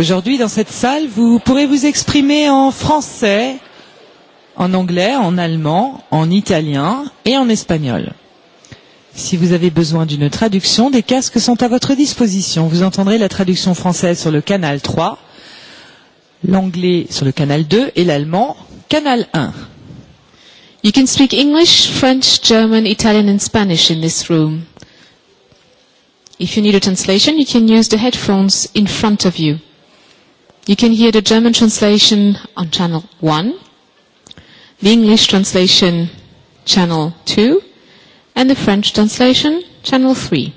Aujourd'hui, dans cette salle, vous pourrez vous exprimer en français, en anglais, en allemand, en italien et en espagnol. Si vous avez besoin d'une traduction, des casques sont à votre disposition. Vous entendrez la traduction française sur le canal 3, l'anglais sur le canal 2 et l'allemand canal 1. You can speak English, French, German, Italian and Spanish in this room. If you need a translation, you can use the headphones in front of you. You can hear the German translation on channel 1, the English translation channel 2, and the French translation channel 3.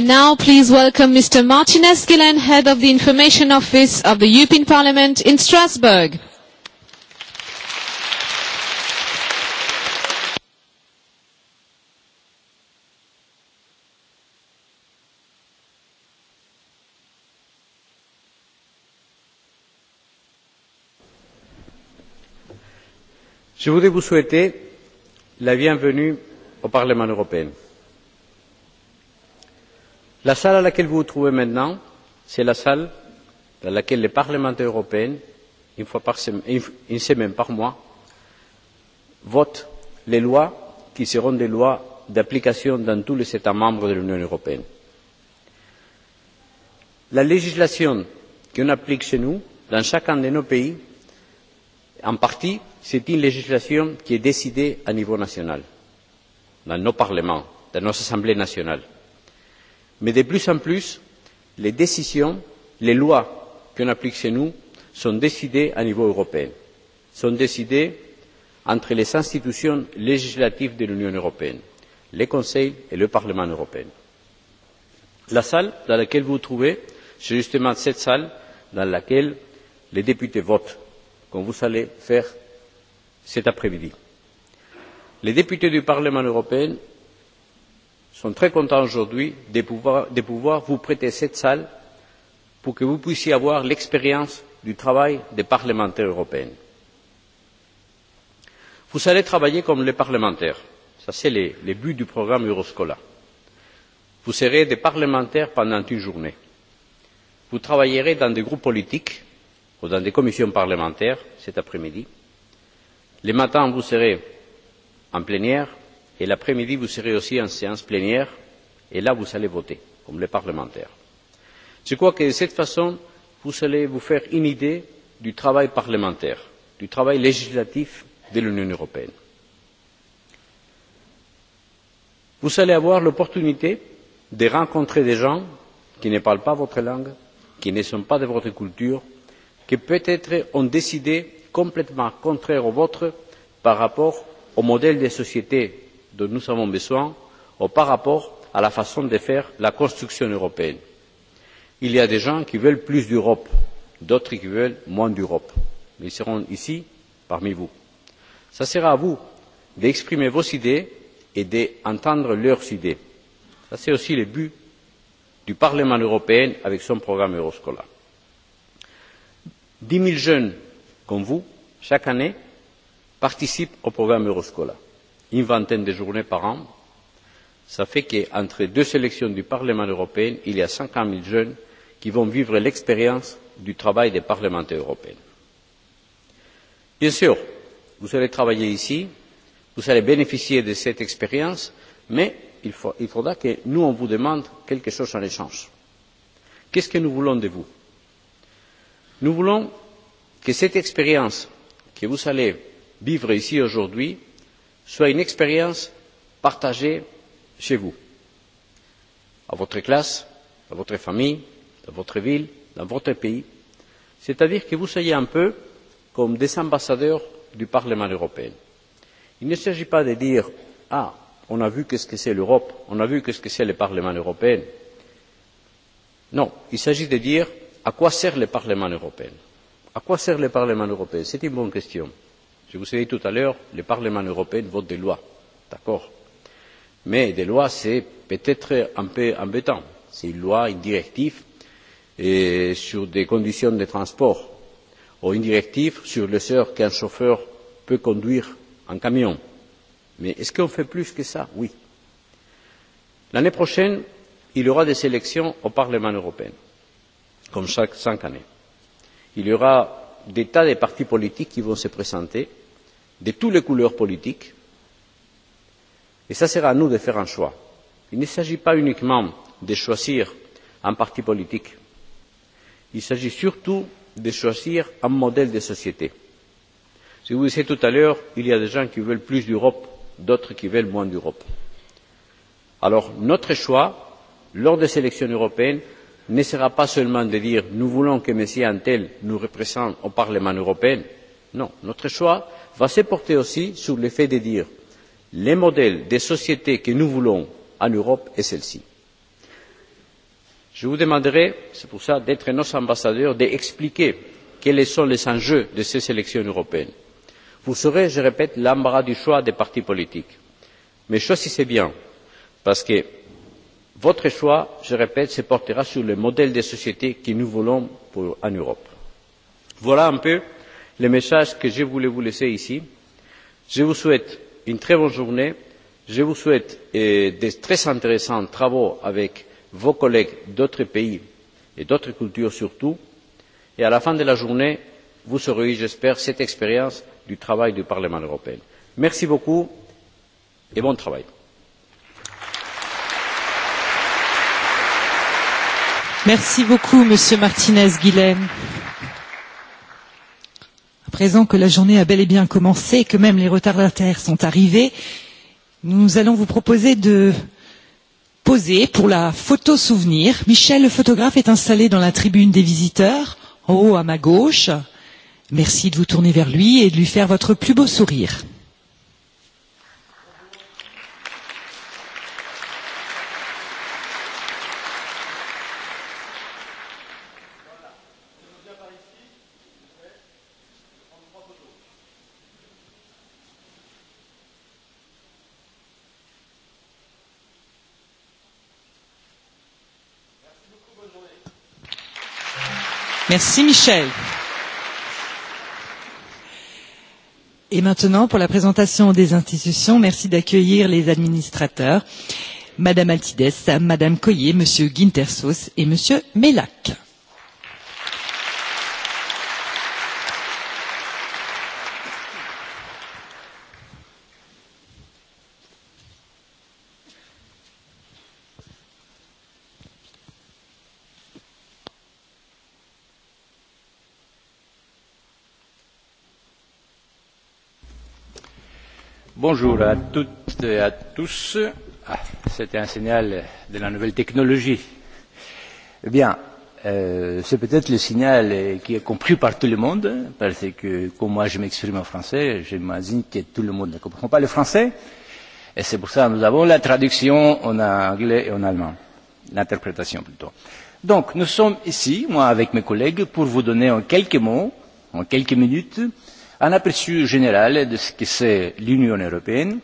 And now please welcome Mr. Martin Eskelen, Head of the Information Office of the European Parliament in Strasbourg. Je voudrais vous souhaiter la bienvenue au Parlement européen la salle dans laquelle vous vous trouvez maintenant c'est la salle dans laquelle les parlementaires européens une semaine par mois votent les lois qui seront des lois d'application dans tous les états membres de l'union européenne. la législation qu'on applique chez nous dans chacun de nos pays en partie c'est une législation qui est décidée au niveau national dans nos parlements dans nos assemblées nationales mais de plus en plus les décisions les lois que nous applique chez nous sont décidées au niveau européen sont décidées entre les institutions législatives de l'union européenne le conseil et le parlement européen. la salle dans laquelle vous vous trouvez c'est justement cette salle dans laquelle les députés votent comme vous allez faire cet après midi. les députés du parlement européen sont très contents aujourd'hui de pouvoir vous prêter cette salle pour que vous puissiez avoir l'expérience du travail des parlementaires européens. Vous allez travailler comme les parlementaires. c'est le but du programme Euroscola. Vous serez des parlementaires pendant une journée. Vous travaillerez dans des groupes politiques ou dans des commissions parlementaires cet après-midi. Le matin, vous serez en plénière Et l'après-midi, vous serez aussi en séance plénière. Et là, vous allez voter, comme les parlementaires. Je crois que de cette façon, vous allez vous faire une idée du travail parlementaire, du travail législatif de l'Union européenne. Vous allez avoir l'opportunité de rencontrer des gens qui ne parlent pas votre langue, qui ne sont pas de votre culture, qui peut-être ont des idées complètement contraires aux vôtres par rapport au modèle de société dont nous avons besoin par rapport à la façon de faire la construction européenne. il y a des gens qui veulent plus d'europe d'autres qui veulent moins d'europe. ils seront ici parmi vous. ce sera à vous d'exprimer vos idées et d'entendre leurs idées. c'est aussi le but du parlement européen avec son programme euroscola. dix mille jeunes comme vous chaque année participent au programme euroscola une vingtaine de journées par an. Cela fait qu'entre deux élections du Parlement européen, il y a cinquante 000 jeunes qui vont vivre l'expérience du travail des parlementaires européens. Bien sûr, vous allez travailler ici, vous allez bénéficier de cette expérience, mais il, faudra que nous, on vous demande quelque chose en échange. Qu'est-ce que nous voulons de vous Nous voulons que cette expérience que vous allez vivre ici aujourd'hui soit une expérience partagée chez vous, à votre classe, dans votre famille, dans votre ville, dans votre pays, c'est-à-dire que vous soyez un peu comme des ambassadeurs du Parlement européen. Il ne s'agit pas de dire Ah, on a vu qu'est-ce que c'est l'Europe, on a vu qu'est-ce que c'est le Parlement européen. Non, il s'agit de dire à quoi sert le Parlement européen. À quoi sert le Parlement européen C'est une bonne question je vous ai dit tout à l'heure le parlement européen vote des lois d'accord mais des lois c'est peut être un peu embêtant c'est une loi une directive sur des conditions de transport ou une directive sur les heures qu'un chauffeur peut conduire un camion mais est ce qu'on fait plus que ça? oui. l'année prochaine il y aura des élections au parlement européen comme chaque cinq années. il y aura des tas de partis politiques qui vont se présenter de toutes les couleurs politiques. Et ce sera à nous de faire un choix. Il ne s'agit pas uniquement de choisir un parti politique. Il s'agit surtout de choisir un modèle de société. Je vous disais tout à l'heure, il y a des gens qui veulent plus d'Europe, d'autres qui veulent moins d'Europe. Alors notre choix, lors des élections européennes, ne sera pas seulement de dire nous voulons que M. Antel nous représente au Parlement européen. Non, notre choix, va se porter aussi sur le fait de dire le modèle de société que nous voulons en Europe est celle-ci. Je vous demanderai, c'est pour cela, d'être nos ambassadeurs, d'expliquer quels sont les enjeux de ces élections européennes. Vous serez, je répète, l'embarras du choix des partis politiques. Mais choisissez bien, parce que votre choix, je répète, se portera sur le modèle de société que nous voulons en Europe. Voilà un peu le message que je voulais vous laisser ici. Je vous souhaite une très bonne journée. Je vous souhaite de très intéressants travaux avec vos collègues d'autres pays et d'autres cultures surtout. Et à la fin de la journée, vous aurez eu, j'espère, cette expérience du travail du Parlement européen. Merci beaucoup et bon travail. Merci beaucoup, Monsieur Martinez Guilhem présent que la journée a bel et bien commencé et que même les retardataires sont arrivés, nous allons vous proposer de poser pour la photo souvenir. Michel, le photographe, est installé dans la tribune des visiteurs, en haut à ma gauche. Merci de vous tourner vers lui et de lui faire votre plus beau sourire. Merci Michel. Et maintenant, pour la présentation des institutions, merci d'accueillir les administrateurs, Madame Altides, Madame Coyer, Monsieur Guintersos et Monsieur Mellac. Bonjour à toutes et à tous. Ah, C'était un signal de la nouvelle technologie. Eh bien, euh, c'est peut-être le signal qui est compris par tout le monde, parce que comme moi je m'exprime en français, j'imagine que tout le monde ne comprend pas le français. Et c'est pour ça que nous avons la traduction en anglais et en allemand, l'interprétation plutôt. Donc, nous sommes ici, moi avec mes collègues, pour vous donner en quelques mots, en quelques minutes, euh, un aperçu général de ce que c'est l'Union européenne,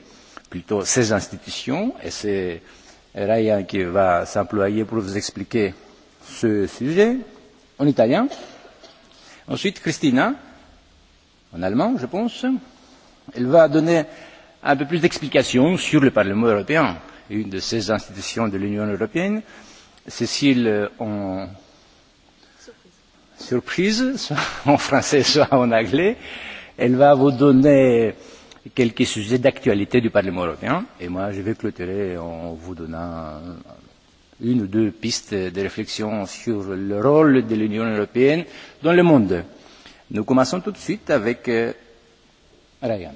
plutôt ses institutions, et c'est Ryan qui va s'employer pour vous expliquer ce sujet en italien. Ensuite, Christina, en allemand, je pense, elle va donner un peu plus d'explications sur le Parlement européen, une de ces institutions de l'Union européenne. Cécile, en surprise, soit en français, soit en anglais. Euh, Elle va vous donner quelques sujets d'actualité du Parlement européen. Et moi, je vais clôturer en vous donnant une ou deux pistes de réflexion sur le rôle de l'Union européenne dans le monde. Nous commençons tout de suite avec Ryan.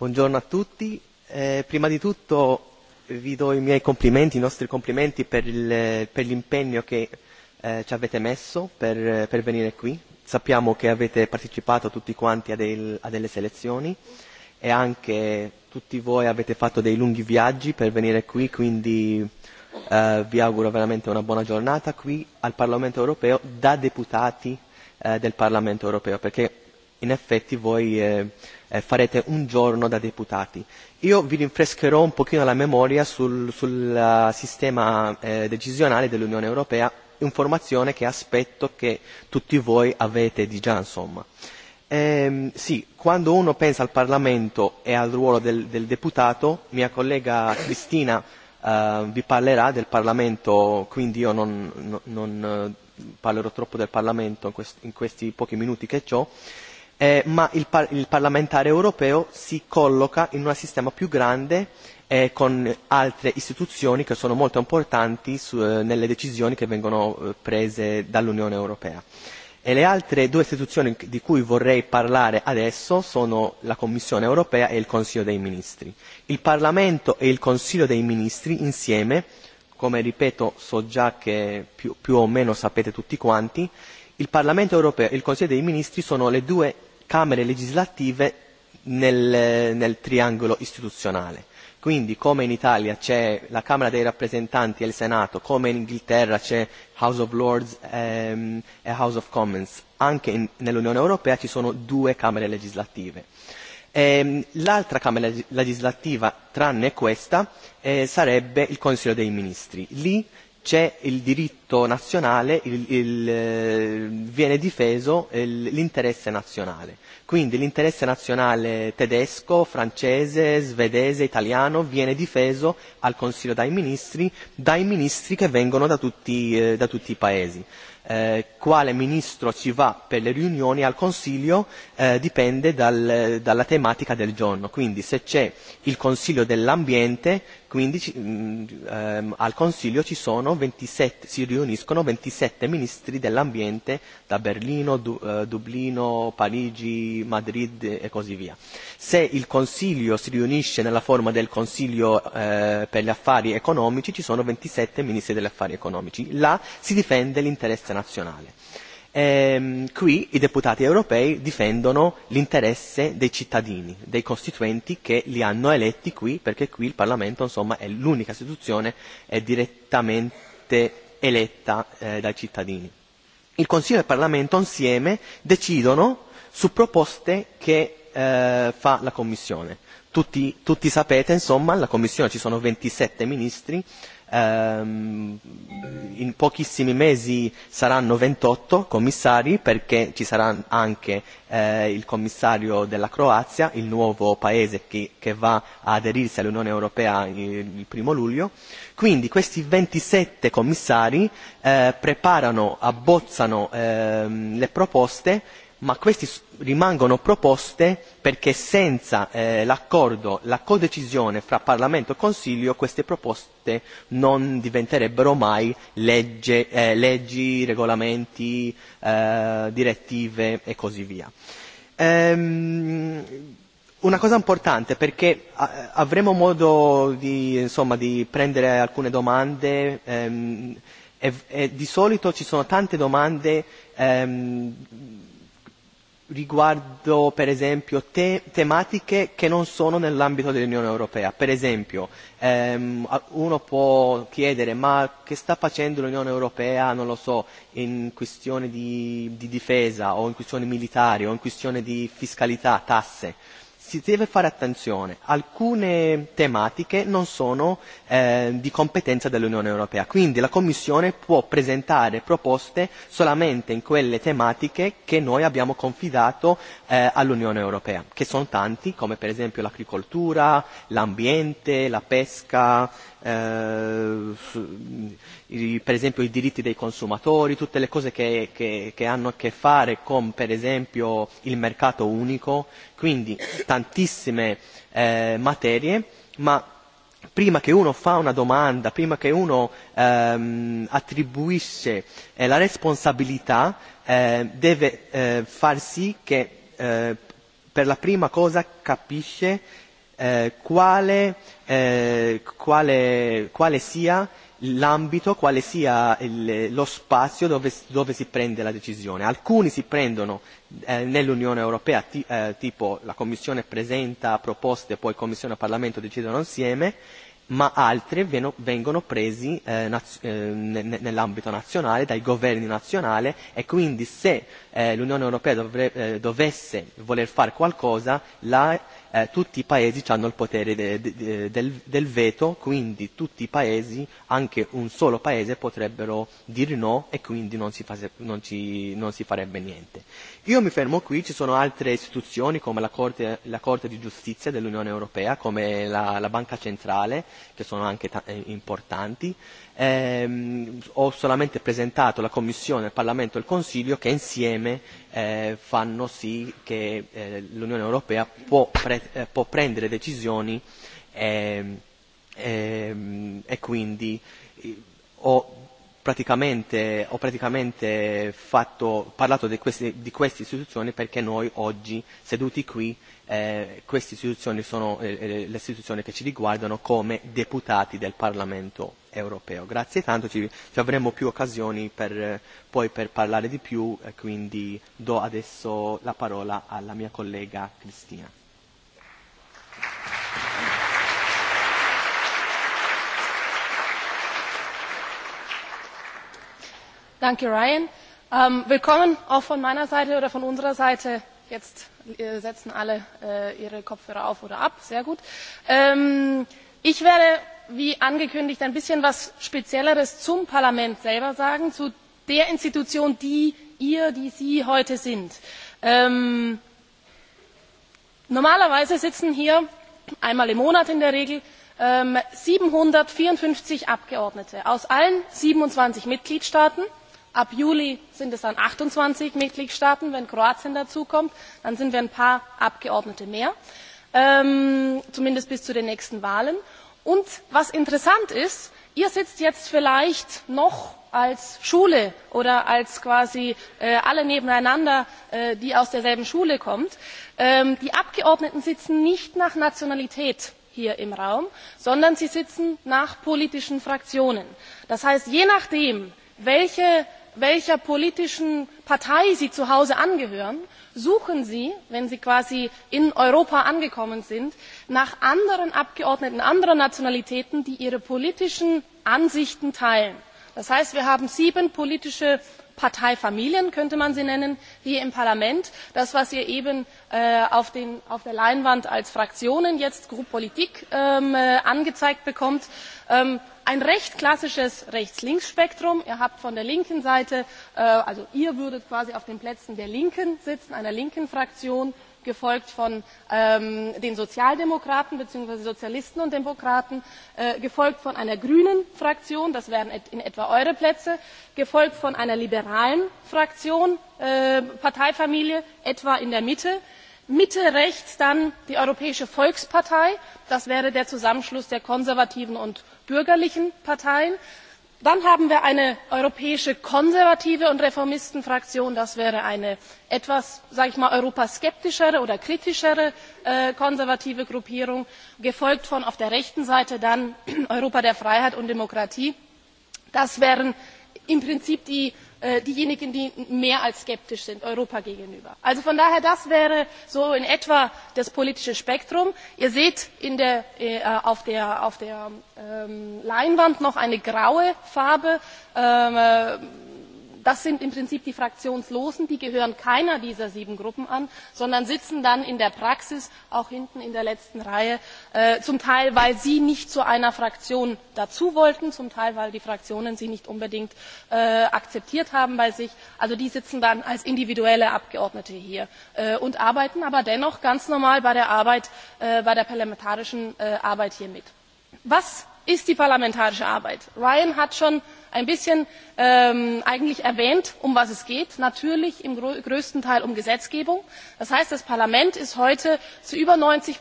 Bonjour a tutti. Eh, prima di tutto vi do i miei complimenti, i nostri complimenti per, il, per l'impegno che eh, ci avete messo per, per venire qui, sappiamo che avete partecipato tutti quanti a, del, a delle selezioni e anche tutti voi avete fatto dei lunghi viaggi per venire qui, quindi eh, vi auguro veramente una buona giornata qui al Parlamento europeo da deputati eh, del Parlamento europeo, perché in effetti voi eh, farete un giorno da deputati. Io vi rinfrescherò un pochino la memoria sul, sul sistema eh, decisionale dell'Unione Europea informazione che aspetto che tutti voi avete di insomma. Ehm, sì, quando uno pensa al Parlamento e al ruolo del, del deputato, mia collega Cristina eh, vi parlerà del Parlamento, quindi io non, non, non parlerò troppo del Parlamento in questi, in questi pochi minuti che ho, eh, ma il, par- il parlamentare europeo si colloca in un sistema più grande e con altre istituzioni che sono molto importanti nelle decisioni che vengono prese dall'Unione Europea. E le altre due istituzioni di cui vorrei parlare adesso sono la Commissione Europea e il Consiglio dei Ministri. Il Parlamento e il Consiglio dei Ministri insieme, come ripeto so già che più, più o meno sapete tutti quanti, il Parlamento Europeo e il Consiglio dei Ministri sono le due Camere legislative nel, nel triangolo istituzionale Quindi come in Italia c'è la Camera dei rappresentanti e il Senato, come in Inghilterra c'è House of Lords ehm, e House of Commons, anche in, nell'Unione Europea ci sono due Camere legislative. Ehm, l'altra Camera legislativa, tranne questa, eh, sarebbe il Consiglio dei Ministri. Lì c'è il diritto nazionale, il, il, viene difeso l'interesse nazionale. Quindi l'interesse nazionale tedesco, francese, svedese, italiano viene difeso al Consiglio dai ministri, dai ministri che vengono da tutti, eh, da tutti i paesi. Eh, quale ministro ci va per le riunioni al Consiglio eh, dipende dal, dalla tematica del giorno. Quindi se c'è il Consiglio dell'ambiente Quindi ehm, al Consiglio ci sono 27, si riuniscono 27 ministri dell'ambiente da Berlino, du, eh, Dublino, Parigi, Madrid e così via. Se il Consiglio si riunisce nella forma del Consiglio eh, per gli affari economici ci sono 27 ministri degli affari economici. Là si difende l'interesse nazionale ehm, qui i deputati europei difendono l'interesse dei cittadini, dei costituenti che li hanno eletti qui, perché qui il Parlamento insomma, è l'unica istituzione è direttamente eletta eh, dai cittadini. Il Consiglio e il Parlamento insieme decidono su proposte che eh, fa la Commissione. Tutti, tutti sapete, insomma, la Commissione ci sono 27 ministri, ehm, in pochissimi mesi saranno 28 commissari perché ci sarà anche eh, il commissario della Croazia, il nuovo paese che, che va ad aderirsi all'Unione Europea il primo luglio. Quindi questi 27 commissari eh, preparano, abbozzano ehm, le proposte ma queste rimangono proposte perché senza l'accordo, la codecisione fra Parlamento e Consiglio, queste proposte non diventerebbero mai leggi, regolamenti, direttive e così via. una cosa importante perché avremo modo di, insomma, di prendere alcune domande e, di solito ci sono tante domande ehm, riguardo per esempio te- tematiche che non sono nell'ambito dell'Unione Europea. Per esempio ehm, uno può chiedere ma che sta facendo l'Unione Europea, non lo so, in questione di, di difesa o in questione militare o in questione di fiscalità, tasse si deve fare attenzione, alcune tematiche non sono eh, di competenza dell'Unione Europea, quindi la Commissione può presentare proposte solamente in quelle tematiche che noi abbiamo confidato eh, all'Unione Europea, che sono tanti, come per esempio l'agricoltura, l'ambiente, la pesca, eh, per esempio i diritti dei consumatori, tutte le cose che, che, che hanno a che fare con per esempio il mercato unico, quindi tantissime eh, materie, ma prima che uno fa una domanda, prima che uno ehm, attribuisce eh, la responsabilità, eh, deve eh, far sì che eh, per la prima cosa capisce quale, quale, quale sia l'ambito, quale sia il, lo spazio dove, dove si prende la decisione. Alcuni si prendono eh, nell'Unione Europea, ti, eh, tipo la Commissione presenta proposte, poi Commissione e Parlamento decidono insieme, ma altri vengono presi eh, naz- eh, nell'ambito nazionale, dai governi nazionali e quindi se eh, l'Unione Europea dovre- eh, dovesse voler fare qualcosa, la eh, tutti i paesi hanno il potere de, de, del, del veto, quindi tutti i paesi, anche un solo paese, potrebbero dire no e quindi non si, fa, non, ci, non si farebbe niente. Io mi fermo qui, ci sono altre istituzioni come la Corte, la Corte di Giustizia dell'Unione Europea, come la, la Banca Centrale, che sono anche importanti ehm, ho solamente presentato la Commissione, il Parlamento e il Consiglio che insieme eh, fanno sì che eh, l'Unione Europea può, pre- eh, può prendere decisioni ehm, ehm, e quindi ho praticamente, ho praticamente fatto, parlato di queste, di queste istituzioni perché noi oggi seduti qui eh, queste istituzioni sono eh, le istituzioni che ci riguardano come deputati del Parlamento europeo. Grazie tanto, ci, ci avremo più occasioni per, eh, poi per parlare di più, eh, quindi do adesso la parola alla mia collega Cristina. Danke Ryan. Um, willkommen auch von meiner Seite oder von unserer Seite Jetzt setzen alle ihre Kopfhörer auf oder ab. Sehr gut. ich werde, wie angekündigt, ein bisschen was Spezielleres zum Parlament selber sagen, zu der Institution, die ihr, die Sie heute sind. normalerweise sitzen hier einmal im Monat in der Regel siebenhundertvierundfünfzig Abgeordnete aus allen siebenundzwanzig Mitgliedstaaten ab juli sind es dann achtundzwanzig mitgliedstaaten wenn kroatien dazukommt dann sind wir ein paar abgeordnete mehr zumindest bis zu den nächsten wahlen. und was interessant ist ihr sitzt jetzt vielleicht noch als schule oder als quasi alle nebeneinander die aus derselben schule kommen. die abgeordneten sitzen nicht nach nationalität hier im raum sondern sie sitzen nach politischen fraktionen. das heißt je nachdem welche welcher politischen partei sie zu hause angehören suchen sie wenn sie quasi in europa angekommen sind nach anderen abgeordneten anderer nationalitäten die ihre politischen ansichten teilen. das heißt wir haben sieben politische parteifamilien könnte man sie nennen hier im parlament das was ihr eben auf der leinwand als fraktionen jetzt groupe politique angezeigt bekommt ein recht klassisches rechts links spektrum ihr habt von der linken seite also ihr würdet quasi auf den plätzen der linken sitzen einer linken fraktion gefolgt von den sozialdemokraten beziehungsweise sozialisten und demokraten gefolgt von einer grünen fraktion das wären in etwa eure plätze gefolgt von einer liberalen fraktion parteifamilie etwa in der mitte mitte rechts dann die europäische volkspartei das wäre der zusammenschluss der konservativen und bürgerlichen parteien dann haben wir eine europäische konservative und reformistenfraktion das wäre eine etwas europaskeptischere oder kritischere konservative gruppierung gefolgt von auf der rechten seite dann europa der freiheit und demokratie das wären im prinzip die diejenigen die mehr als skeptisch sind europa gegenüber. also von daher das wäre so in etwa das politische spektrum. ihr seht auf der leinwand noch eine graue farbe das sind im prinzip die fraktionslosen die gehören keiner dieser sieben gruppen an sondern sitzen dann in der praxis auch hinten in der letzten reihe zum teil weil sie nicht zu einer fraktion dazu wollten zum teil weil die fraktionen sie nicht unbedingt akzeptiert haben bei sich also die sitzen dann als individuelle abgeordnete hier und arbeiten aber dennoch ganz normal bei der parlamentarischen arbeit hier mit. was ist die parlamentarische arbeit. ryan hat schon ein bisschen erwähnt um was es geht natürlich im größten teil um gesetzgebung. das heißt das parlament ist heute zu über neunzig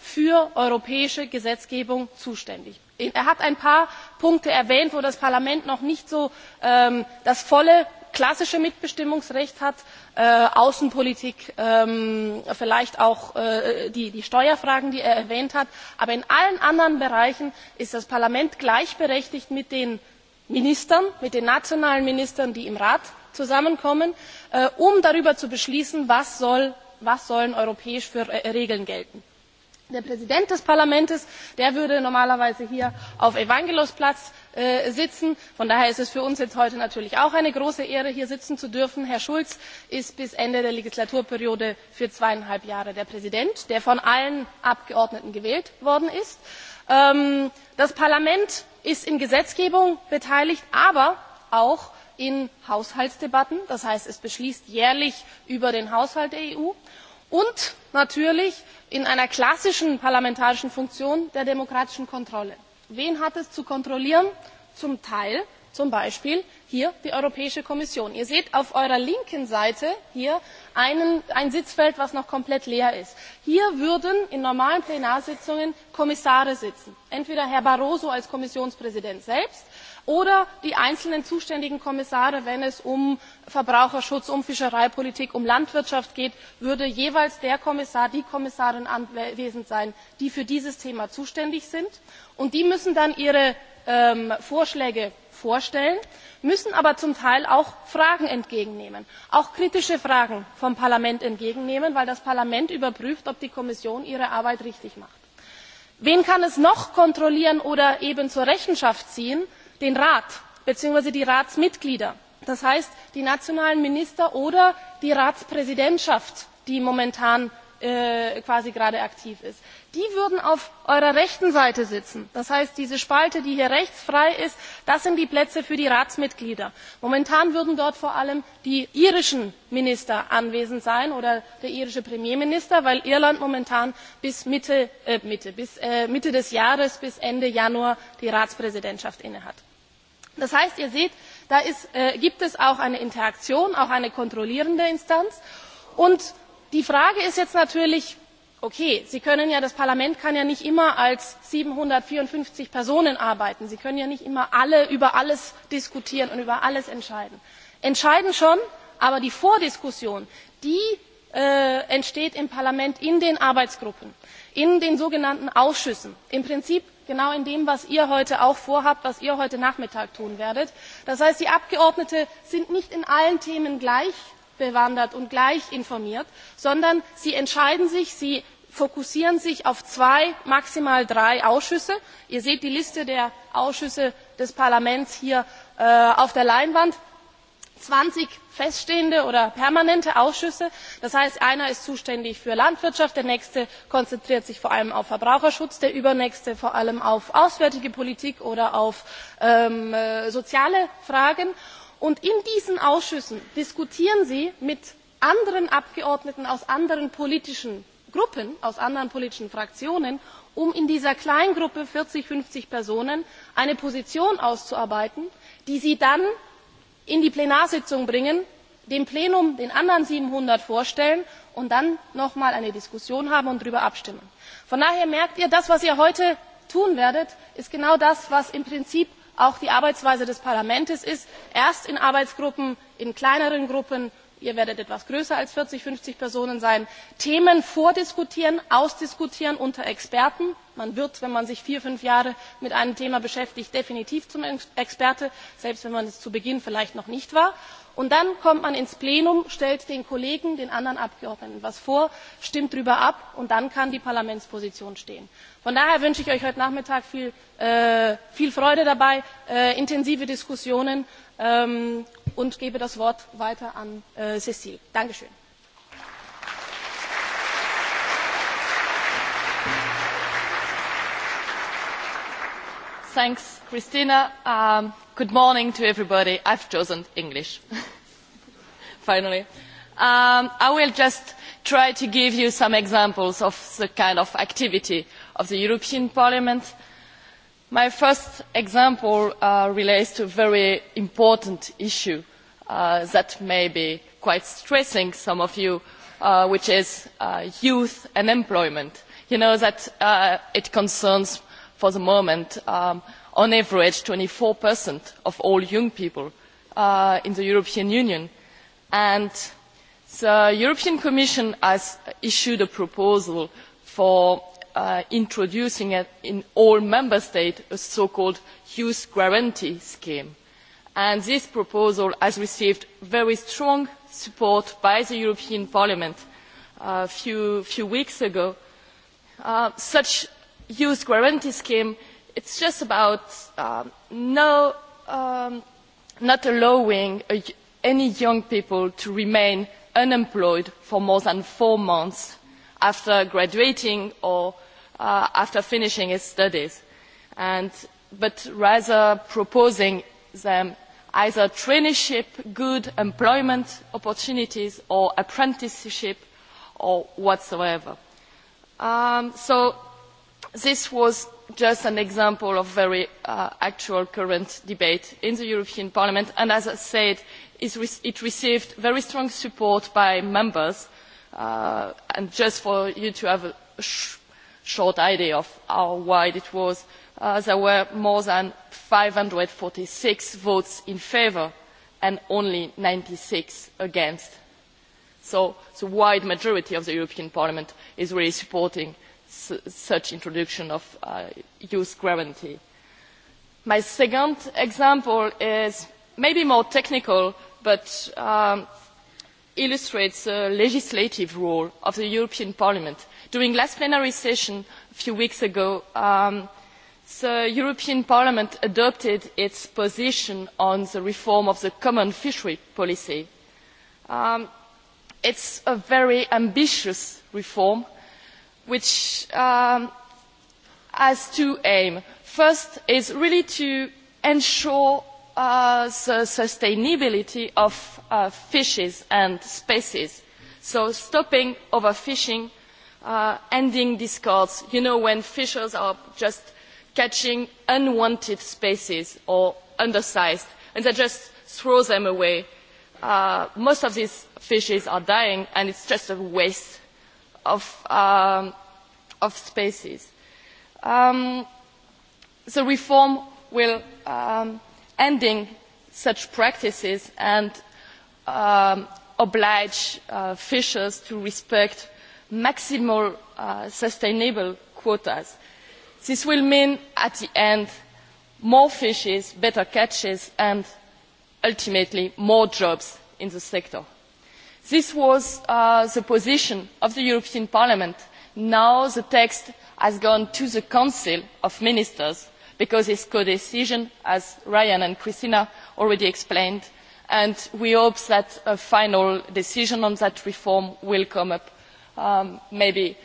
für europäische gesetzgebung zuständig. er hat ein paar punkte erwähnt wo das parlament noch nicht so das volle klassische mitbestimmungsrecht hat außenpolitik vielleicht auch die steuerfragen die er erwähnt hat aber in allen anderen bereichen ist das parlament gleichberechtigt mit den ministern mit den nationalen ministern die im rat zusammenkommen um darüber zu beschließen was europäisch für regeln gelten der präsident des parlaments würde normalerweise hier auf evangelos platz sitzen von daher ist es für uns heute natürlich auch eine große ehre hier sitzen zu dürfen. herr schulz ist bis ende der legislaturperiode für zweieinhalb jahre der präsident der von allen abgeordneten gewählt worden ist. das parlament ist an gesetzgebung beteiligt aber auch an haushaltsdebatten das heißt es beschließt jährlich über den haushalt der eu und natürlich in einer klassischen parlamentarischen funktion der demokratischen kontrolle. wen hat es zu kontrollieren? zum teil zum beispiel hier die europäische kommission. ihr seht auf eurer linken seite hier ein sitzfeld das noch komplett leer ist. hier würden in normalen plenarsitzungen kommissare sitzen entweder herr barroso als kommissionspräsident oder die einzelnen zuständigen kommissare wenn es um verbraucherschutz um fischereipolitik um landwirtschaft geht würde jeweils der kommissar die kommissarin anwesend sein die für dieses thema zuständig sind und die müssen dann ihre vorschläge vorstellen müssen aber zum teil auch fragen entgegennehmen auch kritische fragen vom parlament entgegennehmen weil das parlament überprüft ob die kommission ihre arbeit richtig macht. wen kann es noch kontrollieren oder eben zur rechenschaft ziehen? den rat beziehungsweise die ratsmitglieder das heißt die nationalen minister oder die ratspräsidentschaft die momentan gerade aktiv ist die würden auf eurer rechten seite sitzen das heißt diese spalte die hier rechts frei ist das sind die plätze für die ratsmitglieder. momentan würden dort vor allem die irischen minister anwesend sein oder der irische premierminister weil irland momentan bis mitte des jahres bis ende januar die ratspräsidentschaft innehat das heißt ihr seht da gibt es auch eine interaktion auch eine kontrollierende instanz. und die frage ist jetzt natürlich okay das parlament kann ja nicht immer als siebenhundertvierundfünfzig personen arbeiten sie können ja nicht immer alle über alles diskutieren und über alles entscheiden. entscheiden schon aber die vordiskussion entsteht im parlament in den arbeitsgruppen in den sogenannten ausschüssen im prinzip genau in dem was ihr heute auch vorhabt was ihr heute nachmittag tun werdet. das heißt die abgeordneten sind nicht in allen themen gleich bewandert und gleich informiert sondern sie entscheiden sich sie fokussieren sich auf zwei maximal drei ausschüsse ihr seht die liste der ausschüsse des parlaments hier auf der leinwand zwanzig feststehende oder permanente ausschüsse das heißt einer ist zuständig für landwirtschaft der nächste konzentriert sich vor allem auf verbraucherschutz der übernächste vor allem auf auswärtige politik oder auf soziale fragen und in diesen ausschüssen diskutieren sie mit anderen abgeordneten aus anderen politischen gruppen aus anderen politischen fraktionen um in dieser kleingruppe von vierzig fünfzig personen eine position auszuarbeiten die sie dann in die plenarsitzung bringen dem plenum den anderen siebenhundert vorstellen und dann noch einmal eine diskussion haben und darüber abstimmen. von daher merkt ihr, das was ihr heute tun werdet, ist genau das was im prinzip auch die arbeitsweise des parlaments ist erst in arbeitsgruppen in kleineren Gruppen ihr werdet etwas größer als vierzig fünfzig personen sein themen vordiskutieren ausdiskutieren unter experten man wird wenn man sich vier fünf jahre mit einem thema beschäftigt definitiv zum Experten, selbst wenn man es zu beginn vielleicht noch nicht war und dann kommt man ins plenum stellt den kollegen den anderen abgeordneten etwas vor stimmt darüber ab und dann kann die parlamentsposition stehen. von daher wünsche ich euch heute nachmittag viel freude dabei intensive diskussionen und gebe das Wort weiter an äh, Cecile. Dankeschön. Thanks, Christina. Um, good morning to everybody. I've chosen English. Finally. Um, I will just try to give you some examples of the kind of activity of the European Parliament My first example relates to a very important issue that may be quite stressing some of you, which is youth and employment. You know that it concerns, for the moment, on average, twenty four of all young people in the European Union. And the European Commission has issued a proposal for introducing in all member states a so-called youth guarantee scheme. And this proposal has received very strong support by the European Parliament a few, weeks ago. such youth guarantee scheme, is just about not allowing any young people to remain unemployed for more than four months after graduating or uh, after finishing his studies, and, but rather proposing them either traineeship, good employment opportunities or apprenticeship, or whatsoever. Um, so this was just an example of very uh, actual current debate in the European Parliament, and as I said, it received very strong support by members. Uh, and just for you to have a short idea of how wide it was. there were more than five hundred and forty six votes in favour and only ninety six against. So the wide majority of the European Parliament is really supporting such introduction of youth guarantee. My second example is maybe more technical, but illustrates the legislative role of the European Parliament during the last plenary session a few weeks ago the european parliament adopted its position on the reform of the common fisheries policy. it is a very ambitious reform which has two aims. first is really to ensure the sustainability of fishes and species so stopping overfishing ending discards, you know, when fishers are just catching unwanted species or undersized, and they just throw them away. most of these fishes are dying, and it's just a waste of, species. the reform will end such practices and oblige fishers to respect maximal sustainable quotas. This will mean, at the end, more fishes, better catches, and ultimately more jobs in the sector. This was the position of the European Parliament. Now the text has gone to the Council of Ministers because it is codecision, as Ryan and Christina already explained, and we hope that a final decision on that reform will come up maybe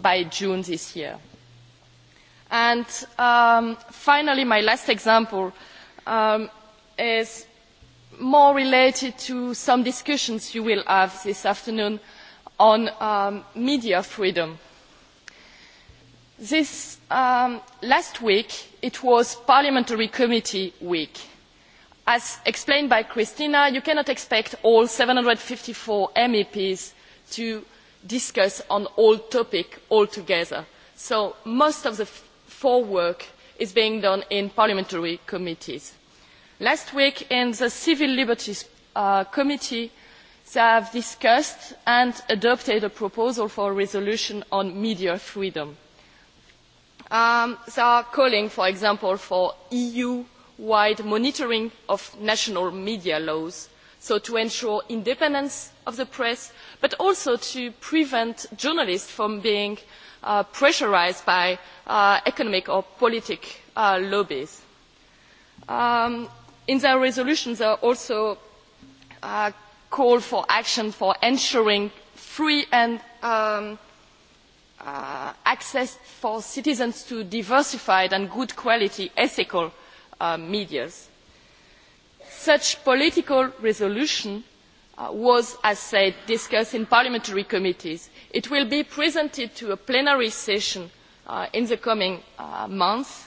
by June this year. And finally, my last example is more related to some discussions you will have this afternoon on media freedom. This last week, it was Parliamentary Committee Week. As explained by Christina, you cannot expect all seven hundred and fifty four MEPs to discuss on all topics altogether. So most of the forework is being done in parliamentary committees. Last week in the Civil Liberties Committee, they have discussed and adopted a proposal for a resolution on media freedom. they are calling, for example, for EU-wide monitoring of national media laws so to ensure independence of the press, but also to prevent journalists from being pressurised by economic or political lobbies. in their resolution they also call for action for ensuring free and access for citizens to diversified and good quality ethical media such political resolution was as said discussed in parliamentary committees. it will be presented to a plenary session in the coming months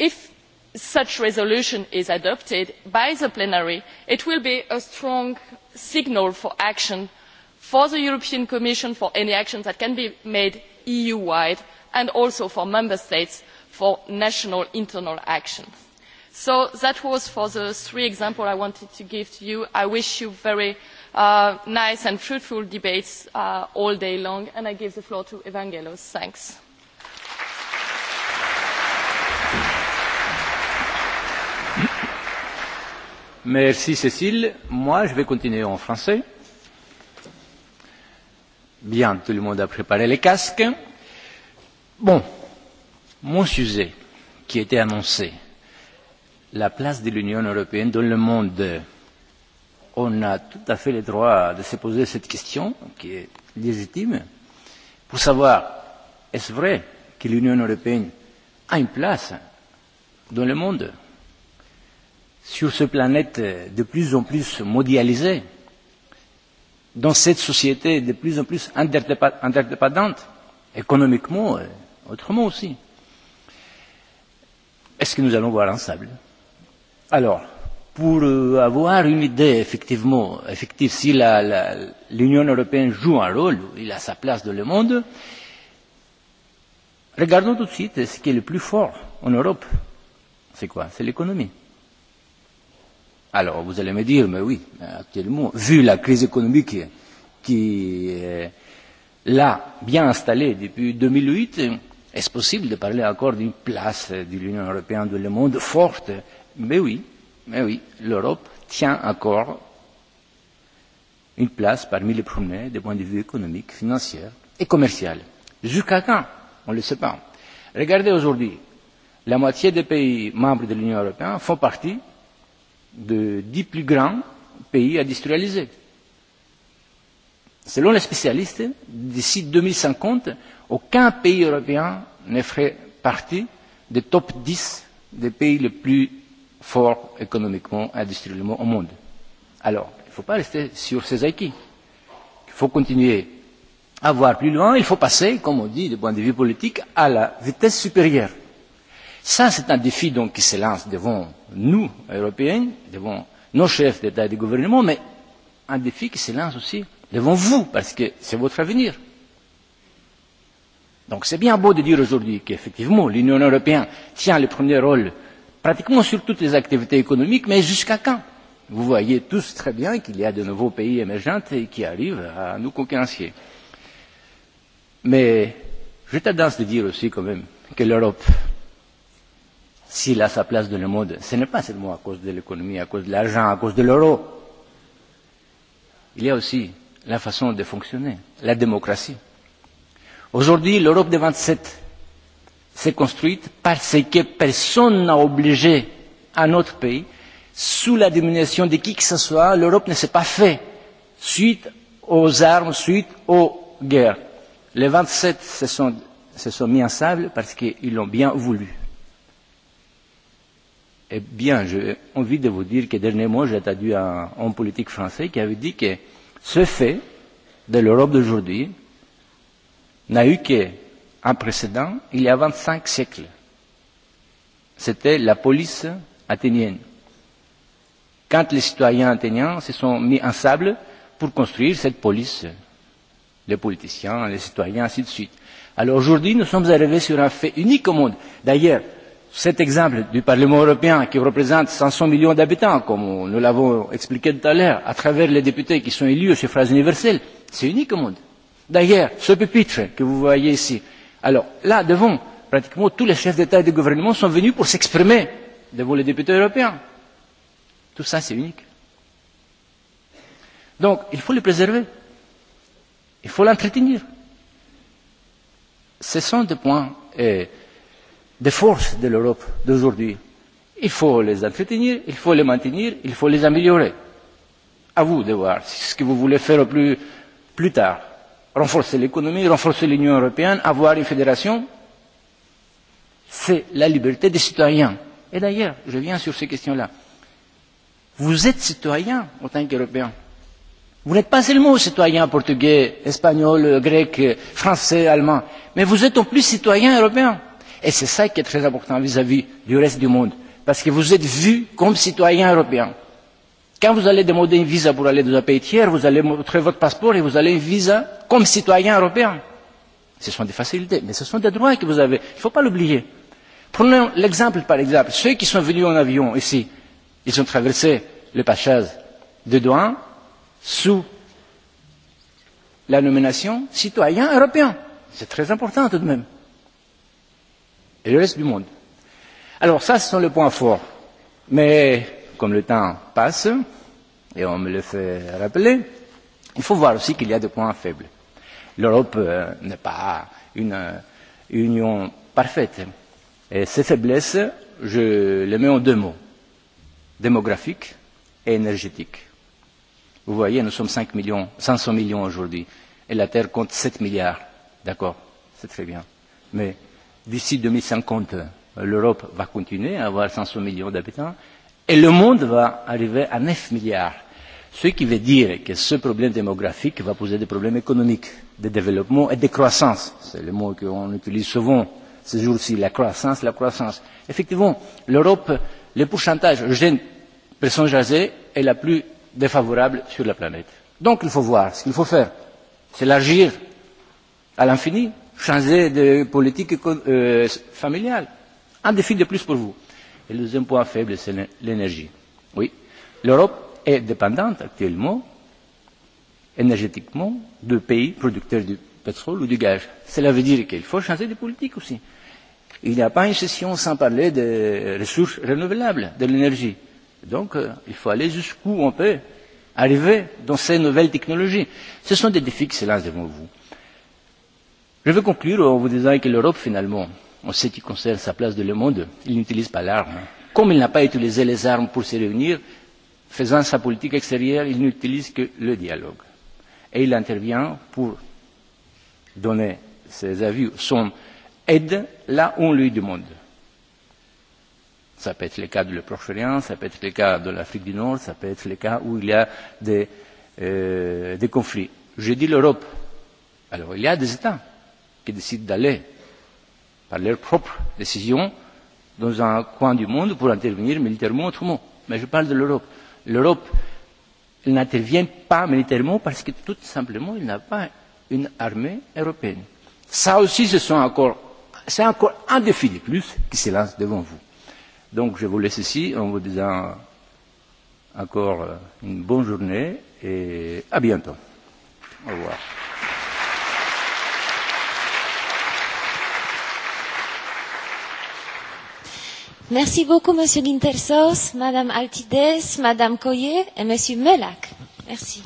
if such a resolution is adopted by the plenary it will be a strong signal for action for the european commission for any action that can be made eu wide and also for member states for national internal actions. So that was for the three examples I wanted to give to you. I wish you very nice and fruitful debates all day long, and I give the floor to Evangelos. Thanks. Merci Cécile. Moi, je vais continuer en français. Bien, tout le monde a préparé les casques. Bon, mon sujet qui était annoncé, la place de l'Union européenne dans le monde. On a tout à fait le droit de se poser cette question, qui est légitime, pour savoir est-ce vrai que l'Union européenne a une place dans le monde sur cette planète de plus en plus mondialisée, dans cette société de plus en plus interdépendante, économiquement, et autrement aussi. Est-ce que nous allons voir ensemble Alors, pour avoir une idée effectivement effective si l'Union européenne joue un rôle, il a sa place dans le monde, regardons tout de suite ce qui est le plus fort en Europe. C'est quoi C'est l'économie. Alors, vous allez me dire, mais oui, actuellement, vu la crise économique qui est là, bien installée depuis 2008, est-ce possible de parler encore d'une place de l'Union européenne dans le monde forte Mais oui, mais oui, l'Europe tient encore une place parmi les premiers du point de vue économique, financier et commercial. Jusqu'à quand On ne le sait pas. Regardez aujourd'hui, la moitié des pays membres de l'Union européenne font partie des dix plus grands pays industrialisés. Selon les spécialistes, d'ici deux mille cinquante, aucun pays européen ne ferait partie des top dix des pays les plus fort économiquement, industriellement au monde. Alors, il ne faut pas rester sur ces acquis. Il faut continuer à voir plus loin, il faut passer, comme on dit du point de vue politique, à la vitesse supérieure. Ça, c'est un défi donc, qui se lance devant nous, Européens, devant nos chefs d'État et de gouvernement, mais un défi qui se lance aussi devant vous, parce que c'est votre avenir. Donc c'est bien beau de dire aujourd'hui qu'effectivement l'Union européenne tient le premier rôle euh, pratiquement sur toutes les activités économiques, mais jusqu'à quand Vous voyez tous très bien qu'il y a de nouveaux pays émergents qui arrivent à nous concurrencer. Mais j'ai tendance à dire aussi quand même que l'Europe, s'il a sa place dans le monde, ce n'est pas seulement à cause de l'économie, à cause de l'argent, à cause de l'euro. Il y a aussi la façon de fonctionner, la démocratie. Aujourd'hui, l'Europe des 27 s'est construite parce que personne n'a obligé un autre pays, sous la domination de qui que ce soit, l'Europe ne s'est pas fait suite aux armes, suite aux guerres. Les 27 se sont, se sont mis ensemble parce qu'ils l'ont bien voulu. Eh bien, j'ai envie de vous dire que dernièrement, j'ai entendu un homme politique français qui avait dit que ce fait de l'Europe d'aujourd'hui n'a eu que un précédent il y a vingt cinq siècles. C'était la police athénienne. Quand les citoyens athéniens se sont mis en sable pour construire cette police, les politiciens, les citoyens, ainsi de suite. Alors aujourd'hui, nous sommes arrivés sur un fait unique au monde. D'ailleurs, cet exemple du Parlement européen qui représente 500 millions d'habitants, comme nous l'avons expliqué tout à l'heure, à travers les députés qui sont élus au suffrage universel, c'est unique au monde. D'ailleurs, ce pupitre que vous voyez ici, Alors là, devant, pratiquement tous les chefs d'État et de gouvernement sont venus pour s'exprimer devant les députés européens. Tout ça, c'est unique. Donc, il faut le préserver. Il faut l'entretenir. Ce sont des points et de force de l'Europe d'aujourd'hui. Il faut les entretenir, il faut les maintenir, il faut les améliorer. À vous de voir ce que vous voulez faire plus, plus tard renforcer l'économie, renforcer l'Union européenne, avoir une fédération, c'est la liberté des citoyens. Et d'ailleurs, je viens sur ces questions-là. Vous êtes citoyen en tant qu'Européen. Vous n'êtes pas seulement citoyen portugais, espagnol, grec, français, allemand, mais vous êtes en plus citoyen européen. Et c'est ça qui est très important vis-à-vis -vis du reste du monde, parce que vous êtes vu comme citoyen européen. Quand vous allez demander une visa pour aller dans un pays tiers, vous allez montrer votre passeport et vous allez une visa comme citoyen européen. Ce sont des facilités, mais ce sont des droits que vous avez. Il ne faut pas l'oublier. Prenons l'exemple par exemple. Ceux qui sont venus en avion ici, ils ont traversé le passage de Douane sous la nomination citoyen européen. C'est très important tout de même. Et le reste du monde. Alors ça, ce sont les points forts. Mais comme le temps passe, et on me le fait rappeler, il faut voir aussi qu'il y a des points faibles. L'Europe n'est pas une union parfaite. Et ces faiblesses, je les mets en deux mots démographique et énergétique. Vous voyez, nous sommes 5 millions, 500 millions aujourd'hui, et la Terre compte 7 milliards. D'accord, c'est très bien. Mais d'ici 2050, l'Europe va continuer à avoir 500 millions d'habitants, Et le monde va arriver à 9 milliards. Ce qui veut dire que ce problème démographique va poser des problèmes économiques, de développement et de croissance. C'est le mot qu'on utilise souvent ces jours-ci, la croissance, la croissance. Effectivement, l'Europe, le pourcentage jeunes personnes âgées est la plus défavorable sur la planète. Donc il faut voir ce qu'il faut faire. c'est l'agir à l'infini, changer de politique familiale. Un défi de plus pour vous. Et le deuxième point faible, c'est l'énergie. Oui, l'Europe est dépendante actuellement, énergétiquement, de pays producteurs du pétrole ou du gaz. Cela veut dire qu'il faut changer de politique aussi. Il n'y a pas une session sans parler des ressources renouvelables, de l'énergie. Donc, il faut aller jusqu'où on peut arriver dans ces nouvelles technologies. Ce sont des défis qui se lancent devant vous. Je veux conclure en vous disant que l'Europe, finalement, en ce qui concerne sa place dans le monde, il n'utilise pas l'arme. Comme il n'a pas utilisé les armes pour se réunir, faisant sa politique extérieure, il n'utilise que le dialogue. Et il intervient pour donner ses avis, son aide là où on lui demande. Ça peut être le cas du Proche-Orient, ça peut être le cas de l'Afrique du Nord, ça peut être le cas où il y a des, euh, des conflits. Je dis l'Europe. Alors il y a des États qui décident d'aller par leurs propres décisions dans un coin du monde pour intervenir militairement autrement. Mais je parle de l'Europe. L'Europe n'intervient pas militairement parce que tout simplement il n'a pas une armée européenne. Ça aussi, ce sont encore, c'est encore un défi de plus qui se lance devant vous. Donc je vous laisse ici en vous disant encore une bonne journée et à bientôt. Au revoir. Merci beaucoup, Monsieur Lintersos, Madame Altides, Madame Coyer et Monsieur Melac. Merci.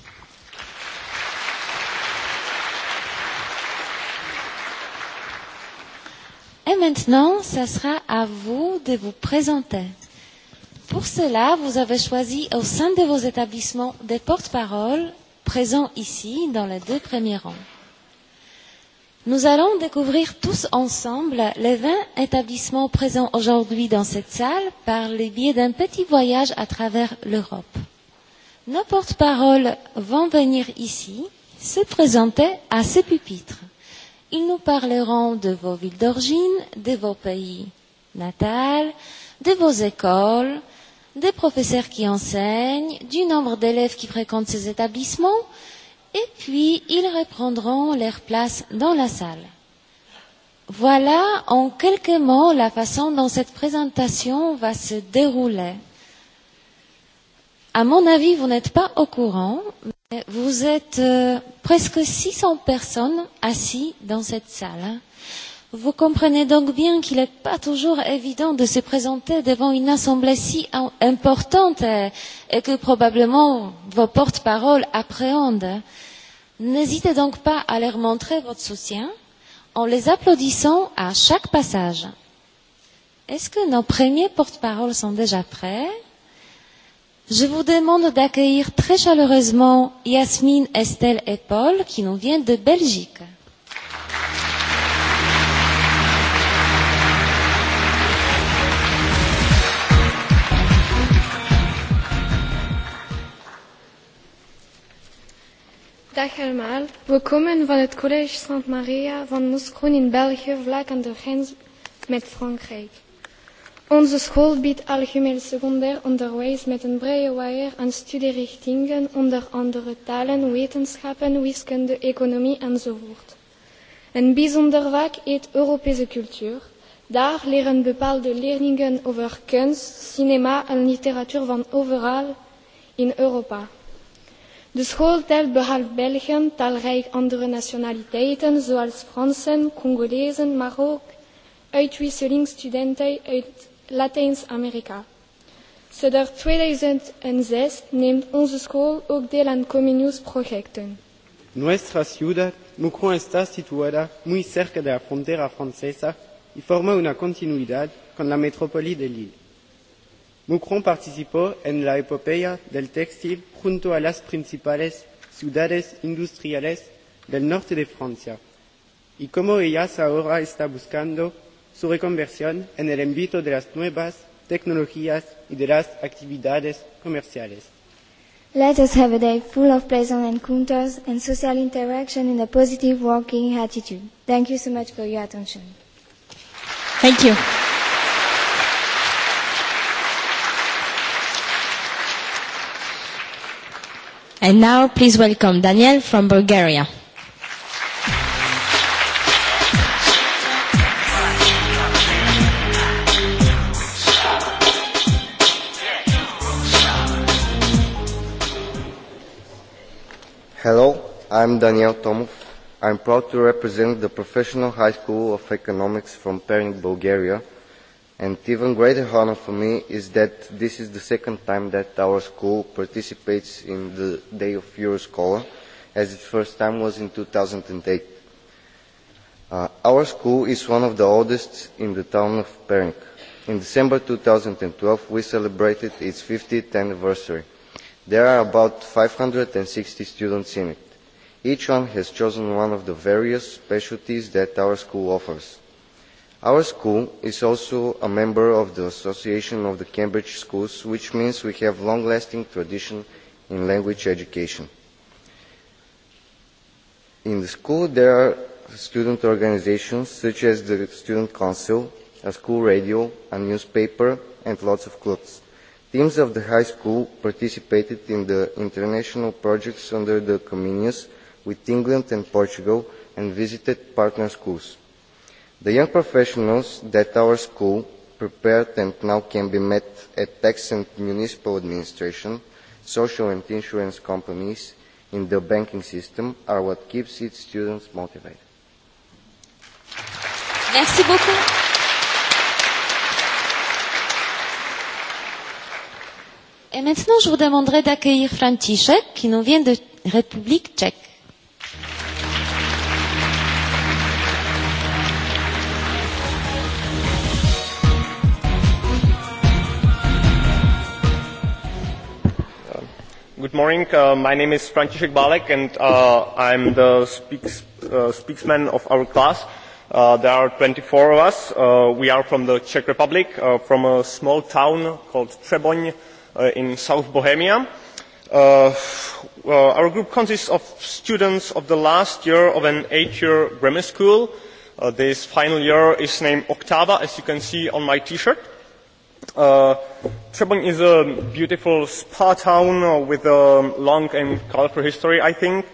Et maintenant, ce sera à vous de vous présenter. Pour cela, vous avez choisi au sein de vos établissements des porte-paroles présents ici dans les deux premiers rangs. Nous allons découvrir tous ensemble les 20 établissements présents aujourd'hui dans cette salle par le biais d'un petit voyage à travers l'Europe. Nos porte-paroles vont venir ici se présenter à ce pupitre. Ils nous parleront de vos villes d'origine, de vos pays natals, de vos écoles, des professeurs qui enseignent, du nombre d'élèves qui fréquentent ces établissements, et puis ils reprendront leur place dans la salle. Voilà en quelques mots la façon dont cette présentation va se dérouler. À mon avis, vous n'êtes pas au courant, mais vous êtes euh, presque 600 personnes assises dans cette salle. Vous comprenez donc bien qu'il n'est pas toujours évident de se présenter devant une assemblée si importante et que probablement vos porte-paroles appréhendent. N'hésitez donc pas à leur montrer votre soutien en les applaudissant à chaque passage. Est-ce que nos premiers porte-paroles sont déjà prêts Je vous demande d'accueillir très chaleureusement Yasmine, Estelle et Paul qui nous viennent de Belgique. Dag allemaal. We komen van het college Sint Maria van Moeskroen in België, vlak aan de grens met Frankrijk. Onze school biedt algemeen secundair onderwijs met een brede waaier aan studierichtingen, onder andere talen, wetenschappen, wiskunde, economie enzovoort. Een bijzonder vak heet Europese cultuur. Daar leren bepaalde leerlingen over kunst, cinema en literatuur van overal in Europa. De school telt behalve Belgen talrijk andere nationaliteiten, zoals Fransen, Congolezen, maar ook uitwisselingsstudenten uit Latijns-Amerika. Sinds 2006 neemt onze school ook deel aan Comenius projecten. Nuestra ciudad, Mucron, está situada muy cerca de la frontera francesa y forma una continuidad con la metrópoli de Lille Mucron participó en la epopeya del textil junto a las principales ciudades industriales del norte de Francia, y como ellas ahora está buscando su reconversión en el ámbito de las nuevas tecnologías y de las actividades comerciales. Let us have a day full of pleasant encounters and social interaction in a positive working attitude. Thank you so much for your attention. Thank you. And now please welcome Daniel from Bulgaria. Hello, I'm Daniel Tomov. I'm proud to represent the Professional High School of Economics from Pernik, Bulgaria – And even greater honor for me is that this is the second time that our school participates in the Day of Euroscola, as its first time was in 2008. Uh, our school is one of the oldest in the town of Perink. In December 2012, we celebrated its 50th anniversary. There are about 560 students in it. Each one has chosen one of the various specialties that our school offers our school is also a member of the association of the cambridge schools which means we have a long lasting tradition in language education. in the school there are student organisations such as the student council a school radio a newspaper and lots of clubs. teams of the high school participated in the international projects under the comenius with england and portugal and visited partner schools the young professionals that our school prepared and now can be met at tax and municipal administration social and insurance companies in the banking system are what keeps its students motivated. Merci beaucoup. Et maintenant, je vous demanderai d'accueillir František, qui nous vient de République tchèque. Good morning. Uh, my name is František Balek, and uh, I'm the speaks, uh, speaksman of our class. Uh, there are 24 of us. Uh, we are from the Czech Republic, uh, from a small town called Treboň uh, in South Bohemia. Uh, uh, our group consists of students of the last year of an eight-year grammar school. Uh, this final year is named Octava, as you can see on my T-shirt Uh, Trebon is a beautiful spa town with a long and colorful history, I think.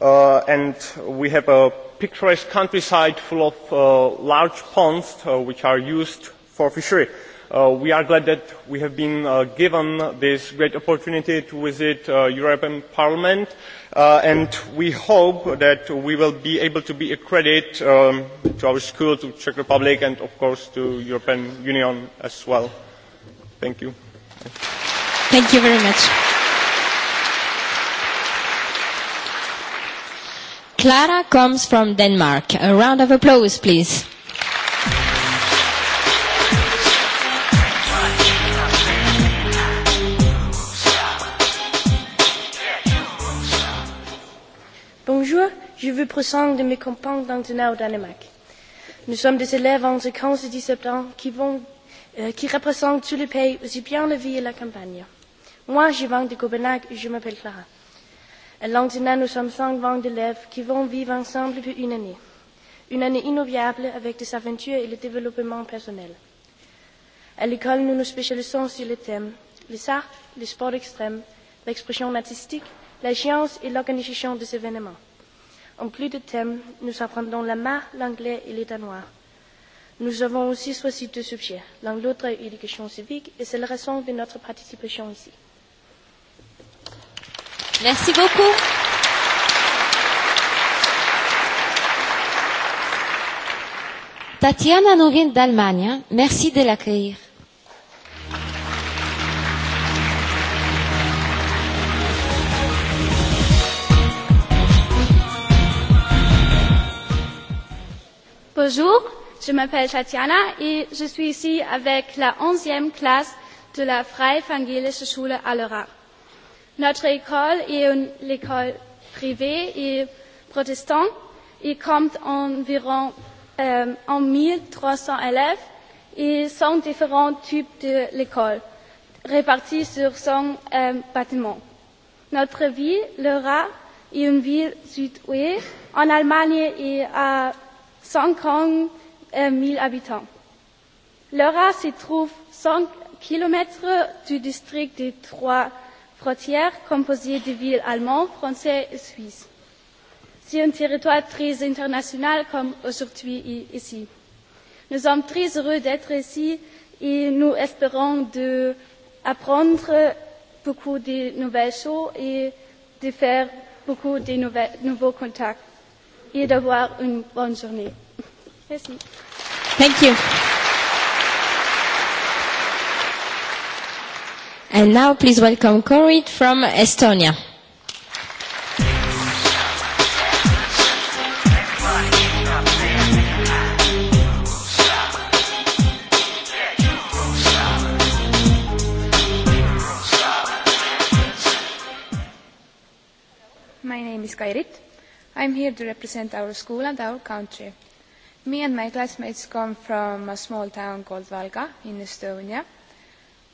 Uh, and we have a picturesque countryside full of uh, large ponds uh, which are used for fishery. Uh, we are glad that we have been uh, given this great opportunity to visit uh, European Parliament uh, and we hope that we will be able to be a credit um, to our school, to Czech Republic and of course to European Union as well. Thank you. Thank you very much. Clara comes from Denmark. A round of applause, please. Bonjour, je vous présente de mes compagnons dans le Danemark. Nous sommes des élèves en séquence de 17 ans qui vont qui représente tous les pays, aussi bien la ville et la campagne. Moi, je viens de Copenhague et je m'appelle Clara. À Londres, nous sommes cinq vents d'élèves qui vont vivre ensemble depuis une année. Une année inoubliable avec des aventures et le développement personnel. À l'école, nous nous spécialisons sur les thèmes les arts, les sports extrêmes, l'expression artistique, la science et l'organisation des événements. En plus de thèmes, nous apprenons la main, l'anglais et les danois Nous avons aussi choisi deux sujets, l'un l'autre éducation l'éducation civique et c'est la raison de notre participation ici. Merci beaucoup. Tatiana nous d'Allemagne. Merci de l'accueillir. Bonjour, je m'appelle Tatiana et je suis ici avec la 11e classe de la Freie Evangelische Schule Allera. Notre école est une école privée et protestante. Il compte environ euh, en 1300 élèves et sont différents types de l'école, répartis sur son euh, bâtiment. Notre ville, Lera, est une ville sud-ouest en Allemagne et à 50 000 habitants. Lora se trouve 100 km du district des trois frontières composé de villes allemandes, françaises et suisses. C'est un territoire très international comme aujourd'hui ici. Nous sommes très heureux d'être ici et nous espérons apprendre beaucoup de nouvelles choses et de faire beaucoup de nouveaux contacts et d'avoir une bonne journée. Thank you. And now please welcome Corit from Estonia. My name is Kairit. I'm here to represent our school and our country. Me and my classmates come from a small town called Valga in Estonia.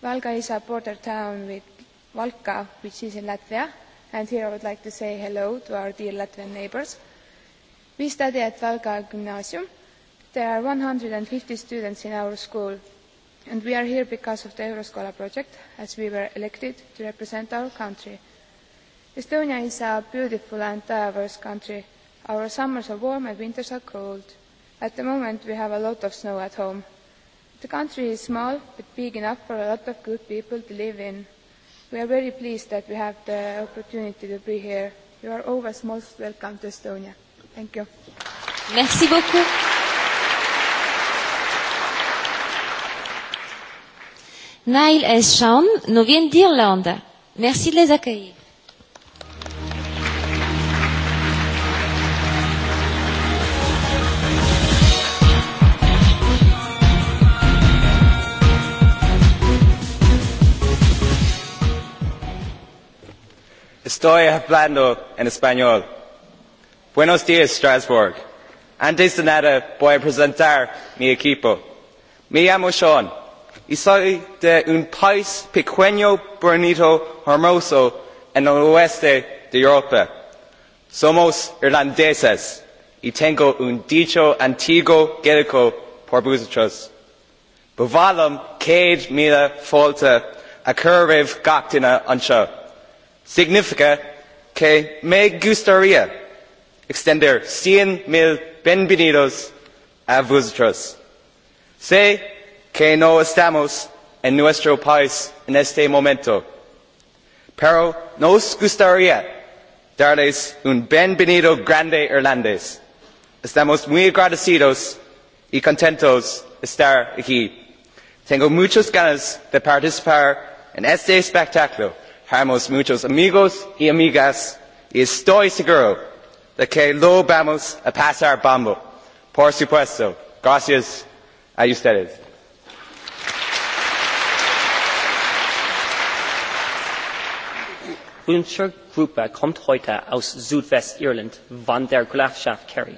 Valga is a border town with Valka, which is in Latvia, and here I would like to say hello to our dear Latvian neighbours. We study at Valga Gymnasium. There are one hundred and fifty students in our school, and we are here because of the Euroscola project, as we were elected to represent our country. Estonia is a beautiful and diverse country. Our summers are warm and winters are cold At the moment, we have a lot of snow at home. The country is small, but big enough for a lot of good people to live in. We are very pleased that we have the opportunity to be here. You are always most welcome to Estonia. Thank you. Merci beaucoup. Nail et Sean nous viennent d'Irlande. Merci de les accueillir. Estoy hablando en español. Buenos días, Strasbourg. Antes de nada, voy a presentar mi equipo. Me llamo Sean y soy de un país pequeño, bonito, hermoso en el oeste de Europa. Somos irlandeses y tengo un dicho antiguo gaélico por vosotros. Bovalum Cade Mila falta a curve gachtainna ancha significa que me gustaría extender cien mil bienvenidos a vosotros. Sé que no estamos en nuestro país en este momento, pero nos gustaría darles un bienvenido grande irlandés. Estamos muy agradecidos y contentos de estar aquí. Tengo muchas ganas de participar en este espectáculo Hamos muchos amigos y amigas y estoy seguro de que lo vamos a pasar bombo. Por supuesto. Gracias a ustedes. Unser Gruppe kommt heute aus Südwestirland von der Grafschaft Kerry.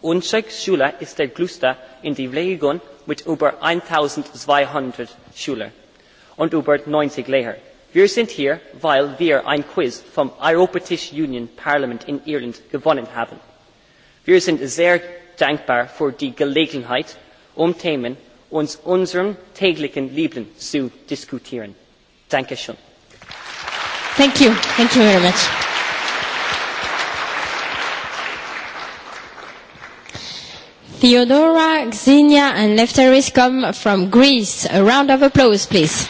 Unsere Schule ist der größte in der Region mit über 1200 Schülern und über 90 Lehrern Wir sind hier, weil wir ein Quiz vom Europäischen Union Parlament in Irland gewonnen haben. Wir sind sehr dankbar für die Gelegenheit, um Themen uns unserem täglichen Leben zu diskutieren. Danke schön. Thank you. Thank you very much. Theodora, Xenia and Lefteris come from Greece. A round of applause, please.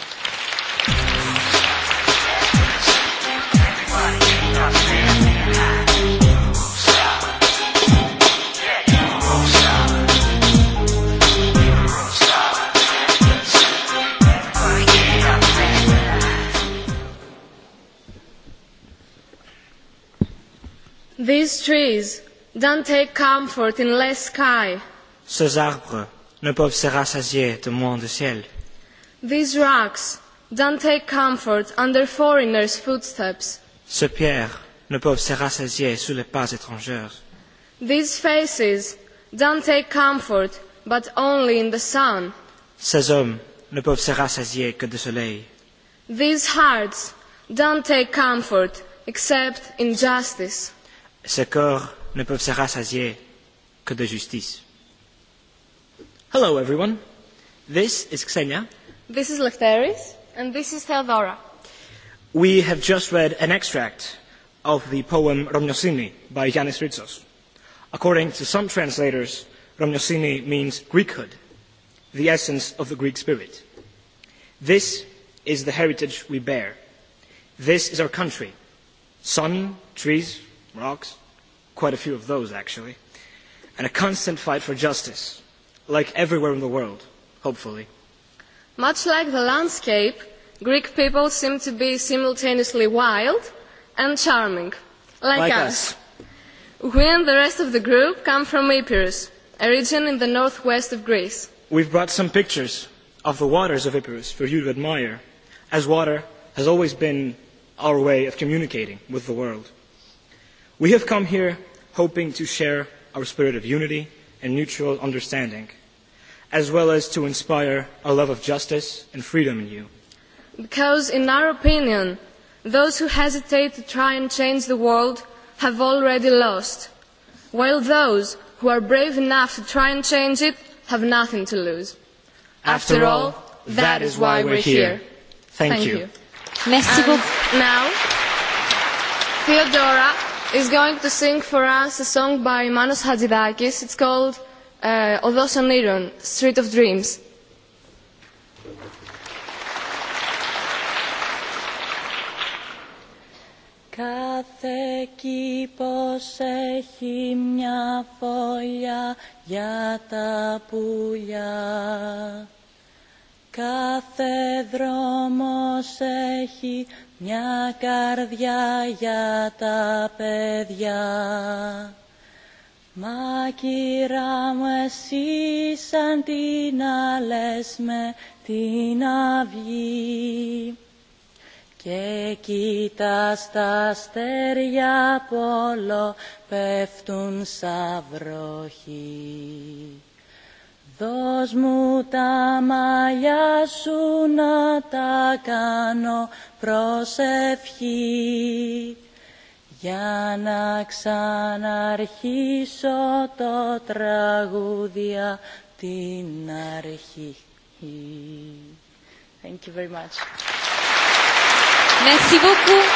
These trees don't take comfort in less sky. Ces arbres ne peuvent se rassasier de moins de ciel. These rocks don't take comfort under foreigners' footsteps. Ces pierres ne peuvent se rassasier sous les pas étrangères. These faces don't take comfort but only in the sun. Ces hommes ne peuvent se rassasier que de soleil. These hearts don't take comfort except in justice. Ce corps ne peuvent se rassasier que de justice. Hello everyone. This is Xenia. This is Lecteris. And this is Theodora. We have just read an extract of the poem Romnosini by Yanis Ritsos. According to some translators, Romnosini means Greekhood, the essence of the Greek spirit. This is the heritage we bear. This is our country. Sun, trees, Rocks, quite a few of those actually, and a constant fight for justice, like everywhere in the world, hopefully. Much like the landscape, Greek people seem to be simultaneously wild and charming, like, us. We and the rest of the group come from Epirus, a region in the northwest of Greece. We've brought some pictures of the waters of Epirus for you to admire, as water has always been our way of communicating with the world. We have come here hoping to share our spirit of unity and mutual understanding, as well as to inspire a love of justice and freedom in you. Because, in our opinion, those who hesitate to try and change the world have already lost, while those who are brave enough to try and change it have nothing to lose. After, all, that is why we're here. Thank, you. Merci beaucoup. Now, Theodora is going to sing for us a song by Manos Hadzidakis. It's called uh, Odos Oniron, Street of Dreams. Κάθε κήπος έχει μια φωλιά για τα πουλιά. Κάθε δρόμος έχει μια καρδιά για τα παιδιά. Μα κύρα μου εσύ σαν την άλλες με την αυγή και κοίτα στα αστέρια πόλο πέφτουν σαν βροχή. Δώσ' μου τα μαλλιά σου να τα κάνω προσευχή για να ξαναρχίσω το τραγούδια την αρχή. Thank you very much. Merci beaucoup.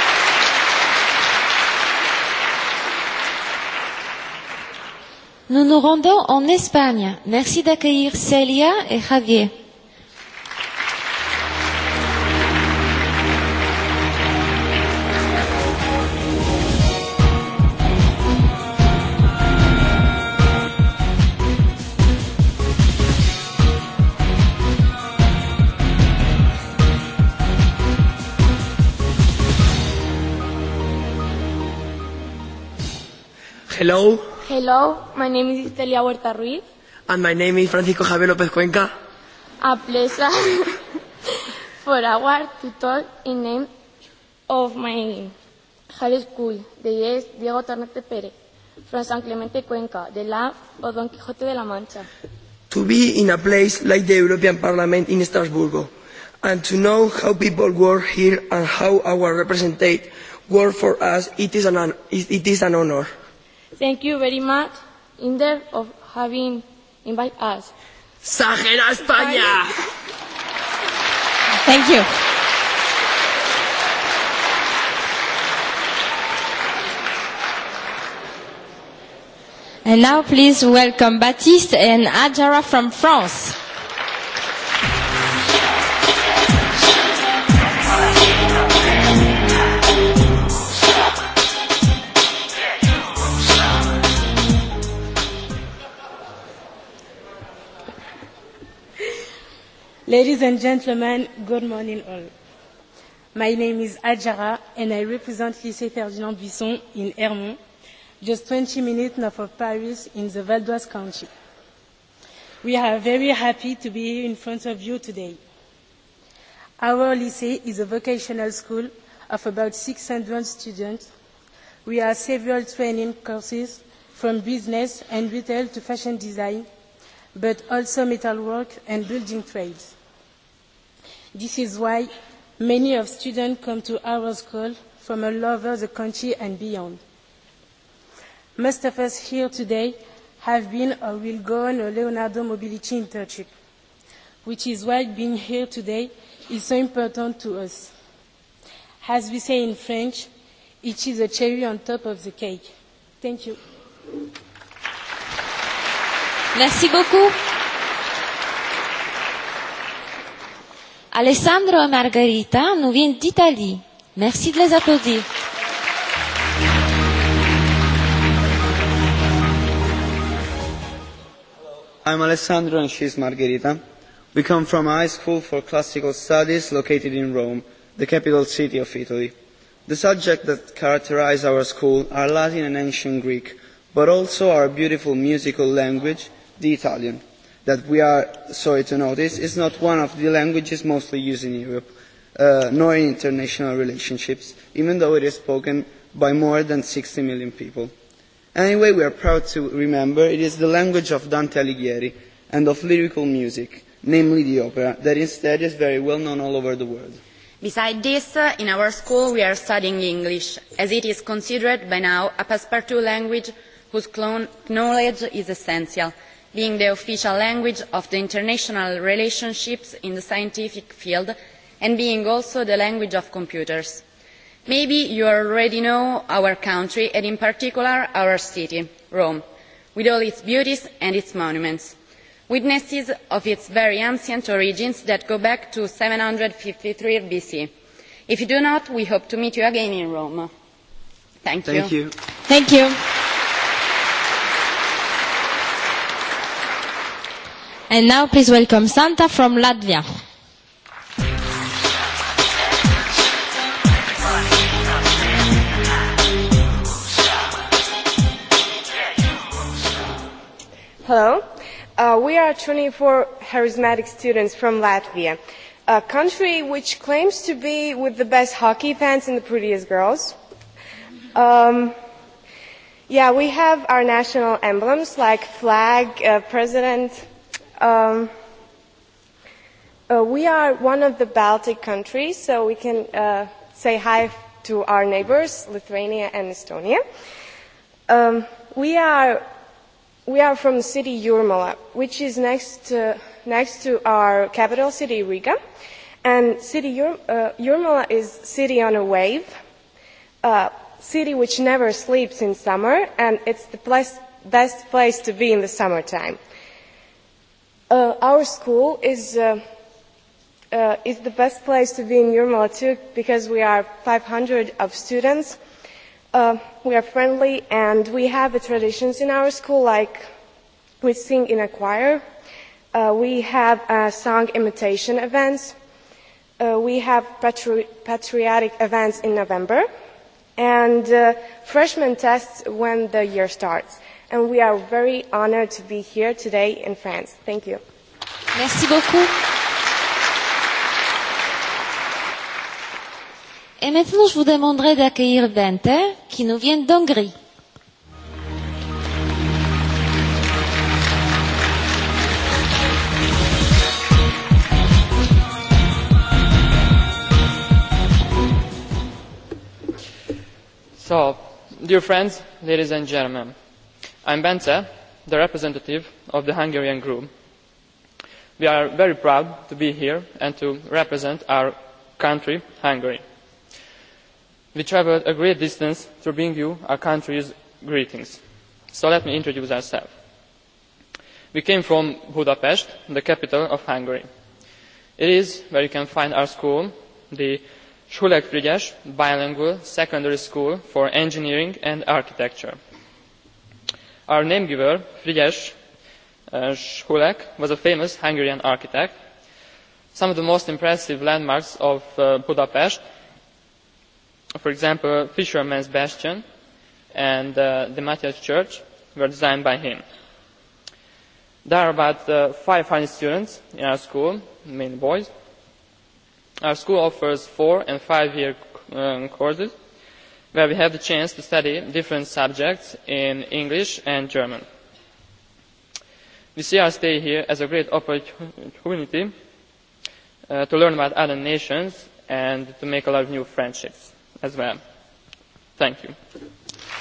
Nous nous rendons en Espagne. Merci d'accueillir Celia et Javier. Hello Hello, my name is Celia Huerta Ruiz. And my name is Francisco Javier López Cuenca. A pleasure for our to talk in name of my high school, the yes Diego Tarnete Pérez, from San Clemente Cuenca, the lab of Don Quixote de la Mancha. To be in a place like the European Parliament in Strasbourg and to know how people work here and how our representatives work for us, it is an, it is an honor. Thank you very much, Inder, for having invited us. Sahela España! Thank you. And now please welcome Baptiste and Adjara from France. Ladies and gentlemen, good morning all. My name is Adjara and I represent Lycée Ferdinand Buisson in Hermont, just 20 minutes north of Paris in the Val d'Oise County. We are very happy to be here in front of you today. Our lycée is a vocational school of about 600 students. We have several training courses from business and retail to fashion design, but also metalwork and building trades. This is why many of students come to our school from all over the country and beyond. Most of us here today have been or will go on a Leonardo Mobility internship, which is why being here today is so important to us. As we say in French, it is a cherry on top of the cake. Thank you. Merci beaucoup. Alessandro e Margherita nous viennent d'Italie. Merci de les applaudir. I'm Alessandro and she's Margherita. We come from a high school for classical studies located in Rome, the capital city of Italy. The subjects that characterize our school are Latin and ancient Greek, but also our beautiful musical language, the Italian that we are sorry to notice is not one of the languages mostly used in Europe, uh, nor in international relationships, even though it is spoken by more than 60 million people. Anyway, we are proud to remember it is the language of Dante Alighieri and of lyrical music, namely the opera, that instead is very well known all over the world. Besides this, in our school we are studying English, as it is considered by now a passepartout language whose knowledge is essential being the official language of the international relationships in the scientific field and being also the language of computers. Maybe you already know our country and in particular our city, Rome, with all its beauties and its monuments, witnesses of its very ancient origins that go back to seven hundred and fifty three BC. If you do not, we hope to meet you again in Rome. Thank you. And now please welcome Santa from Latvia. Hello. Uh, we are 24 charismatic students from Latvia, a country which claims to be with the best hockey fans and the prettiest girls. Um, yeah, we have our national emblems like flag, uh, president, we are one of the Baltic countries, so we can uh, say hi to our neighbors, Lithuania and Estonia. Um, we are we are from the city Jurmala, which is next to, next to our capital city Riga, and city Jur, uh, Jurmala is city on a wave, a city which never sleeps in summer, and it's the place, best place to be in the summertime our school is uh, uh, is the best place to be in too because we are 500 of students. Uh, we are friendly and we have the traditions in our school like we sing in a choir. Uh, we have uh, song imitation events. Uh, we have patri- patriotic events in November and uh, freshman tests when the year starts and we are very honored to be here today in France. Thank you. Merci beaucoup. Et maintenant, je vous demanderai d'accueillir Bente, qui nous vient d'Hongrie. So, dear friends, ladies and gentlemen, i am bence the representative of the hungarian group. we are very proud to be here and to represent our country hungary. we travelled a great distance to bring you our country's greetings so let me introduce ourselves. we came from budapest the capital of hungary. it is where you can find our school the Schulek Frigyes bilingual secondary school for engineering and architecture our name giver frigyes schulek was a famous hungarian architect. some of the most impressive landmarks of budapest for example fisherman's bastion and the matthias church were designed by him. there are about five hundred students in our school mainly boys. our school offers four and five year courses where we have the chance to study different subjects in English and German. We see our stay here as a great opportunity uh, to learn about other nations and to make a lot of new friendships as well. Thank you.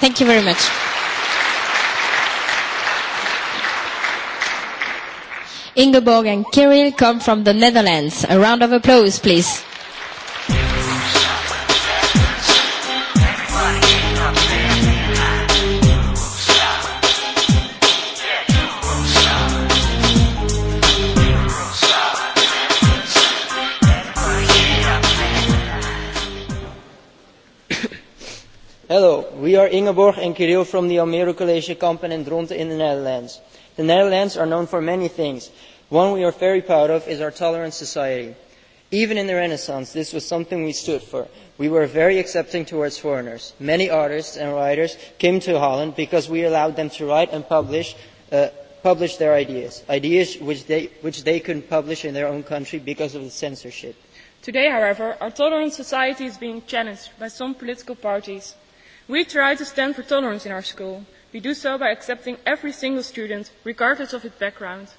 Thank you very much. Ingeborg and Kirill come from the Netherlands. A round of applause, please. Hello, we are Ingeborg and Kirill from the Almere College company in dronte in the Netherlands. The Netherlands are known for many things. One we are very proud of is our tolerant society. Even in the Renaissance, this was something we stood for. We were very accepting towards foreigners. Many artists and writers came to Holland because we allowed them to write and publish uh, publish their ideas, ideas which they, which they couldn't publish in their own country because of the censorship. Today, however, our tolerant society is being challenged by some political parties. We try to stand for tolerance in our school. We do so by accepting every single student, regardless of its background.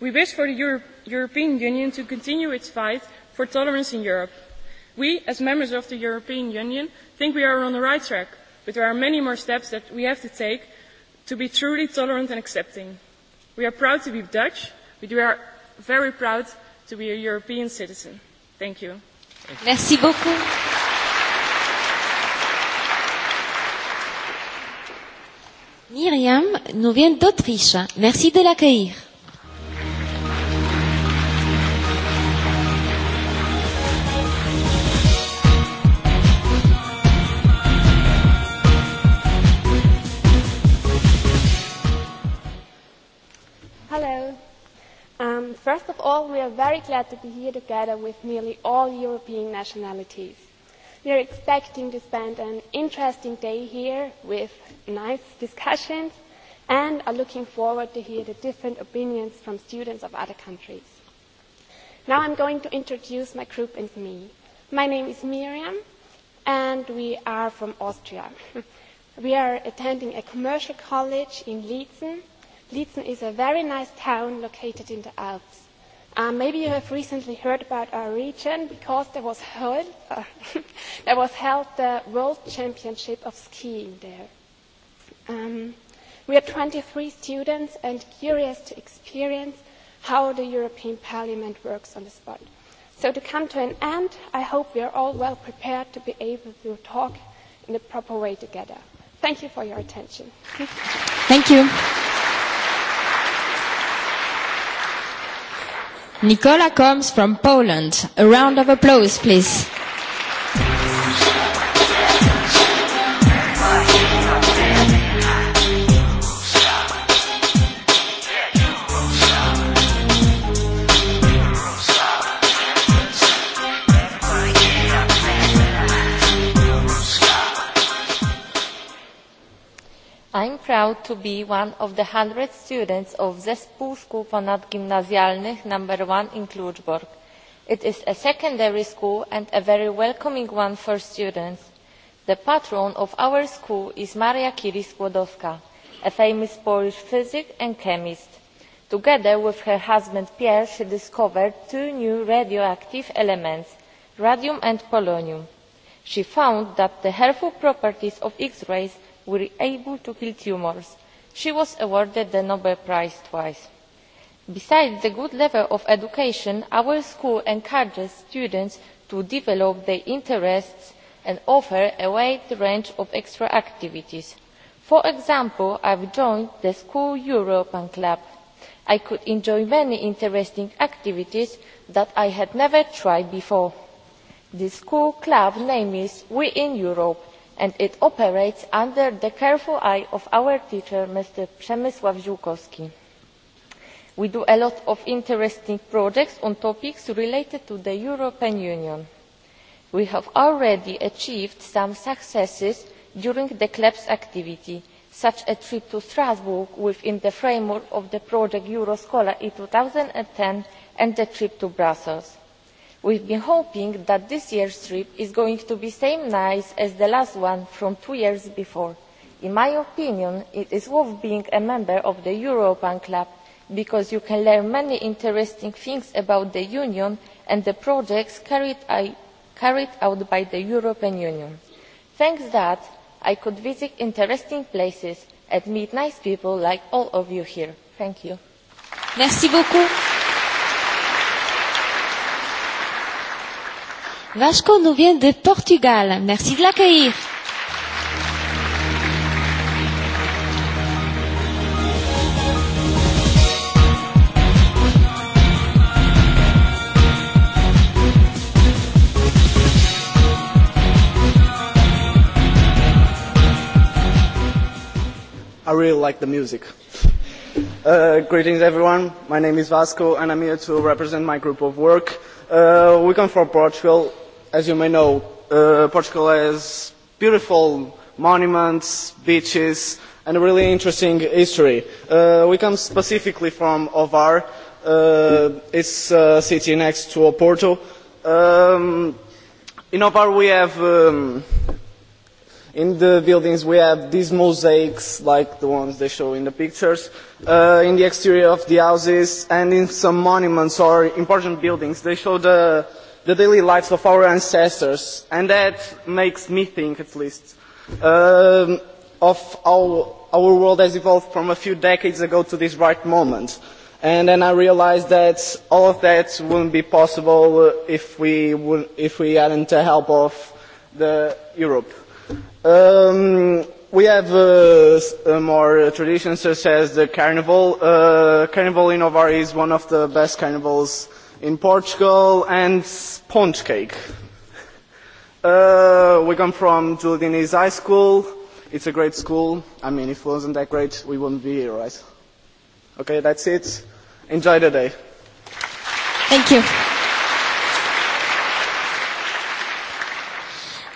We wish for the Euro- European Union to continue its fight for tolerance in Europe. We, as members of the European Union, think we are on the right track, but there are many more steps that we have to take to be truly tolerant and accepting. We are proud to be Dutch, but we are very proud to be a European citizen. Thank you. Merci beaucoup. Myriam nous vient d'Autriche. Merci de l'accueillir. Hello. Um, first of all, we are very glad to be here together with nearly all European nationalities. We are expecting to spend an interesting day here with nice discussions and are looking forward to hear the different opinions from students of other countries. Now I'm going to introduce my group and me. My name is Miriam and we are from Austria. we are attending a commercial college in Liezen. Liezen is a very nice town located in the Alps Um, maybe you have recently heard about our region because there was held, uh, there was held the World Championship of Skiing there. Um, we are 23 students and curious to experience how the European Parliament works on the spot. So to come to an end, I hope we are all well prepared to be able to talk in a proper way together. Thank you for your attention. Thank you. Nicola comes from Poland. A round of applause, please. proud to be one of the hundred students of Zespół Szkół Ponadgimnazjalnych number one in Kluczbork. It is a secondary school and a very welcoming one for students. The patron of our school is Maria Curie Skłodowska, a famous Polish physicist and chemist. Together with her husband Pierre, she discovered two new radioactive elements, radium and polonium. She found that the harmful properties of X-rays were able to kill tumours. she was awarded the nobel prize twice. besides the good level of education our school encourages students to develop their interests and offer a wide range of extra activities. for example i have joined the school european club. i could enjoy many interesting activities that i had never tried before. the school club name is we in europe' and it operates under the careful eye of our teacher mr przemysław ziółkowski. we do a lot of interesting projects on topics related to the european union. we have already achieved some successes during the cleb's activity such as a trip to strasbourg within the framework of the project Euroscola in two thousand and ten and a trip to brussels we have been hoping that this year's trip is going to be the same nice as the last one from two years before. in my opinion it is worth being a member of the european club because you can learn many interesting things about the union and the projects carried out by the european union. thanks to that i could visit interesting places and meet nice people like all of you here. thank you. Vasco nous vient de Portugal. Merci de l'accueillir. I really like the music. Uh, greetings everyone, my name is Vasco and I'm here to represent my group of work. Uh, we come from Portugal as you may know, Portugal has beautiful monuments, beaches, and a really interesting history. we come specifically from Ovar. it's a city next to Oporto. in Ovar we have, in the buildings we have these mosaics like the ones they show in the pictures, in the exterior of the houses and in some monuments or important buildings. They show the the daily lives of our ancestors, and that makes me think, at least, um, of how our world has evolved from a few decades ago to this right moment. And then I realized that all of that wouldn't be possible if we, would, if we hadn't the help of the Europe. Um, we have uh, more traditions such as the carnival. Uh, carnival in Ovar is one of the best carnivals uh, in Portugal and sponge cake. Uh, we come from Julianese High School. It's a great school. I mean, if it wasn't that great, we wouldn't be here, right? Okay, that's it. Enjoy the day. Thank you.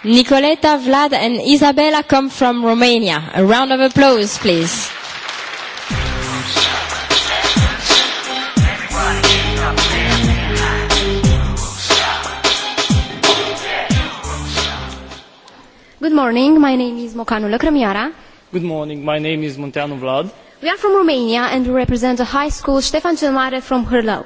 Nicoleta, Vlad, and Isabella come from Romania. A round of applause, please. morning. My name is Mocanu Lăcrămioara. Good morning. My name is Munteanu Vlad. We are from Romania and we represent a high school Stefan cel Mare from Hârlău.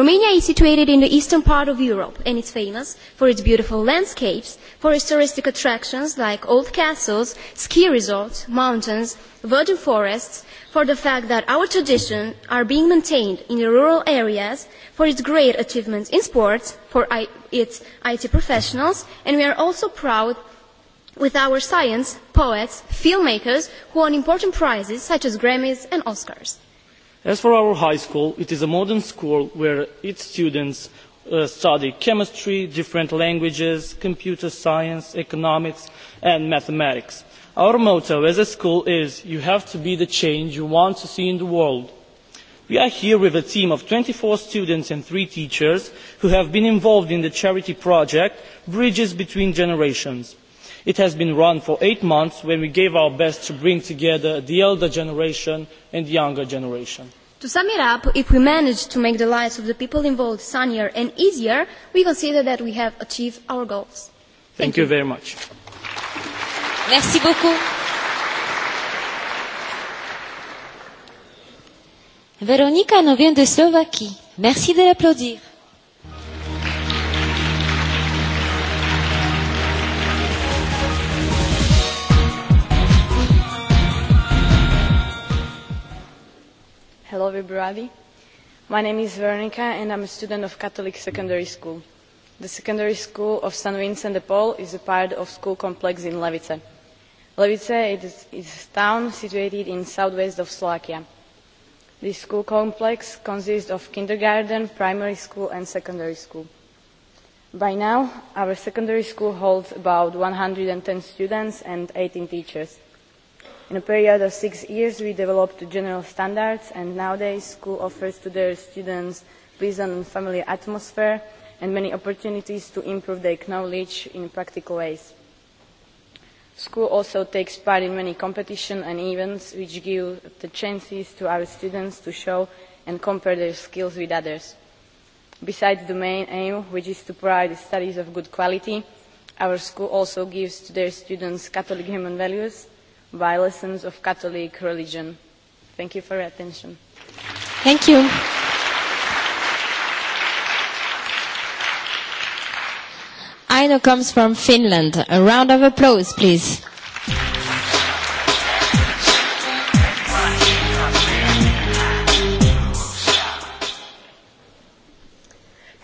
Romania is situated in the eastern part of Europe and it's famous for its beautiful landscapes, for its touristic attractions like old castles, ski resorts, mountains, virgin forests, for the fact that our traditions are being maintained in the rural areas, for its great achievements in sports, for its IT professionals, and we are also proud with our science, poets, filmmakers who won important prizes such as Grammys and Oscars. As for our high school, it is a modern school where its students study chemistry, different languages, computer science, economics and mathematics. Our motto as a school is you have to be the change you want to see in the world. We are here with a team of twenty four students and three teachers who have been involved in the charity project Bridges Between Generations It has been run for eight months when we gave our best to bring together the elder generation and the younger generation. To sum it up, if we manage to make the lives of the people involved sunnier and easier, we consider that we have achieved our goals. Thank, Thank you. very much. Merci beaucoup. Veronica nous vient de Slovaquie. Merci de l'applaudir. Hello, everybody. My name is Veronica, and I'm a student of Catholic Secondary School. The secondary school of St. Vincent de Paul is a part of school complex in Levice. Levice is, is a town situated in southwest of Slovakia. This school complex consists of kindergarten, primary school and secondary school. By now, our secondary school holds about 110 students and 18 teachers. In a period of six years, we developed general standards, and nowadays school offers to their students pleasant and family atmosphere and many opportunities to improve their knowledge in practical ways. School also takes part in many competitions and events which give the chances to our students to show and compare their skills with others. Besides the main aim, which is to provide studies of good quality, our school also gives to their students Catholic human values – by lessons of Catholic religion. Thank you for your attention. Thank you. Aino comes from Finland. A round of applause, please.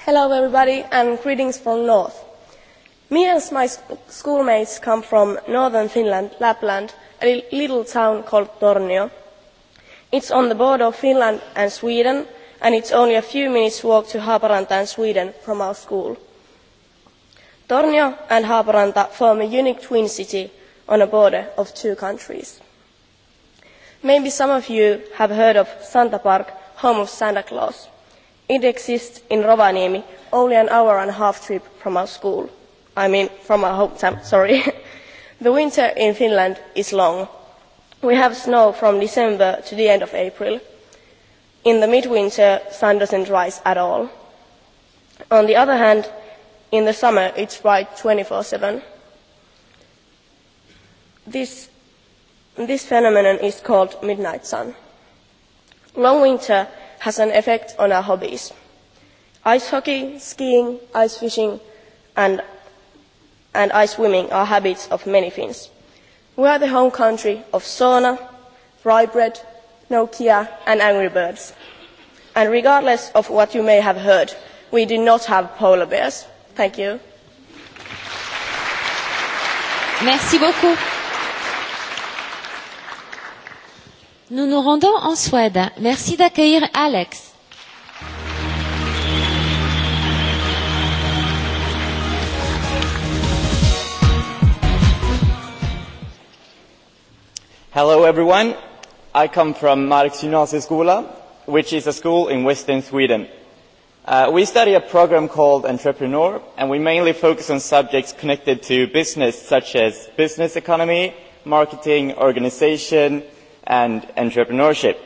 Hello, everybody, and greetings from North. Me and my schoolmates come from northern Finland, Lapland, a little town called Tornio. It's on the border of Finland and Sweden, and it's only a few minutes' walk to Haaparanta and Sweden from our school. Tornio and Haaparanta form a unique twin city on a border of two countries. Maybe some of you have heard of Santa Park, home of Santa Claus. It exists in Rovaniemi, only an hour and a half trip from our school. I mean, from our hometown, sorry the winter in finland is long. we have snow from december to the end of april. in the midwinter sun does not rise at all. on the other hand in the summer it is bright twenty four seven. this phenomenon is called midnight sun. long winter has an effect on our hobbies. ice hockey skiing ice fishing and and ice swimming are habits of many Finns. We are the home country of sauna, rye bread, Nokia and Angry Birds. And regardless of what you may have heard, we do not have polar bears. Thank you. Merci beaucoup. Nous nous rendons en Suède. Merci d'accueillir Alex. Hello everyone. I come from Marksynoseskola, which is a school in western Sweden. Uh, we study a program called Entrepreneur, and we mainly focus on subjects connected to business, such as business economy, marketing, organization, and entrepreneurship.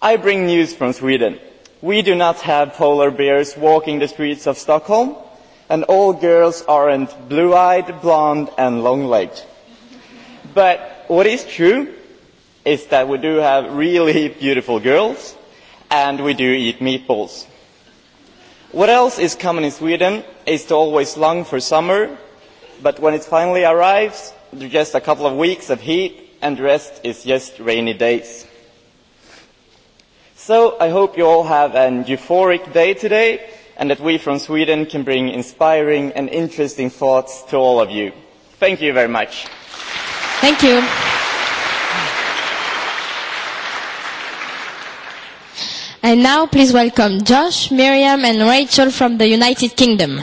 I bring news from Sweden. We do not have polar bears walking the streets of Stockholm, and all girls aren't blue-eyed, blonde, and long-legged. But what is true is that we do have really beautiful girls, and we do eat meatballs. What else is common in Sweden is to always long for summer, but when it finally arrives, there's just a couple of weeks of heat, and the rest is just rainy days. So I hope you all have an euphoric day today, and that we from Sweden can bring inspiring and interesting thoughts to all of you. Thank you very much. Thank you. And now please welcome Josh, Miriam and Rachel from the United Kingdom.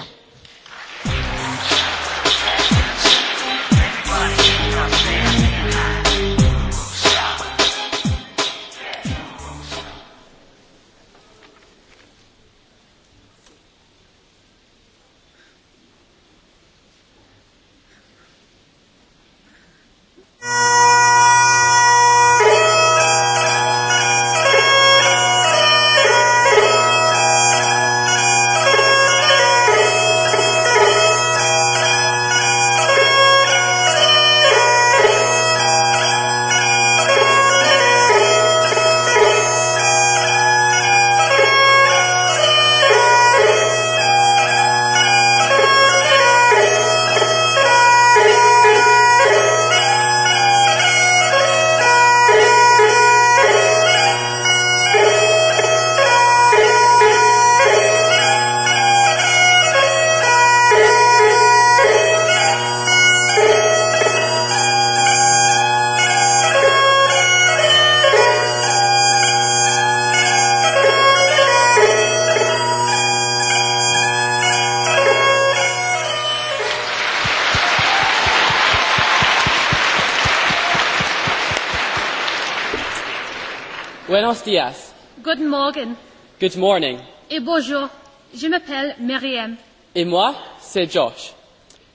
días. Good morning. Good morning. Et bonjour. Je m'appelle Myriam. Et moi, c'est Josh.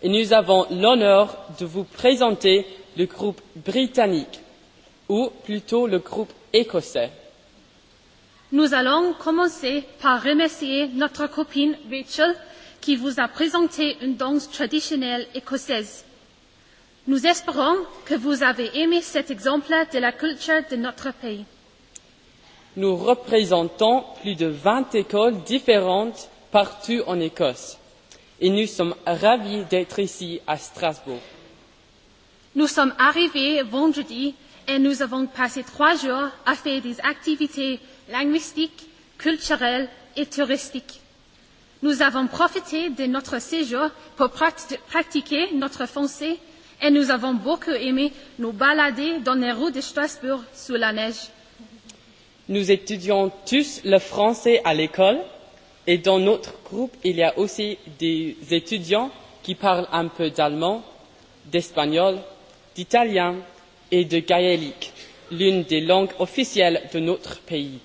Et nous avons l'honneur de vous présenter le groupe britannique, ou plutôt le groupe écossais. Nous allons commencer par remercier notre copine Rachel qui vous a présenté une danse traditionnelle écossaise. Nous espérons que vous avez aimé cet exemple de la culture de notre pays nous représentons plus de vingt écoles différentes partout en écosse et nous sommes ravis d'être ici à strasbourg. nous sommes arrivés vendredi et nous avons passé trois jours à faire des activités linguistiques culturelles et touristiques. nous avons profité de notre séjour pour pratiquer notre français et nous avons beaucoup aimé nous balader dans les rues de strasbourg sous la neige nous étudions tous le français à l'école et dans notre groupe il y a aussi des étudiants qui parlent un peu d'allemand d'espagnol d'italien et de gaélique l'une des langues officielles de notre pays.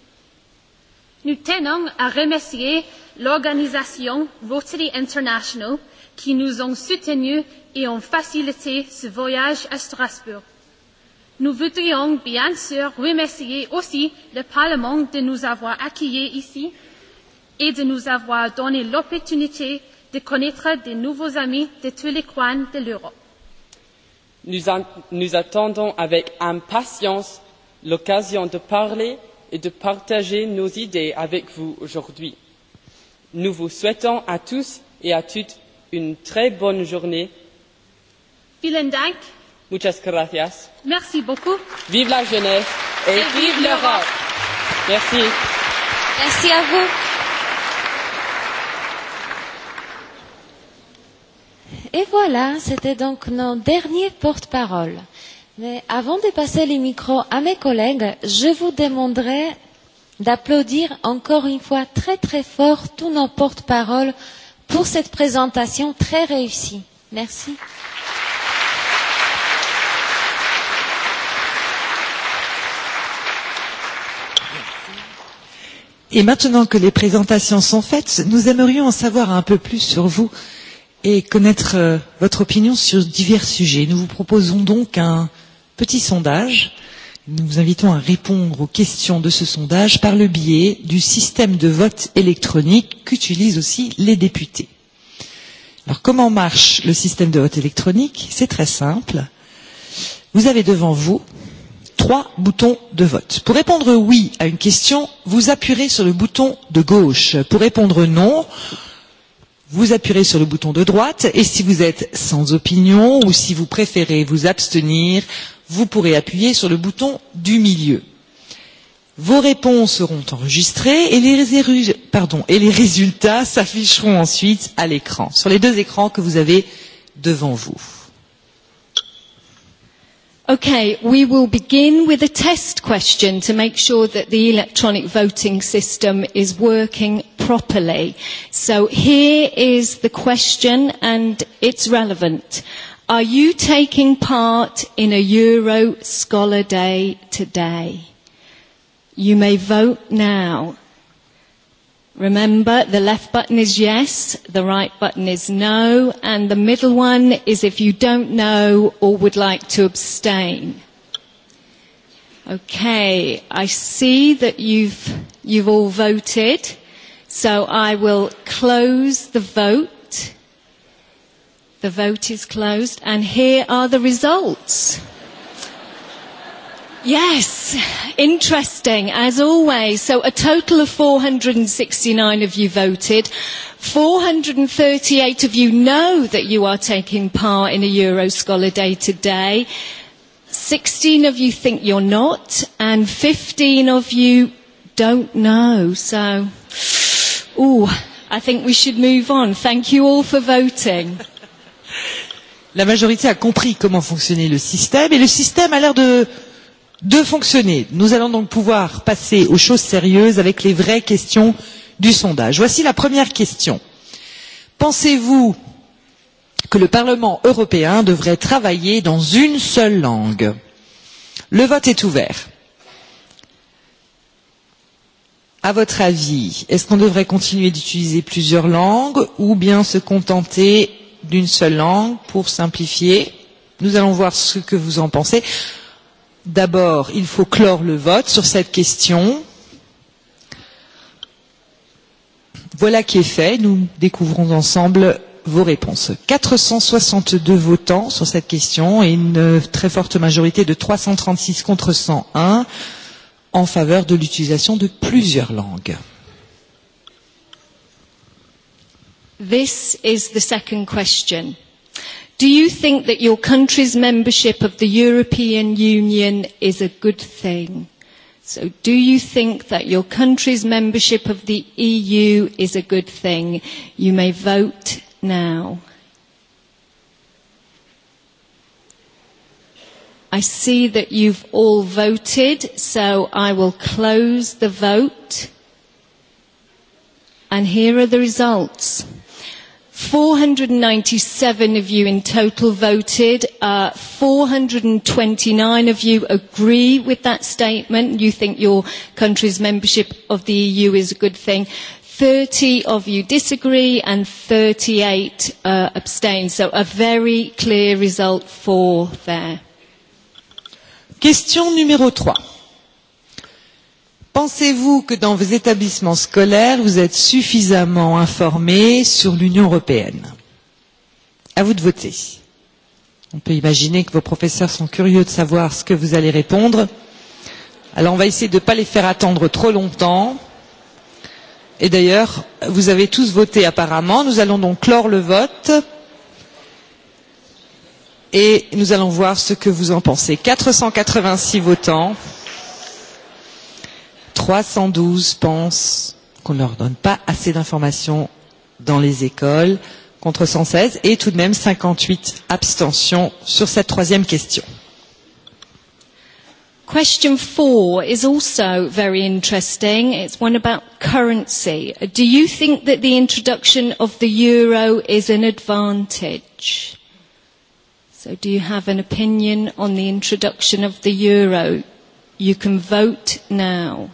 nous tenons à remercier l'organisation rotary international qui nous a soutenus et a facilité ce voyage à strasbourg. Nous voudrions bien sûr remercier aussi le Parlement de nous avoir accueillis ici et de nous avoir donné l'opportunité de connaître de nouveaux amis de tous les coins de l'Europe. Nous attendons avec impatience l'occasion de parler et de partager nos idées avec vous aujourd'hui. Nous vous souhaitons à tous et à toutes une très bonne journée. Vielen Dank. Muchas gracias. Merci beaucoup. Vive la jeunesse et, et vive l'Europe. Merci. Merci à vous. Et voilà, c'était donc nos derniers porte-parole. Mais avant de passer les micros à mes collègues, je vous demanderai d'applaudir encore une fois très très fort tous nos porte-paroles pour cette présentation très réussie. Merci. Merci. Et maintenant que les présentations sont faites, nous aimerions en savoir un peu plus sur vous et connaître euh, votre opinion sur divers sujets. Nous vous proposons donc un petit sondage. Nous vous invitons à répondre aux questions de ce sondage par le biais du système de vote électronique qu'utilisent aussi les députés. Alors comment marche le système de vote électronique C'est très simple. Vous avez devant vous trois boutons de vote. Pour répondre oui à une question, vous appuierez sur le bouton de gauche. Pour répondre non, vous appuierez sur le bouton de droite et si vous êtes sans opinion ou si vous préférez vous abstenir, vous pourrez appuyer sur le bouton du milieu. Vos réponses seront enregistrées et les, pardon, et les résultats s'afficheront ensuite à l'écran, sur les deux écrans que vous avez devant vous. Okay, we will begin with a test question to make sure that the electronic voting system is working properly. So here is the question and it's relevant. Are you taking part in a Euro Scholar Day today? You may vote now. Remember, the left button is yes, the right button is no, and the middle one is if you don't know or would like to abstain. Okay, I see that you've, you've all voted, so I will close the vote. The vote is closed, and here are the results. Yes, interesting as always. So a total of 469 of you voted. 438 of you know that you are taking part in a Euro Scholar Day today. 16 of you think you're not, and 15 of you don't know. So, ooh, I think we should move on. Thank you all for voting. La majorité a compris comment fonctionnait le système, et le système a l'air de de fonctionner. Nous allons donc pouvoir passer aux choses sérieuses avec les vraies questions du sondage. Voici la première question. Pensez-vous que le Parlement européen devrait travailler dans une seule langue Le vote est ouvert. À votre avis, est-ce qu'on devrait continuer d'utiliser plusieurs langues ou bien se contenter d'une seule langue pour simplifier Nous allons voir ce que vous en pensez. D'abord, il faut clore le vote sur cette question. Voilà qui est fait. Nous découvrons ensemble vos réponses. 462 votants sur cette question et une très forte majorité de 336 contre 101 en faveur de l'utilisation de plusieurs langues. This is the second question. Do you think that your country's membership of the European Union is a good thing? So do you think that your country's membership of the EU is a good thing? You may vote now. I see that you've all voted, so I will close the vote. And here are the results. 497 of you in total voted. Uh, 429 of you agree with that statement. You think your country's membership of the EU is a good thing. 30 of you disagree and 38 uh, abstain. So a very clear result for there. Question numéro 3. Pensez-vous que dans vos établissements scolaires, vous êtes suffisamment informés sur l'Union européenne À vous de voter. On peut imaginer que vos professeurs sont curieux de savoir ce que vous allez répondre. Alors on va essayer de ne pas les faire attendre trop longtemps. Et d'ailleurs, vous avez tous voté apparemment. Nous allons donc clore le vote. Et nous allons voir ce que vous en pensez. 486 votants. 312 pensent qu'on ne leur donne pas assez d'informations dans les écoles contre 116 et tout de même 58 abstentions sur cette troisième question. Question four is also very interesting. It's one about currency. Do you think that the introduction of the euro is an advantage? So do you have an opinion on the introduction of the euro? You can vote now.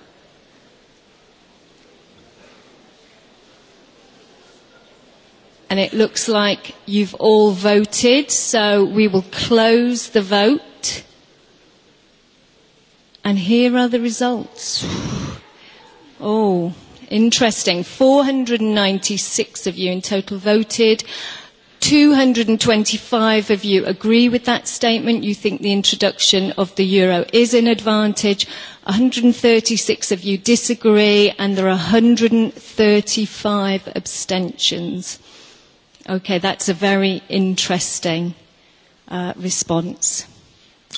And it looks like you've all voted, so we will close the vote. And here are the results. Oh, interesting. 496 of you in total voted. 225 of you agree with that statement. You think the introduction of the euro is an advantage. 136 of you disagree, and there are 135 abstentions. Okay, that's a very interesting uh, response.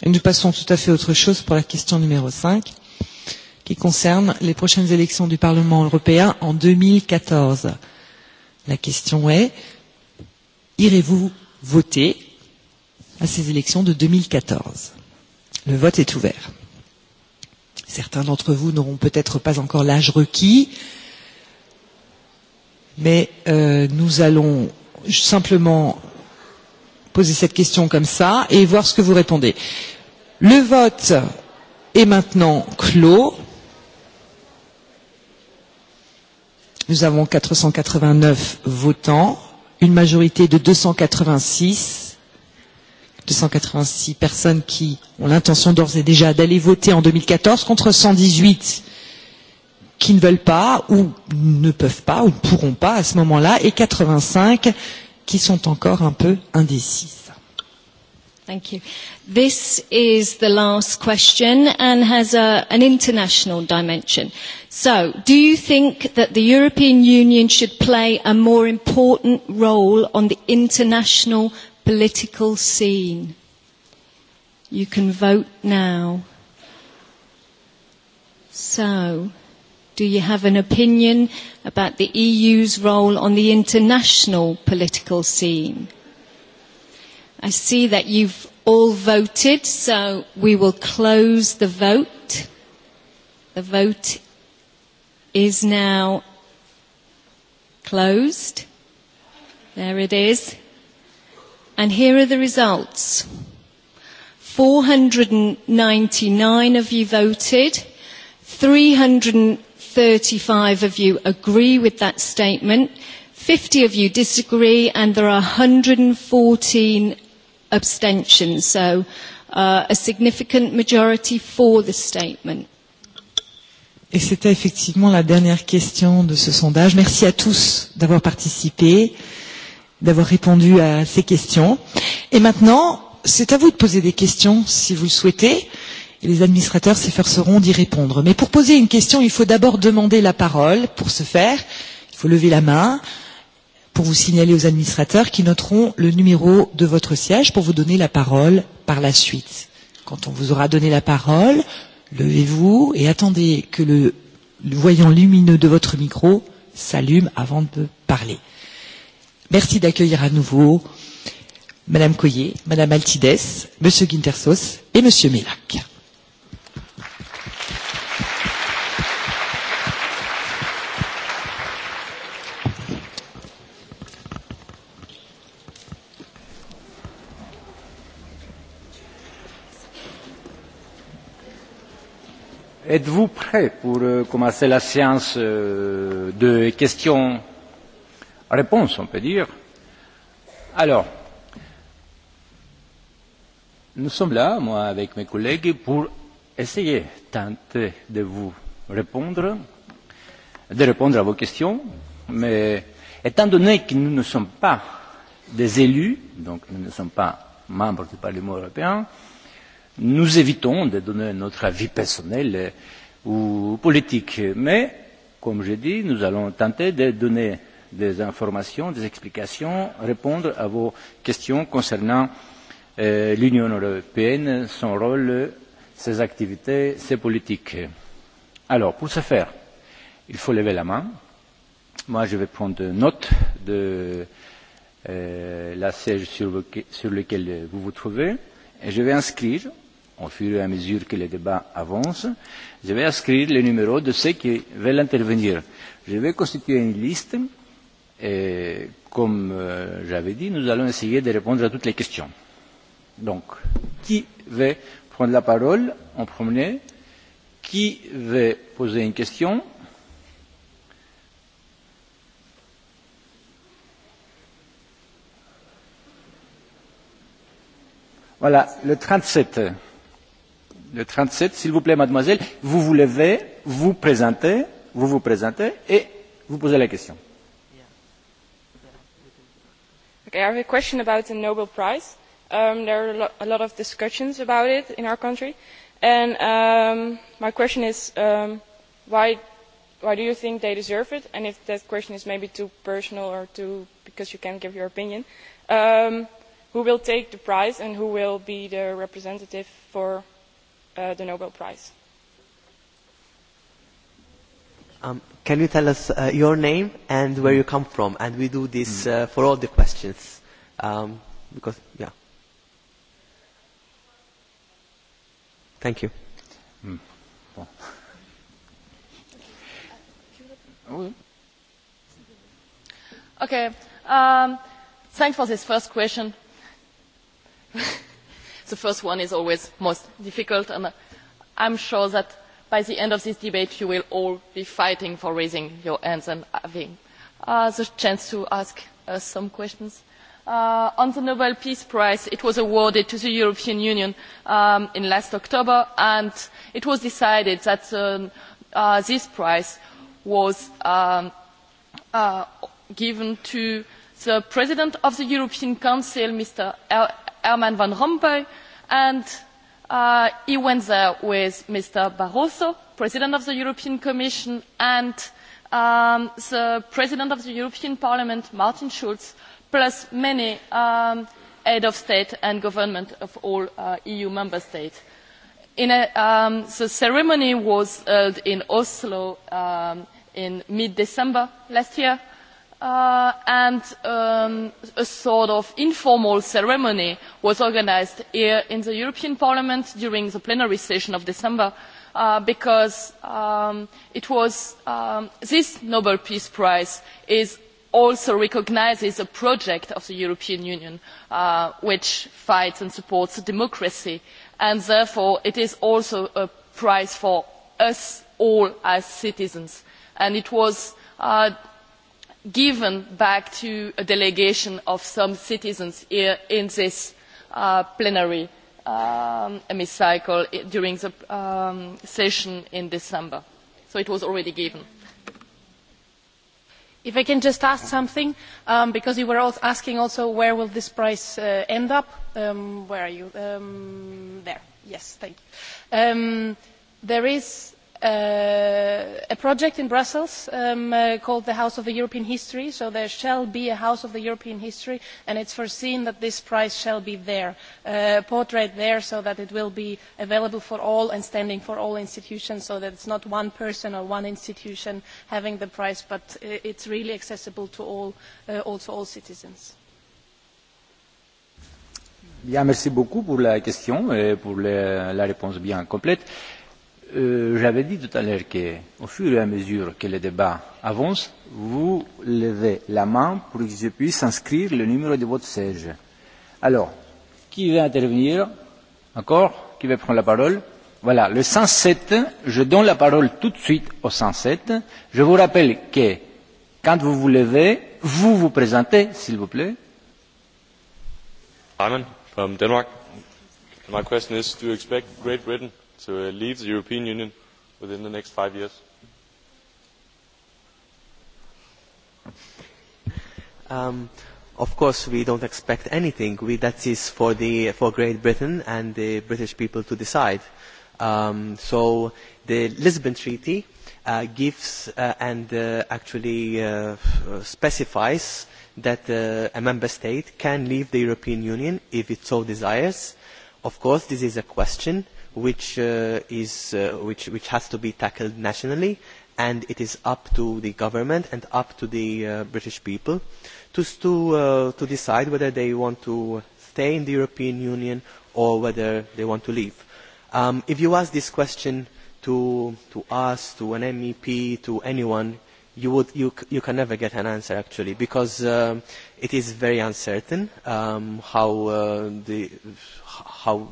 Et nous passons tout à fait autre chose pour la question numéro 5, qui concerne les prochaines élections du Parlement européen en 2014. La question est, irez-vous voter à ces élections de 2014 Le vote est ouvert. Certains d'entre vous n'auront peut-être pas encore l'âge requis, mais euh, nous allons simplement poser cette question comme ça et voir ce que vous répondez. Le vote est maintenant clos. Nous avons 489 votants, une majorité de 286, 286 personnes qui ont l'intention d'ores et déjà d'aller voter en 2014 contre 118 qui ne veulent pas ou ne peuvent pas ou ne pourront pas à ce moment-là et 85 qui sont encore un peu indécises. Thank you. This is the last question and has a, an international dimension. So, do you think that the European Union should play a more important role on the international political scene? You can vote now. So, Do you have an opinion about the EU's role on the international political scene? I see that you've all voted, so we will close the vote. The vote is now closed. There it is. And here are the results. 499 of you voted. 300 35 of you agree with that statement, 50 of you disagree, and there are 114 abstentions. So uh, a significant majority for the statement. Et c'était effectivement la dernière question de ce sondage. Merci à tous d'avoir participé, d'avoir répondu à ces questions. Et maintenant, c'est à vous de poser des questions si vous le souhaitez et les administrateurs s'efforceront d'y répondre. Mais pour poser une question, il faut d'abord demander la parole. Pour ce faire, il faut lever la main pour vous signaler aux administrateurs qui noteront le numéro de votre siège pour vous donner la parole par la suite. Quand on vous aura donné la parole, levez-vous et attendez que le voyant lumineux de votre micro s'allume avant de parler. Merci d'accueillir à nouveau Madame Coyer, Madame Altides, Monsieur Guintersos et Monsieur Mélac. Êtes-vous prêt pour commencer la séance de questions-réponses, on peut dire Alors, nous sommes là, moi avec mes collègues, pour essayer, tenter de vous répondre, de répondre à vos questions, mais étant donné que nous ne sommes pas des élus, donc nous ne sommes pas membres du Parlement européen, euh, nous évitons de donner notre avis personnel ou politique. Mais, comme je dit, nous allons tenter de donner des informations, des explications, répondre à vos questions concernant l'Union européenne, son rôle, ses activités, ses politiques. Alors, pour ce faire, il faut lever la main. Moi, je vais prendre note de la siège sur lequel vous vous trouvez et je vais inscrire au fur et à mesure que les débats avancent, je vais inscrire les numéros de ceux qui veulent intervenir. Je vais constituer une liste et, comme j'avais dit, nous allons essayer de répondre à toutes les questions. Donc, qui veut prendre la parole en premier Qui veut poser une question Voilà, le 37. sept le sept s'il vous plaît, mademoiselle, vous vous levez, vous présentez, vous vous présentez et vous posez la question. Okay, I have a question about the Nobel Prize. Um, there are a, lo a lot of discussions about it in our country, and um, my question is, um, why, why do you think they deserve it? And if that question is maybe too personal or too because you can't give your opinion, um, who will take the prize and who will be the representative for the Nobel Prize. Um, can you tell us uh, your name and where you come from? And we do this mm. uh, for all the questions, um, because yeah. Thank you. Mm. Well. Okay. Um, thanks for this first question the first one is always most difficult, and I am sure that by the end of this debate you will all be fighting for raising your hands and having the chance to ask us some questions. on the Nobel Peace Prize, it was awarded to the European Union in last October, and it was decided that this prize was given to the President of the European Council, Mr herman van rompuy and he went there with mr barroso president of the european commission and the president of the european parliament martin schulz plus many heads of state and government of all eu member states. the ceremony was held in oslo in mid december last year and a sort of informal ceremony was organised here in the European Parliament during the plenary session of December because it was this Nobel Peace Prize is also recognises a project of the European Union which fights and supports democracy and therefore it is also a prize for us all as citizens and it was given back to a delegation of some citizens here in this plenary hemicycle during the session in December. So it was already given. If I can just ask something, because you were asking also where will this prize end up. where are you? there. Yes, thank you. there is a project in Brussels called the House of European History. So there shall be a House of European History, and it is foreseen that this prize shall be there, uh, portrayed there, so that it will be available for all and standing for all institutions, so that it is not one person or one institution having the prize, but it is really accessible to all, also all citizens. merci beaucoup pour la question et pour la réponse bien complète j'avais dit tout à l'heure qu'au fur et à mesure que le débat avance, vous levez la main pour que je puisse inscrire le numéro de votre siège. Alors, qui veut intervenir Encore Qui veut prendre la parole Voilà, le 107, je donne la parole tout de suite au 107. Je vous rappelle que quand vous vous levez, vous vous présentez, s'il vous plaît. Simon, from Denmark. My question is, do you expect Great Britain to leave the European Union within the next five years? Um, of course, we don't expect anything. We, that is for, the, for Great Britain and the British people to decide. Um, so the Lisbon Treaty uh, gives uh, and uh, actually uh, specifies that uh, a member state can leave the European Union if it so desires. Of course, this is a question which, uh, is, uh, which, which has to be tackled nationally and it is up to the government and up to the uh, British people to, to, uh, to decide whether they want to stay in the European Union or whether they want to leave. Um, if you ask this question to, to us, to an MEP, to anyone, you, would, you, you can never get an answer actually because it is very uncertain um, how, uh, the, how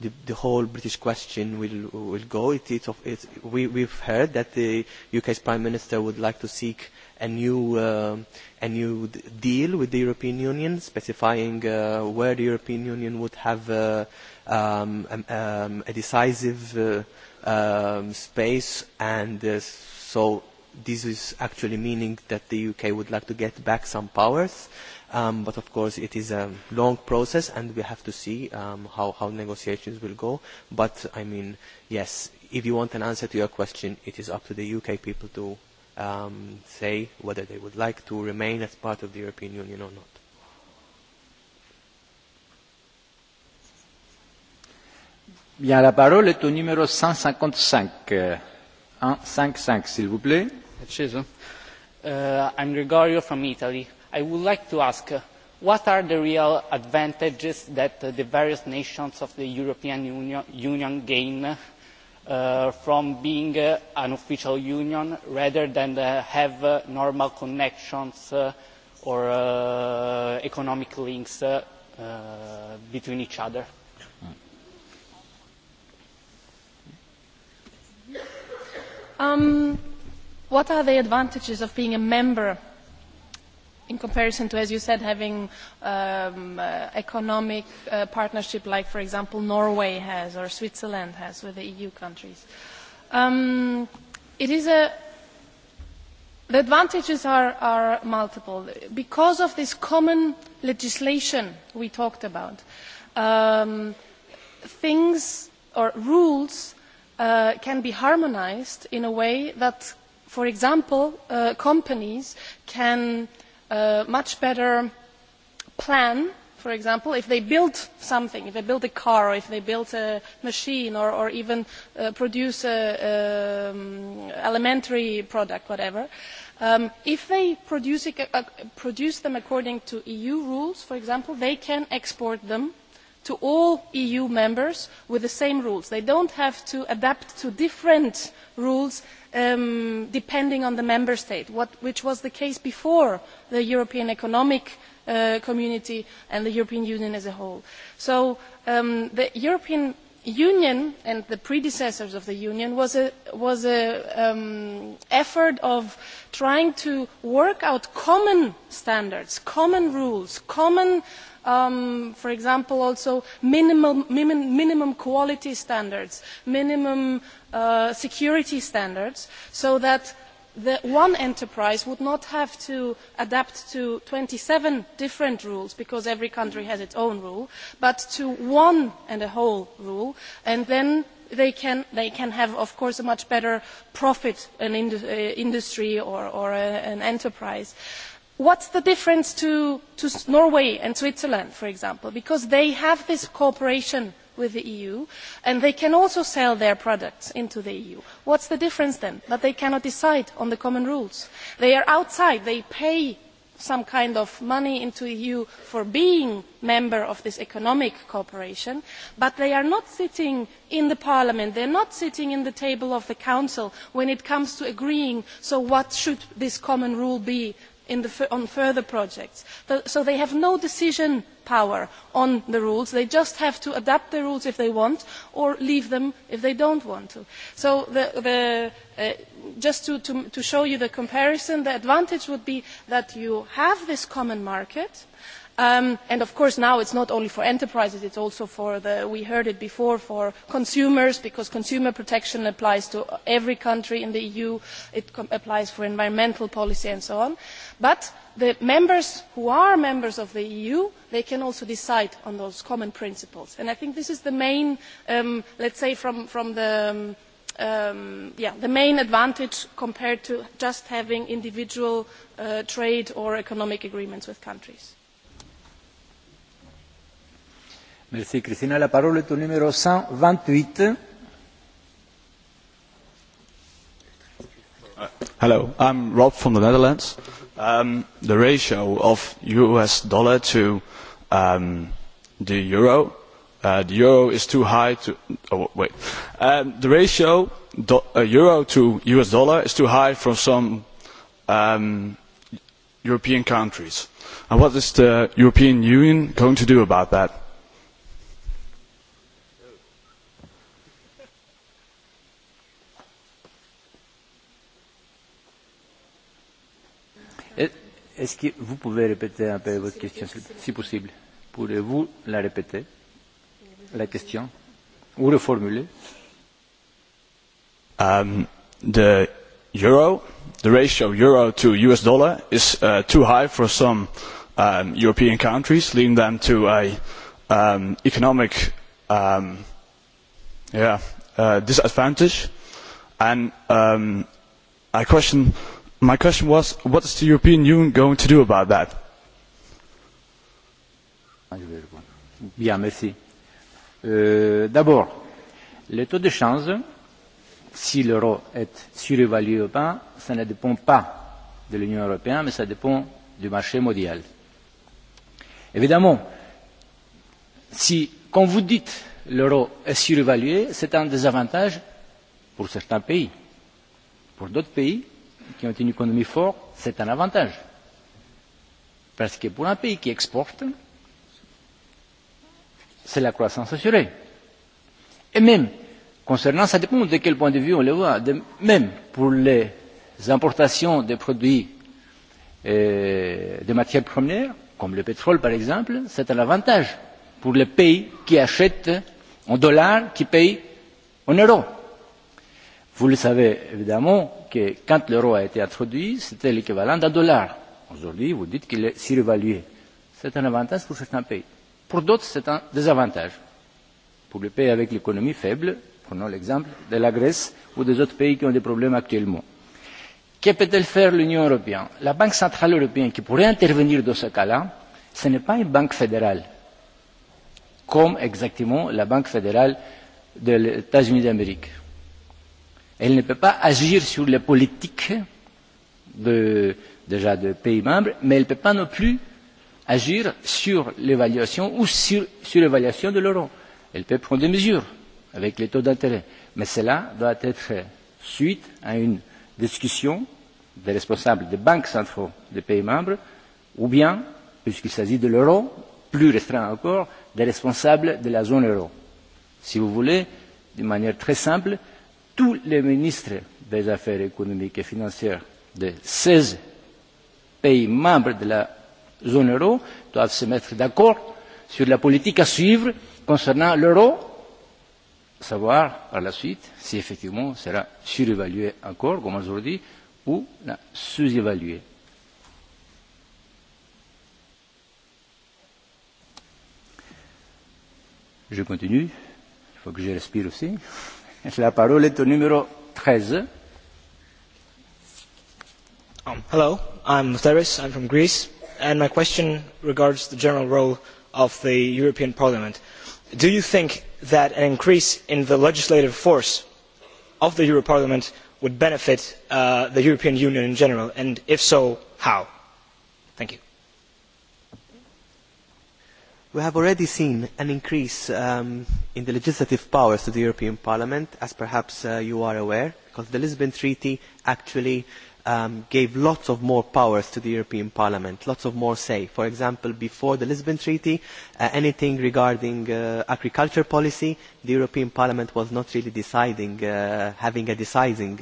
the, the whole British question will, will go. It, it, it, we, we've heard that the UK's Prime Minister would like to seek a new, uh, a new deal with the European Union, specifying uh, where the European Union would have uh, um, um, a decisive uh, um, space. And uh, so this is actually meaning that the UK would like to get back some powers. Uh, Um, but of course, it is a long process, and we have to see um, how, how negotiations will go. But I mean, yes, if you want an answer to your question, it is up to the UK people to um, say whether they would like to remain as part of the European Union or not. Bien, la parole est au numéro 155. 155, s'il vous plaît. Uh, I'm Gregorio from Italy i would like to ask what are the real advantages that the various nations of the european union gain from being an official union rather than having normal connections or economic links between each other? what are the advantages of being a member in comparison to, as you said, having um, uh, economic uh, partnership like, for example, Norway has or Switzerland has with the EU countries. Um, it is a, the advantages are, are multiple. Because of this common legislation we talked about, um, things or rules uh, can be harmonized in a way that, for example, uh, companies can a much better plan for example if they build something if they build a car or if they build a machine or, or even uh, produce an elementary product whatever if they produce, them according to eu rules for example they can export them to all eu members with the same rules. they do not have to adapt to different rules depending on the member state which was the case before the european economic community and the european union as a whole. so the european union and the predecessors of the union was an effort of trying to work out common standards common rules common for example, also minimum, quality standards, minimum security standards, so that the one enterprise would not have to adapt to twenty seven different rules because every country has its own rule, but to one and a whole rule, and then they can, they can have, of course, a much better profit an industry or, or an enterprise. Uh, what is the difference to, Norway and Switzerland, for example? Because they have this cooperation with the EU, and they can also sell their products into the EU. What is the difference then? That they cannot decide on the common rules. They are outside. They pay some kind of money into the EU for being a member of this economic cooperation, but they are not sitting in the parliament, they are not sitting in the table of the council when it comes to agreeing, what should this common rule be on further projects. So they have no decision power on the rules. They just have to adapt the rules if they want or leave them if they don't want to. So the, the, just to, to, to show you the comparison, the advantage would be that you have this common market and of course now it is not only for enterprises it is also for the we heard it before for consumers because consumer protection applies to every country in the eu it applies for environmental policy and so on but the members who are members of the eu can also decide on those common principles and i think this is the main let us say from the main advantage compared to just having individual trade or economic agreements with countries. Merci Christina. La parole est au numéro 128. Hello, I'm Rob from the Netherlands. the ratio of US dollar to the euro, the euro is too high to. Oh wait, the ratio do, euro to US dollar is too high for some European countries. And what is the European Union going to do about that? Est-ce que vous pouvez répéter un peu votre question, si possible pouvez vous la répéter, la question, ou reformuler um, The euro, the ratio of euro to US dollar is uh, too high for some um, European countries, leading them to a um, economic um, yeah, uh, disadvantage. And um, I question My question was, what is the European Union going to do about that? Bien, merci. Euh, D'abord, le taux de change, si l'euro est surévalué ou pas, ça ne dépend pas de l'Union européenne, mais ça dépend du marché mondial. Évidemment, si, quand vous dites l'euro est surévalué, c'est un désavantage pour certains pays. Pour d'autres pays, qui ont une économie forte, c'est un avantage. Parce que pour un pays qui exporte, c'est la croissance assurée. Et même, concernant, ça dépend de quel point de vue on le voit, de, même pour les importations de produits de matières premières, comme le pétrole par exemple, c'est un avantage pour les pays qui achètent en dollars, qui payent en euros Vous le savez évidemment que quand l'euro a été introduit, c'était l'équivalent d'un dollar. Aujourd'hui, vous dites qu'il est surévalué. C'est un avantage pour certains pays. Pour d'autres, c'est un désavantage. Pour les pays avec l'économie faible, prenons l'exemple de la Grèce ou des autres pays qui ont des problèmes actuellement. Que peut-elle faire l'Union européenne La Banque centrale européenne qui pourrait intervenir dans ce cas-là, ce n'est pas une banque fédérale, comme exactement la Banque fédérale des États-Unis d'Amérique Elle ne peut pas agir sur les politiques de, déjà de pays membres, mais elle ne peut pas non plus agir sur l'évaluation ou sur, sur l'évaluation de l'euro. Elle peut prendre des mesures avec les taux d'intérêt, mais cela doit être suite à une discussion des responsables des banques centrales des pays membres, ou bien, puisqu'il s'agit de l'euro, plus restreint encore, des responsables de la zone euro. Si vous voulez, d'une manière très simple, tous les ministres des Affaires économiques et financières des seize pays membres de la zone euro doivent se mettre d'accord sur la politique à suivre concernant l'euro, savoir par la suite si effectivement sera surévalué encore, comme aujourd'hui, ou sous-évalué. Je continue, il faut que je respire aussi. La parole est au numéro 13. Um, hello, I'm Mutheris, I'm from Greece, and my question regards the general role of the European Parliament. Do you think that an increase in the legislative force of the European Parliament would benefit the European Union in general, and if so, how? we have already seen an increase in the legislative powers of the European Parliament, as perhaps you are aware, because the Lisbon Treaty actually gave lots of more powers to the European Parliament, lots of more say. For example, before the Lisbon Treaty, anything regarding agriculture policy, the European Parliament was not really deciding, having a deciding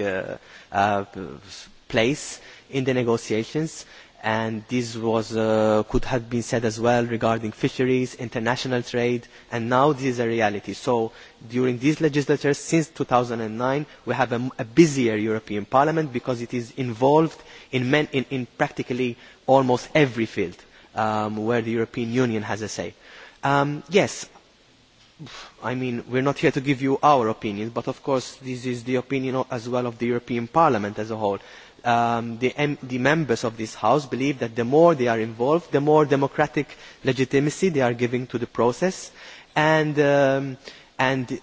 place in the negotiations and this was, uh, could have been said as well regarding fisheries, international trade, and now this is a reality. So during this legislature, since 2009, we have a, a busier European Parliament because it is involved in, men, in, in practically almost every field um, where the European Union has a say. Um, yes, I mean, we're not here to give you our opinions, but of course this is the opinion as well of the European Parliament as a whole um, the, M- the members of this House believe that the more they are involved, the more democratic legitimacy they are giving to the process. And, um, and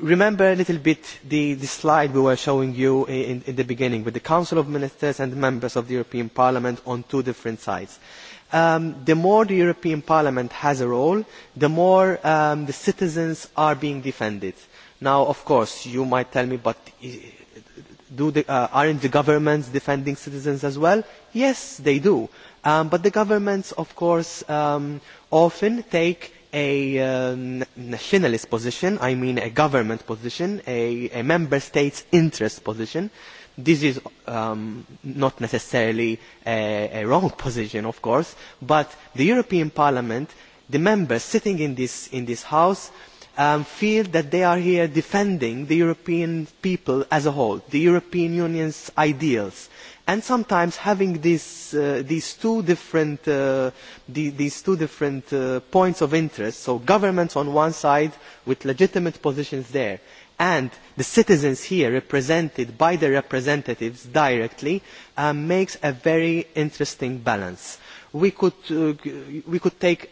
remember a little bit the, the slide we were showing you in, in the beginning with the Council of Ministers and members of the European Parliament on two different sides. Um, the more the European Parliament has a role, the more um, the citizens are being defended. Now, of course, you might tell me, but do the, uh, the governments defending citizens as well? Yes, they do. Um, but the governments, of course, um, often take a um, nationalist position, I mean a government position, a, a member state's interest position. This is um, not necessarily a, a wrong position, of course, but the European Parliament, the members sitting in this, in this House, feel that they are here defending the European people as a whole, the European Union's ideals. And sometimes having these, two different, points of interest, so governments on one side with legitimate positions there, and the citizens here represented by their representatives directly, makes a very interesting balance. We could, take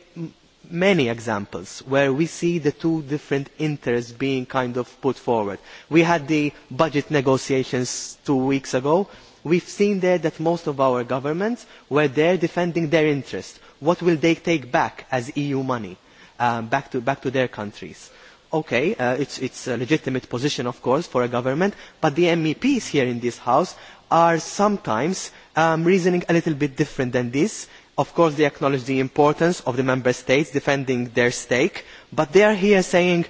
many examples where we see the two different interests being kind of put forward. We had the budget negotiations two weeks ago. We have seen there that most of our governments were there defending their interests. What will they take back as EU money back, to, their countries? Okay, uh, it's, it's a legitimate position, of course, for a government, but the MEPs here in this House are sometimes reasoning a little bit different than this, of course they acknowledge the importance of the member states defending their stake, but they are here saying,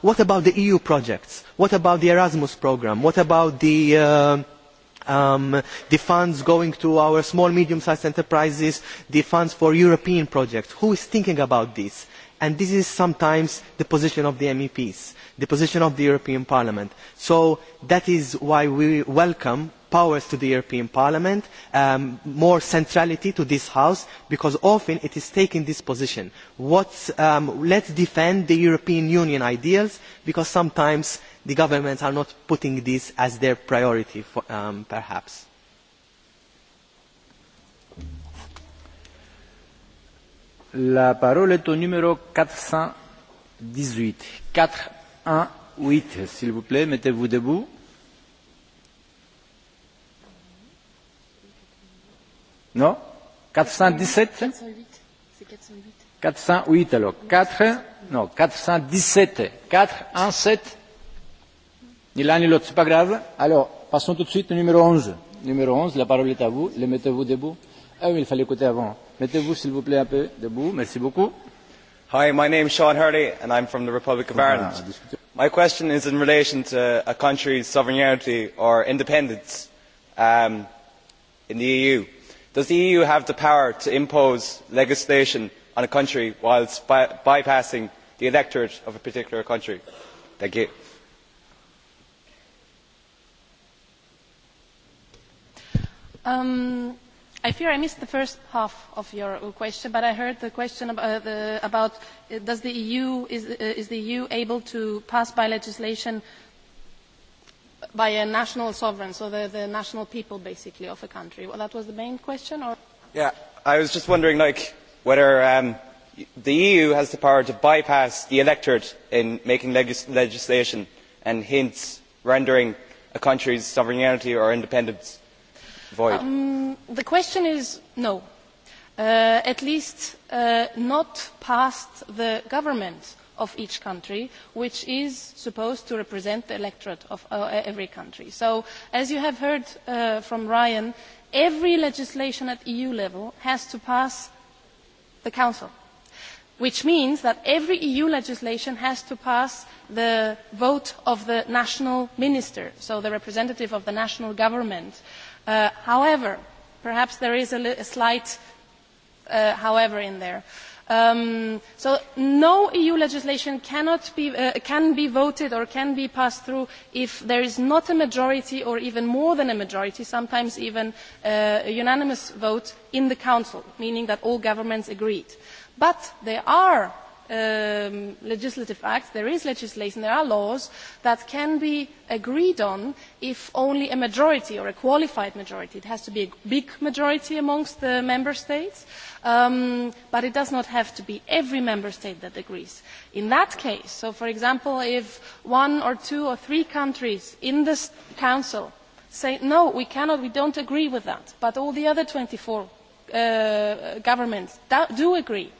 what about the EU projects? What about the Erasmus programme? What about the, funds going to our small and medium-sized enterprises, the funds for European projects? Who is thinking about this? And this is sometimes the position of the MEPs, the position of the European Parliament. So that is why we welcome powers to the European Parliament, more centrality to this House, because often it is taking this position. Let us defend the European Union ideals, because sometimes the governments are not putting this as their priority, perhaps. s'il vous plaît, mettez-vous debout Non 417 408 alors. 4, non, 417. 417. Ni l'un ni l'autre, c'est pas grave. Alors, passons tout de suite au numéro 11. Numéro 11, la parole est à vous. Le mettez-vous debout. Ah oui, il fallait écouter avant. Mettez-vous, s'il vous plaît, un peu debout. Merci beaucoup. Hi, my name is Sean Hurley and I'm from the Republic of Ireland. My question is in relation to a country's sovereignty or independence um, in the EU does the eu have the power to impose legislation on a country whilst bypassing the electorate of a particular country? i fear i missed the first half of your question but i heard the question about is the eu able to pass by legislation by a national sovereign, so the, the national people basically of a country. Well, that was the main question, or? Yeah, I was just wondering, like, whether um, the EU has the power to bypass the electorate in making legis- legislation and hence rendering a country's sovereignty or independence void. Um, the question is no. Uh, at least uh, not past the government of each country, which is supposed to represent the electorate of every country. So, as you have heard from Ryan, every legislation at EU level has to pass the Council, which means that every EU legislation has to pass the vote of the national minister, so the representative of the national government. however, perhaps there is a, slight however in there so no EU legislation can be voted or can be passed through if there is not a majority or even more than a majority, sometimes even a unanimous vote in the Council, meaning that all governments agreed. But there are um, legislative acts, there is legislation, there are laws that can be agreed on if only a majority or a qualified majority, it has to be a big majority amongst the member states, but it does not have to be every member state that agrees. In that case, so for example, if one or two or three countries in the Council say, no, we cannot, we don't agree with that, but all the other twenty four governments do agree,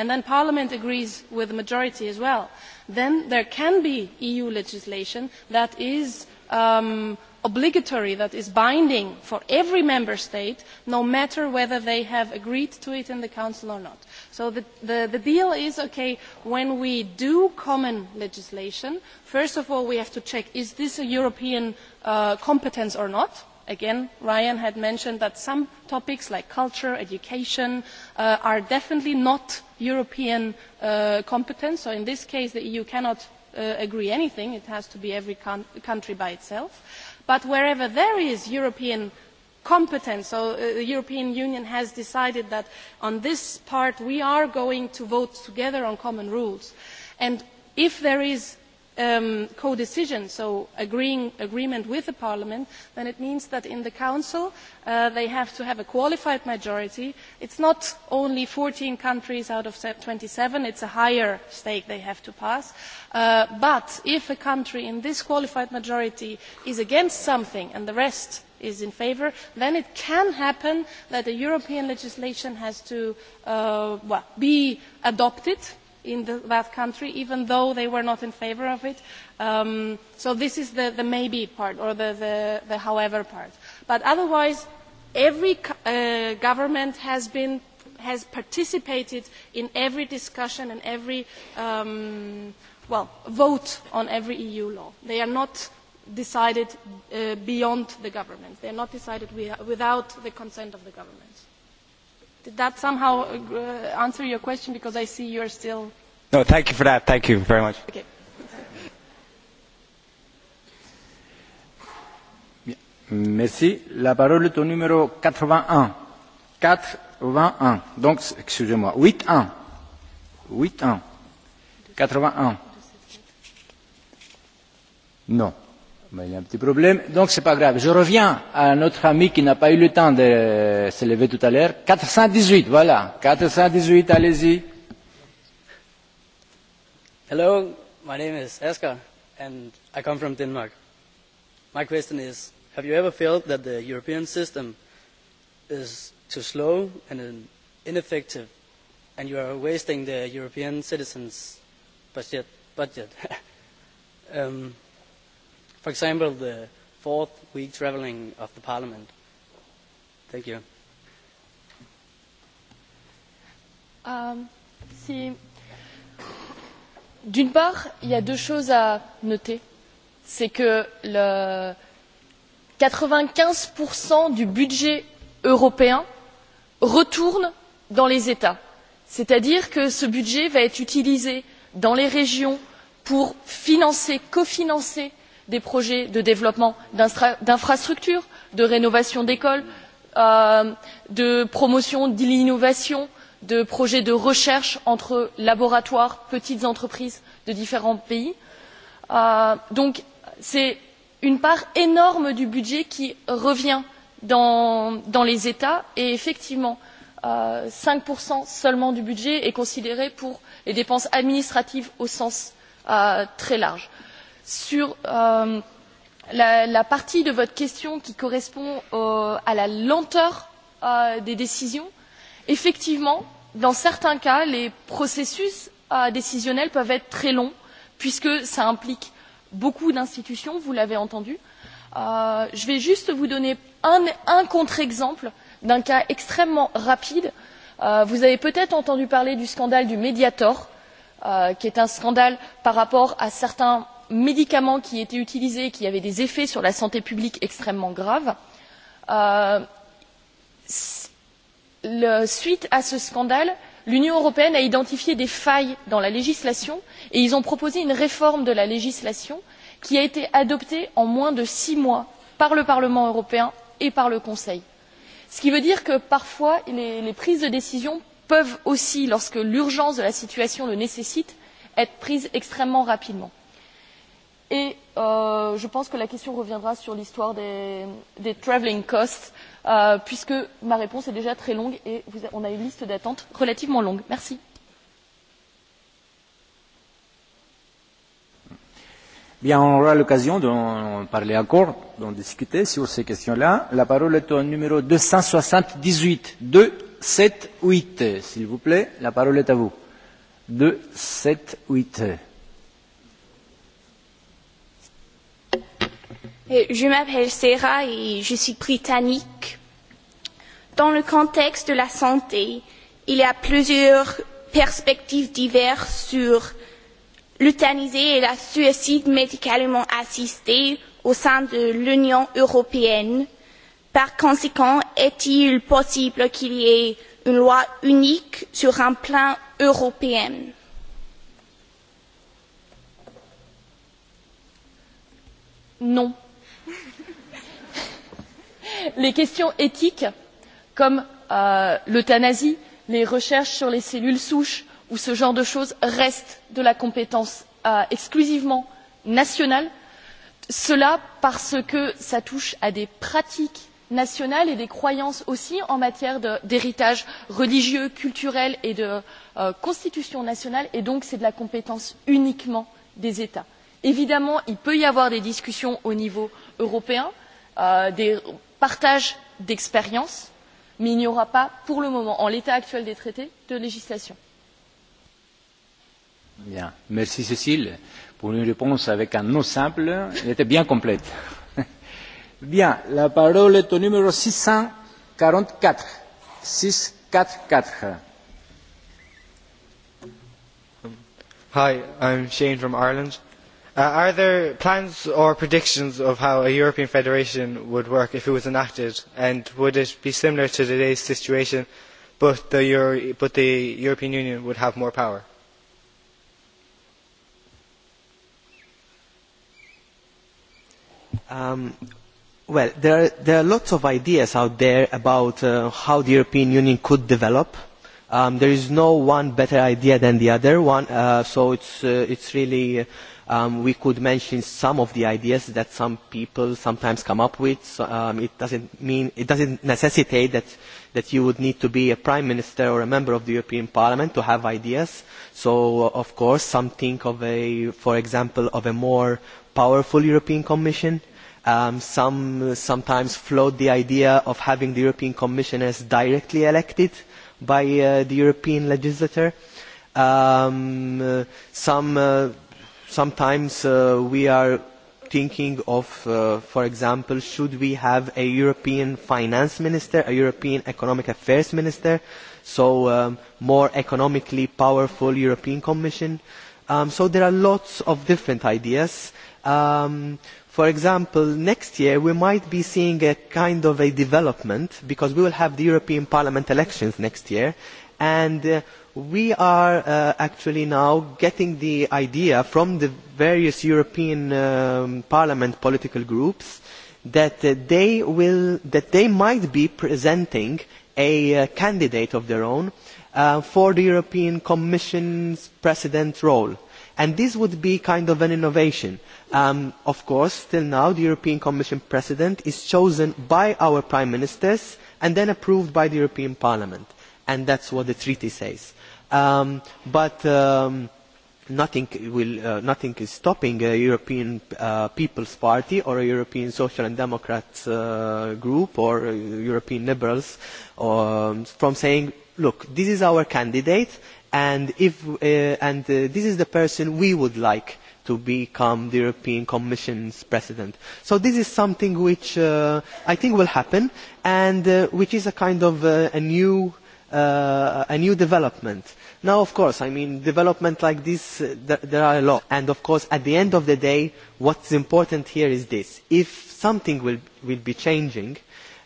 and then parliament agrees with the majority as well then there can be eu legislation that is obligatory that is binding for every member state no matter whether they have agreed to it in the council or not. so the deal is okay when we do common legislation first of all we have to check is this a european competence or not? again ryan had mentioned that some topics like culture and education are definitely not european competence so in this case the eu cannot agree anything it has to be every country by itself but wherever there is european competence so the european union has decided that on this part we are going to vote together on common rules and if there is um, co-decision, so agreeing agreement with the parliament, then it means that in the council uh, they have to have a qualified majority. It's not only 14 countries out of 27, it's a higher stake they have to pass. Uh, but if a country in this qualified majority is against something and the rest is in favour, then it can happen that the European legislation has to uh, well, be adopted in the, that country, even though they were not in favour of it. Um, so this is the, the maybe part, or the, the, the however part. But otherwise, every uh, government has been has participated in every discussion and every um, well vote on every EU law. They are not decided uh, beyond the government. They are not decided without the consent of the government. Did that somehow uh, answer your question? Because I see you're still. No, thank you for that. Thank you very much. Okay. Merci. La parole est au numéro 81. 81. Donc, excusez-moi. 81. 81. 81. Non. Mais il y a un petit problème, donc c'est pas grave. Je reviens à notre ami qui n'a pas eu le temps de se lever tout à l'heure. 418, voilà. 418, allez-y. Hello, my name is Eska and I come from Denmark. My question is, have you ever felt that the European system is too slow and ineffective and you are wasting the European citizens' budget? budget? um, for example, the fourth week travelling of the Parliament. Thank you. Um, si. D'une part, il y a deux choses à noter. C'est que le 95% du budget européen retourne dans les États. C'est-à-dire que ce budget va être utilisé dans les régions pour financer, cofinancer des projets de développement d'infrastructures de rénovation d'écoles de promotion de l'innovation de projets de recherche entre laboratoires et petites entreprises de différents pays. donc c'est une part énorme du budget qui revient dans les états et effectivement cinq seulement du budget est considéré pour les dépenses administratives au sens très large sur la, partie de votre question qui correspond à la lenteur des décisions, effectivement, dans certains cas, les processus décisionnels peuvent être très longs puisque cela implique beaucoup d'institutions, vous l'avez entendu. je vais juste vous donner un, contre-exemple d'un cas extrêmement rapide. vous avez peut-être entendu parler du scandale du Mediator, qui est un scandale par rapport à certains médicaments qui étaient utilisés et qui avaient des effets sur la santé publique extrêmement graves. suite à ce scandale l'union européenne a identifié des failles dans la législation et ils ont proposé une réforme de la législation qui a été adoptée en moins de six mois par le parlement européen et par le conseil ce qui veut dire que parfois les prises de décision peuvent aussi lorsque l'urgence de la situation le nécessite être prises extrêmement rapidement. Et euh, je pense que la question reviendra sur l'histoire des, des travelling costs, euh, puisque ma réponse est déjà très longue et vous, on a une liste d'attente relativement longue. Merci. Bien, on aura l'occasion d'en parler encore, d'en discuter sur ces questions-là. La parole est au numéro 278, 278, s'il vous plaît. La parole est à vous. 278. Je m'appelle Sarah et je suis britannique. Dans le contexte de la santé, il y a plusieurs perspectives diverses sur l'euthanasie et le suicide médicalement assisté au sein de l'Union européenne. Par conséquent, est-il possible qu'il y ait une loi unique sur un plan européen Non les questions éthiques comme l'euthanasie les recherches sur les cellules souches ou ce genre de choses restent de la compétence exclusivement nationale cela parce que cela touche à des pratiques nationales et des croyances aussi en matière d'héritage religieux culturel et de constitution nationale et donc c'est de la compétence uniquement des états. évidemment il peut y avoir des discussions au niveau européen des partage d'expérience mais il n'y aura pas pour le moment en l'état actuel des traités de législation. Bien. Merci Cécile pour une réponse avec un nom simple. Elle était bien complète. Bien. La parole est au numéro 644. 644. Hi, I'm Shane from Ireland are there plans or predictions of how a european federation would work if it was enacted and would it be similar to today's situation but the european union would have more power? well there are lots of ideas out there about how the european union could develop. there is no one better idea than the other one so it is really um, we could mention some of the ideas that some people sometimes come up with. So, um, it doesn't mean it doesn't necessitate that that you would need to be a prime minister or a member of the European Parliament to have ideas. So, of course, some think of a, for example, of a more powerful European Commission. Um, some sometimes float the idea of having the European Commission as directly elected by uh, the European legislature. Um, some. Uh, sometimes uh, we are thinking of, uh, for example, should we have a European finance minister, a European economic affairs minister, so um, more economically powerful European Commission. Um, so there are lots of different ideas. Um, for example, next year we might be seeing a kind of a development because we will have the European Parliament elections next year and uh, we are uh, actually now getting the idea from the various European um, Parliament political groups that uh, they will that they might be presenting a uh, candidate of their own uh, for the European Commission's president role. And this would be kind of an innovation. Um, of course, till now, the European Commission president is chosen by our prime ministers and then approved by the European Parliament. And that's what the treaty says Um, but um, nothing will uh, nothing is stopping a European uh, People's Party or a European Social and Democrats uh, group or uh, European Liberals um, from saying, look, this is our candidate, and if uh, and uh, this is the person we would like to become the European Commission's president. So this is something which uh, I think will happen, and uh, which is a kind of uh, a new a new development. Now, of course, I mean, development like this, th there are a lot. And of course, at the end of the day, what's important here is this. If something will, will be changing,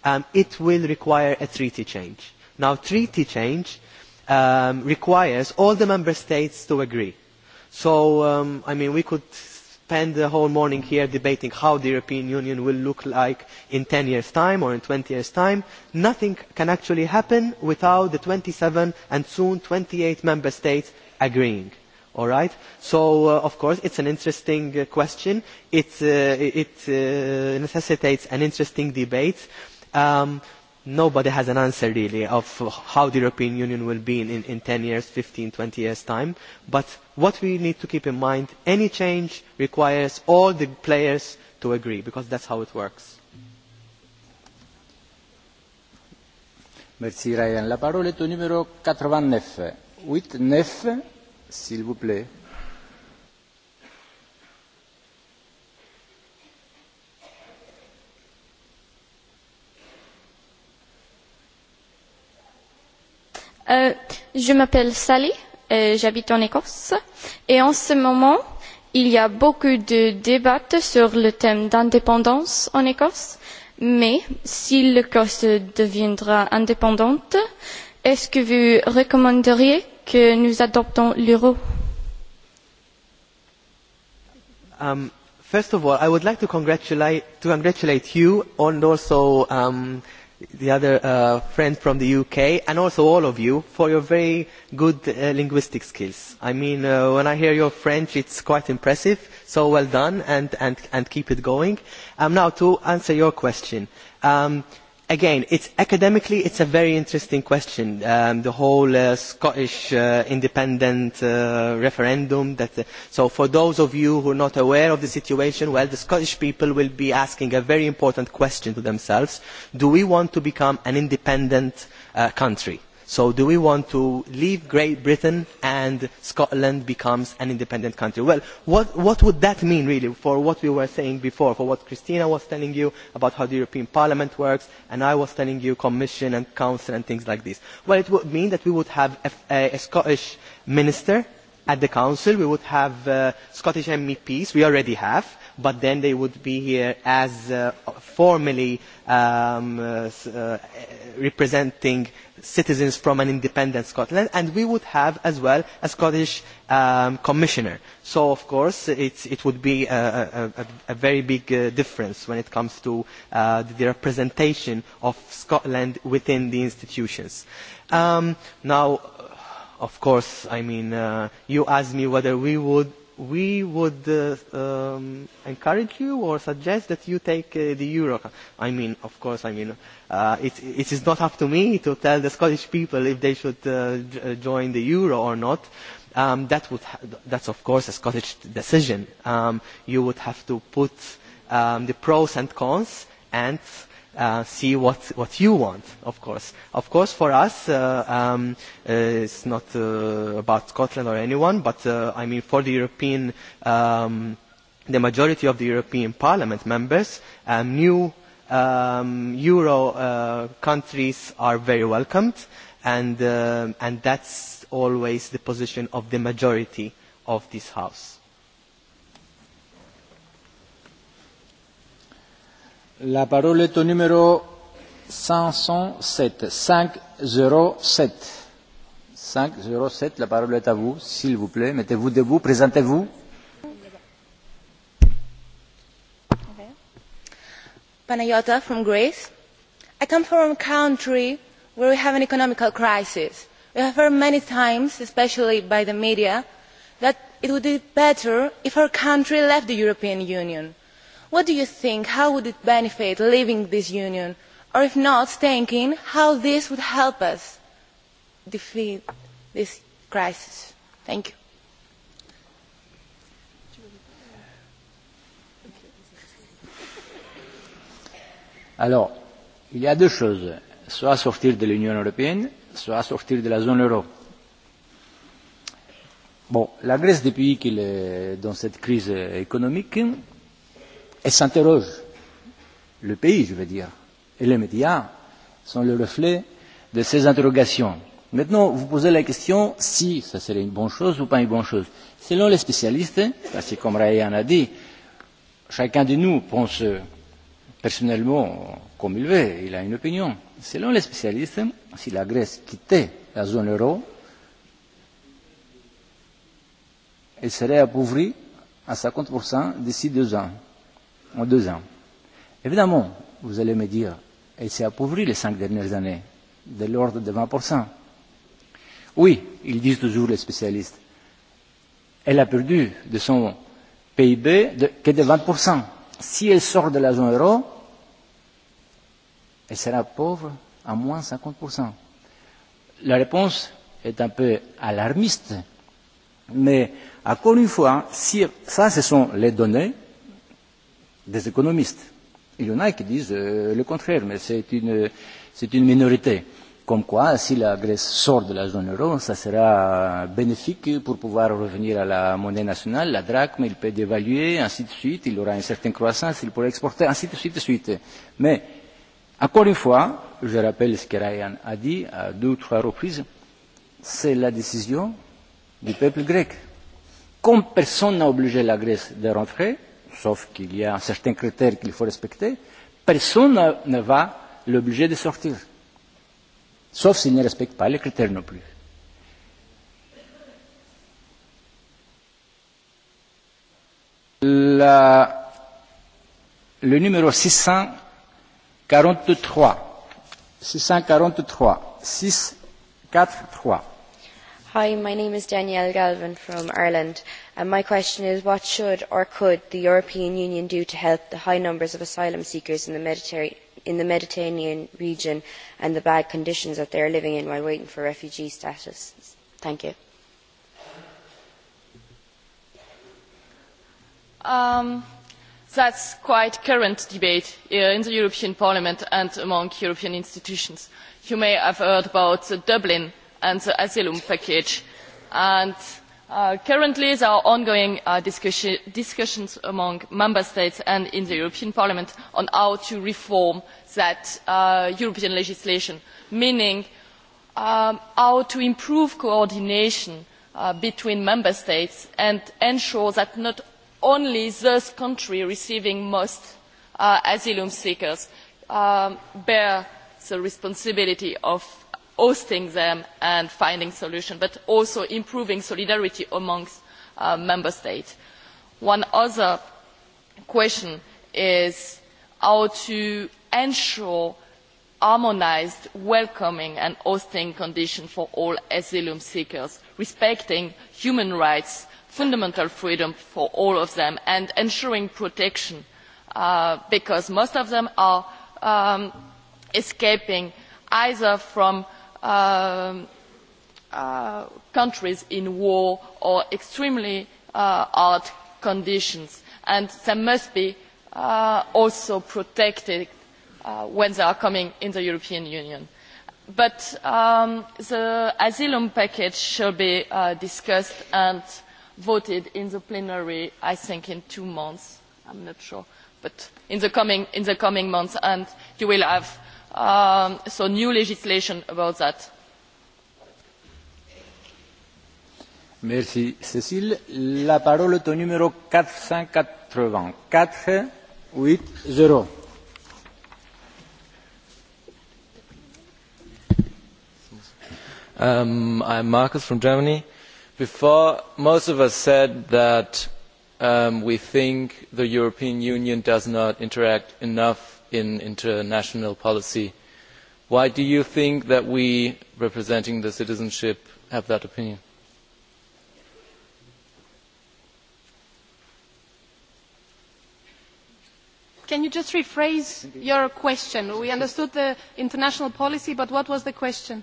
um, it will require a treaty change. Now, treaty change um, requires all the member states to agree. So, um, I mean, we could spend the whole morning here debating how the European Union will look like in ten years' time or in twenty years' time. Nothing can actually happen without the twenty seven and soon twenty eight member states agreeing. So, of course, is an interesting question. It, it necessitates an interesting debate nobody has an answer really of how the European Union will be in, in 10 years, 15, 20 years time. But what we need to keep in mind, any change requires all the players to agree because that's how it works. Merci Ryan. La parole est au numéro 89. 8, 9, s'il vous plaît. je m'appelle Sally, j'habite en Écosse et en ce moment, il y a beaucoup de débats sur le thème d'indépendance en Écosse. Mais si l'Écosse deviendra indépendante, est-ce que vous recommanderiez que nous adoptons l'euro um, First of all, I would like to congratulate, to congratulate you and also um, the other uh, friend from the UK, and also all of you, for your very good uh, linguistic skills. I mean, uh, when I hear your French, it's quite impressive, so well done, and, and, and keep it going. Um, now, to answer your question. Um, again, it's academically it's a very interesting question. Um, the whole uh, Scottish uh, independent uh, referendum. That, uh, so for those of you who are not aware of the situation, well, the Scottish people will be asking a very important question to themselves: Do we want to become an independent uh, country? So do we want to leave Great Britain and Scotland becomes an independent country? Well, what, what would that mean really for what we were saying before, for what Christina was telling you about how the European Parliament works, and I was telling you Commission and Council and things like this? Well, it would mean that we would have a, a Scottish minister at the Council, we would have uh, Scottish MEPs, we already have, but then they would be here as uh, formally um, uh, uh, representing citizens from an independent Scotland, and we would have as well a Scottish um, commissioner. So, of course, it's, it would be a, a, a very big uh, difference when it comes to uh, the representation of Scotland within the institutions. Um, now, of course, I mean, uh, you asked me whether we would we would uh, um, encourage you or suggest that you take uh, the euro. I mean, of course, I mean, uh, it, it is not up to me to tell the Scottish people if they should uh, join the euro or not. Um, that would ha- that's, of course, a Scottish decision. Um, you would have to put um, the pros and cons and uh, see what, what you want, of course. Of course, for us, uh, um, uh, it's not uh, about Scotland or anyone, but uh, I mean for the European, um, the majority of the European Parliament members, um, new um, Euro uh, countries are very welcomed, and, uh, and that's always the position of the majority of this House La parole est au numéro 507. 507. 507, la parole est à vous, s'il vous plaît. Mettez-vous debout, présentez-vous. Panayota from Greece. I come from a country where we have an economical crisis. We have heard many times, especially by the media, that it would be better if our country left the European Union what do you think how would it benefit leaving this union or if not staying in how this would help us defeat this crisis? thank you. Alors, il y a deux choses, soit sortir de l'Union européenne, soit sortir de la zone euro. Bon, la Grèce, depuis qu'il est dans cette crise économique, et s'interroge. Le pays, je veux dire, et les médias sont le reflet de ces interrogations. Maintenant, vous posez la question si ça serait une bonne chose ou pas une bonne chose. Selon les spécialistes, parce que comme Ryan a dit, chacun de nous pense personnellement comme il veut, il a une opinion. Selon les spécialistes, si la Grèce quittait la zone euro, elle serait appauvrie à 50% d'ici deux ans en deux ans. Évidemment, vous allez me dire, elle s'est appauvrie les cinq dernières années, de l'ordre de 20%. Oui, ils disent toujours les spécialistes, elle a perdu de son PIB de, que de 20%. Si elle sort de la zone euro, elle sera pauvre à moins 50%. La réponse est un peu alarmiste, mais encore une fois, si ça ce sont les données, des économistes. Il y en a qui disent le contraire, mais c'est une, une minorité. Comme quoi, si la Grèce sort de la zone euro, ça sera bénéfique pour pouvoir revenir à la monnaie nationale, la drachme, il peut dévaluer, ainsi de suite, il aura une certaine croissance, il pourra exporter, ainsi de suite, de suite. Mais, encore une fois, je rappelle ce que Ryan a dit à deux ou trois reprises, c'est la décision du peuple grec. Comme personne n'a obligé la Grèce de rentrer, sauf qu'il y a un certain critère qu'il faut respecter, personne ne va l'obliger de sortir. Sauf s'il ne respecte pas les critères non plus. La, le numéro 643. 643. 643. Hi, my name is Danielle Galvin from Ireland, and my question is what should or could the European Union do to help the high numbers of asylum seekers in the, Mediterranean region and the bad conditions that they are living in while waiting for refugee status? Thank you. Um, that's quite current debate in the European Parliament and among European institutions. You may have heard about the Dublin and the asylum package. And currently there are ongoing discussions among member states and in the European Parliament on how to reform that European legislation, meaning how to improve coordination between member states and ensure that not only those countries receiving most asylum seekers bear the responsibility of hosting them and finding solutions, but also improving solidarity amongst member states. One other question is how to ensure harmonised, welcoming and hosting conditions for all asylum seekers, respecting human rights, fundamental freedom for all of them, and ensuring protection, because most of them are escaping either from countries in war or extremely hard conditions and they must be also protected when they are coming into the european union. but the asylum package shall be discussed and voted in the plenary i think in two months i am not sure but in the coming months and you will have so new legislation about that. I am Markus from Germany. Before, most of us said that we think the European Union does not interact enough in international policy. Why do you think that we, representing the citizenship, have that opinion? Can you just rephrase your question? We understood the international policy, but what was the question?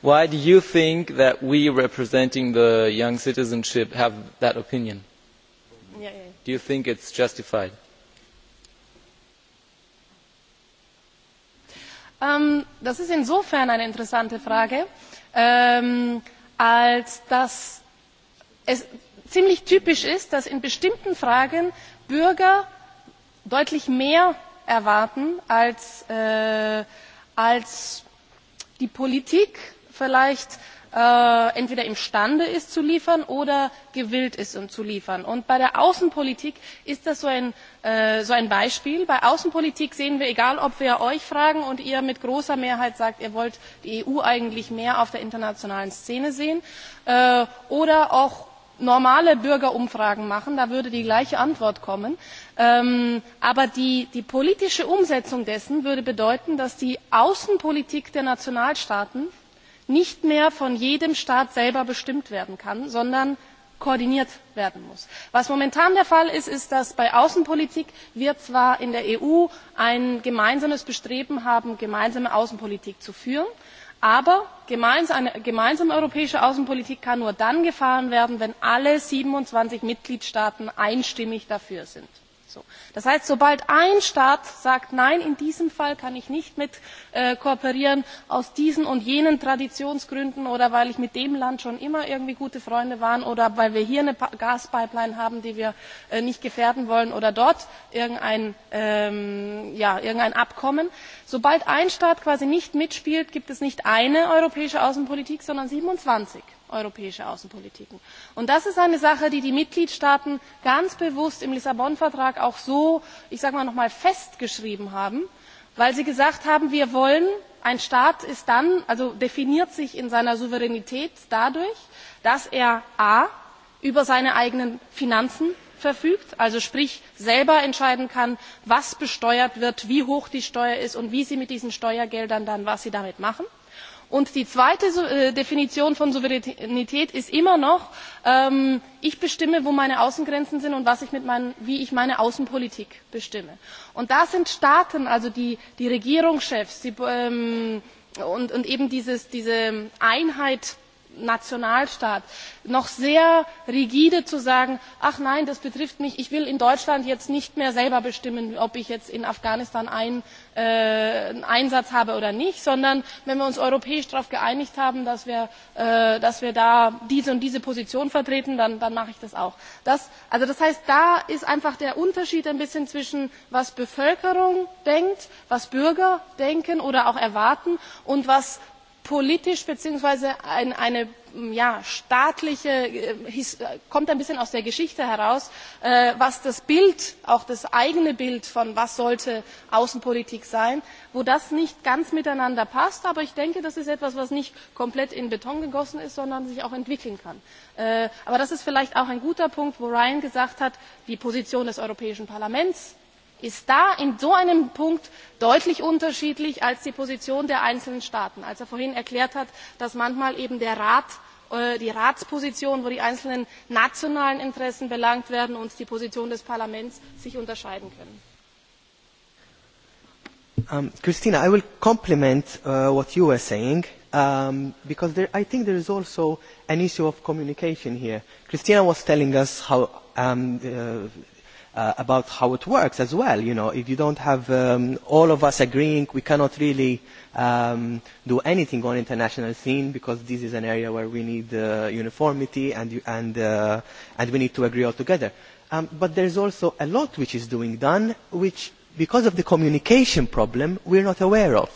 why do you think that we representing the young citizenship have that opinion? do you think it's justified? das ist insofern eine interessante frage als dass es ziemlich typisch ist dass in bestimmten fragen bürger deutlich mehr erwarten als die politik vielleicht entweder imstande ist zu liefern oder gewillt ist zu liefern. bei der außenpolitik ist das so ein beispiel. bei außenpolitik sehen wir egal ob wir euch fragen und ihr mit großer mehrheit sagt ihr wollt die eu eigentlich mehr auf der internationalen szene sehen oder auch normale bürgerumfragen machen da würde die gleiche antwort kommen. aber die politische umsetzung dessen würde bedeuten dass die außenpolitik der nationalstaaten nicht mehr von jedem staat selber bestimmt werden kann sondern koordiniert werden muss. was momentan der fall ist ist dass wir bei außenpolitik zwar in der eu ein gemeinsames bestreben haben gemeinsame außenpolitik zu führen aber eine gemeinsame europäische außenpolitik kann nur dann gefahren werden wenn alle siebenundzwanzig mitgliedstaaten einstimmig dafür sind. das heißt sobald ein staat sagt nein in diesem fall kann ich nicht kooperieren aus diesen und jenen traditionsgründen oder weil ich mit dem land schon immer irgendwie gute freunde war oder weil wir hier eine gaspipeline haben die wir nicht gefährden wollen oder dort irgendein abkommen. sobald ein staat quasi nicht mitspielt gibt es nicht eine europäische außenpolitik sondern siebenundzwanzig europäische außenpolitiken. Und das ist eine sache die die mitgliedstaaten ganz bewusst im lissabon vertrag auch so festgeschrieben haben weil sie gesagt haben wir wollen ein staat definiert sich in seiner souveränität dadurch dass er a über seine eigenen finanzen verfügt also sprich selber entscheiden kann was besteuert wird wie hoch die steuer ist und wie sie mit diesen steuergeldern dann was sie damit machen und die zweite definition von souveränität ist immer noch ich bestimme wo meine außengrenzen sind und wie ich meine außenpolitik bestimme. und da sind staaten also die regierungschefs und eben diese einheit nationalstaat noch sehr rigide zu sagen ach nein das betrifft mich ich will in deutschland jetzt nicht mehr selber bestimmen ob ich jetzt in afghanistan einen einsatz habe oder nicht sondern wenn wir uns europäisch darauf geeinigt haben dass wir da diese und diese position vertreten dann mache ich das auch. das heißt da ist einfach der unterschied ein bisschen zwischen was bevölkerung denkt was bürger denken oder auch erwarten und was politisch beziehungsweise eine staatliche kommt ein bisschen aus der geschichte heraus was das bild auch das eigene bild von was sollte außenpolitik sein wo das nicht ganz miteinander passt aber ich denke das ist etwas was nicht komplett in beton gegossen ist sondern sich auch entwickeln kann. aber das ist vielleicht auch ein guter punkt wo ryan gesagt hat die position des europäischen parlaments ist da in so einem punkt deutlich unterschiedlich als die position der einzelnen staaten. als er vorhin erklärt hat dass manchmal eben die ratsposition wo die einzelnen nationalen interessen belangt werden und die position des parlaments sich unterscheiden können. Christina, I will compliment what you were saying because I think there is also an issue of communication here. Christina was telling us how uh, about how it works as well. You know, if you don't have um, all of us agreeing, we cannot really um, do anything on international scene because this is an area where we need uh, uniformity and, and, uh, and we need to agree all together. Um, but there's also a lot which is doing done, which because of the communication problem, we're not aware of.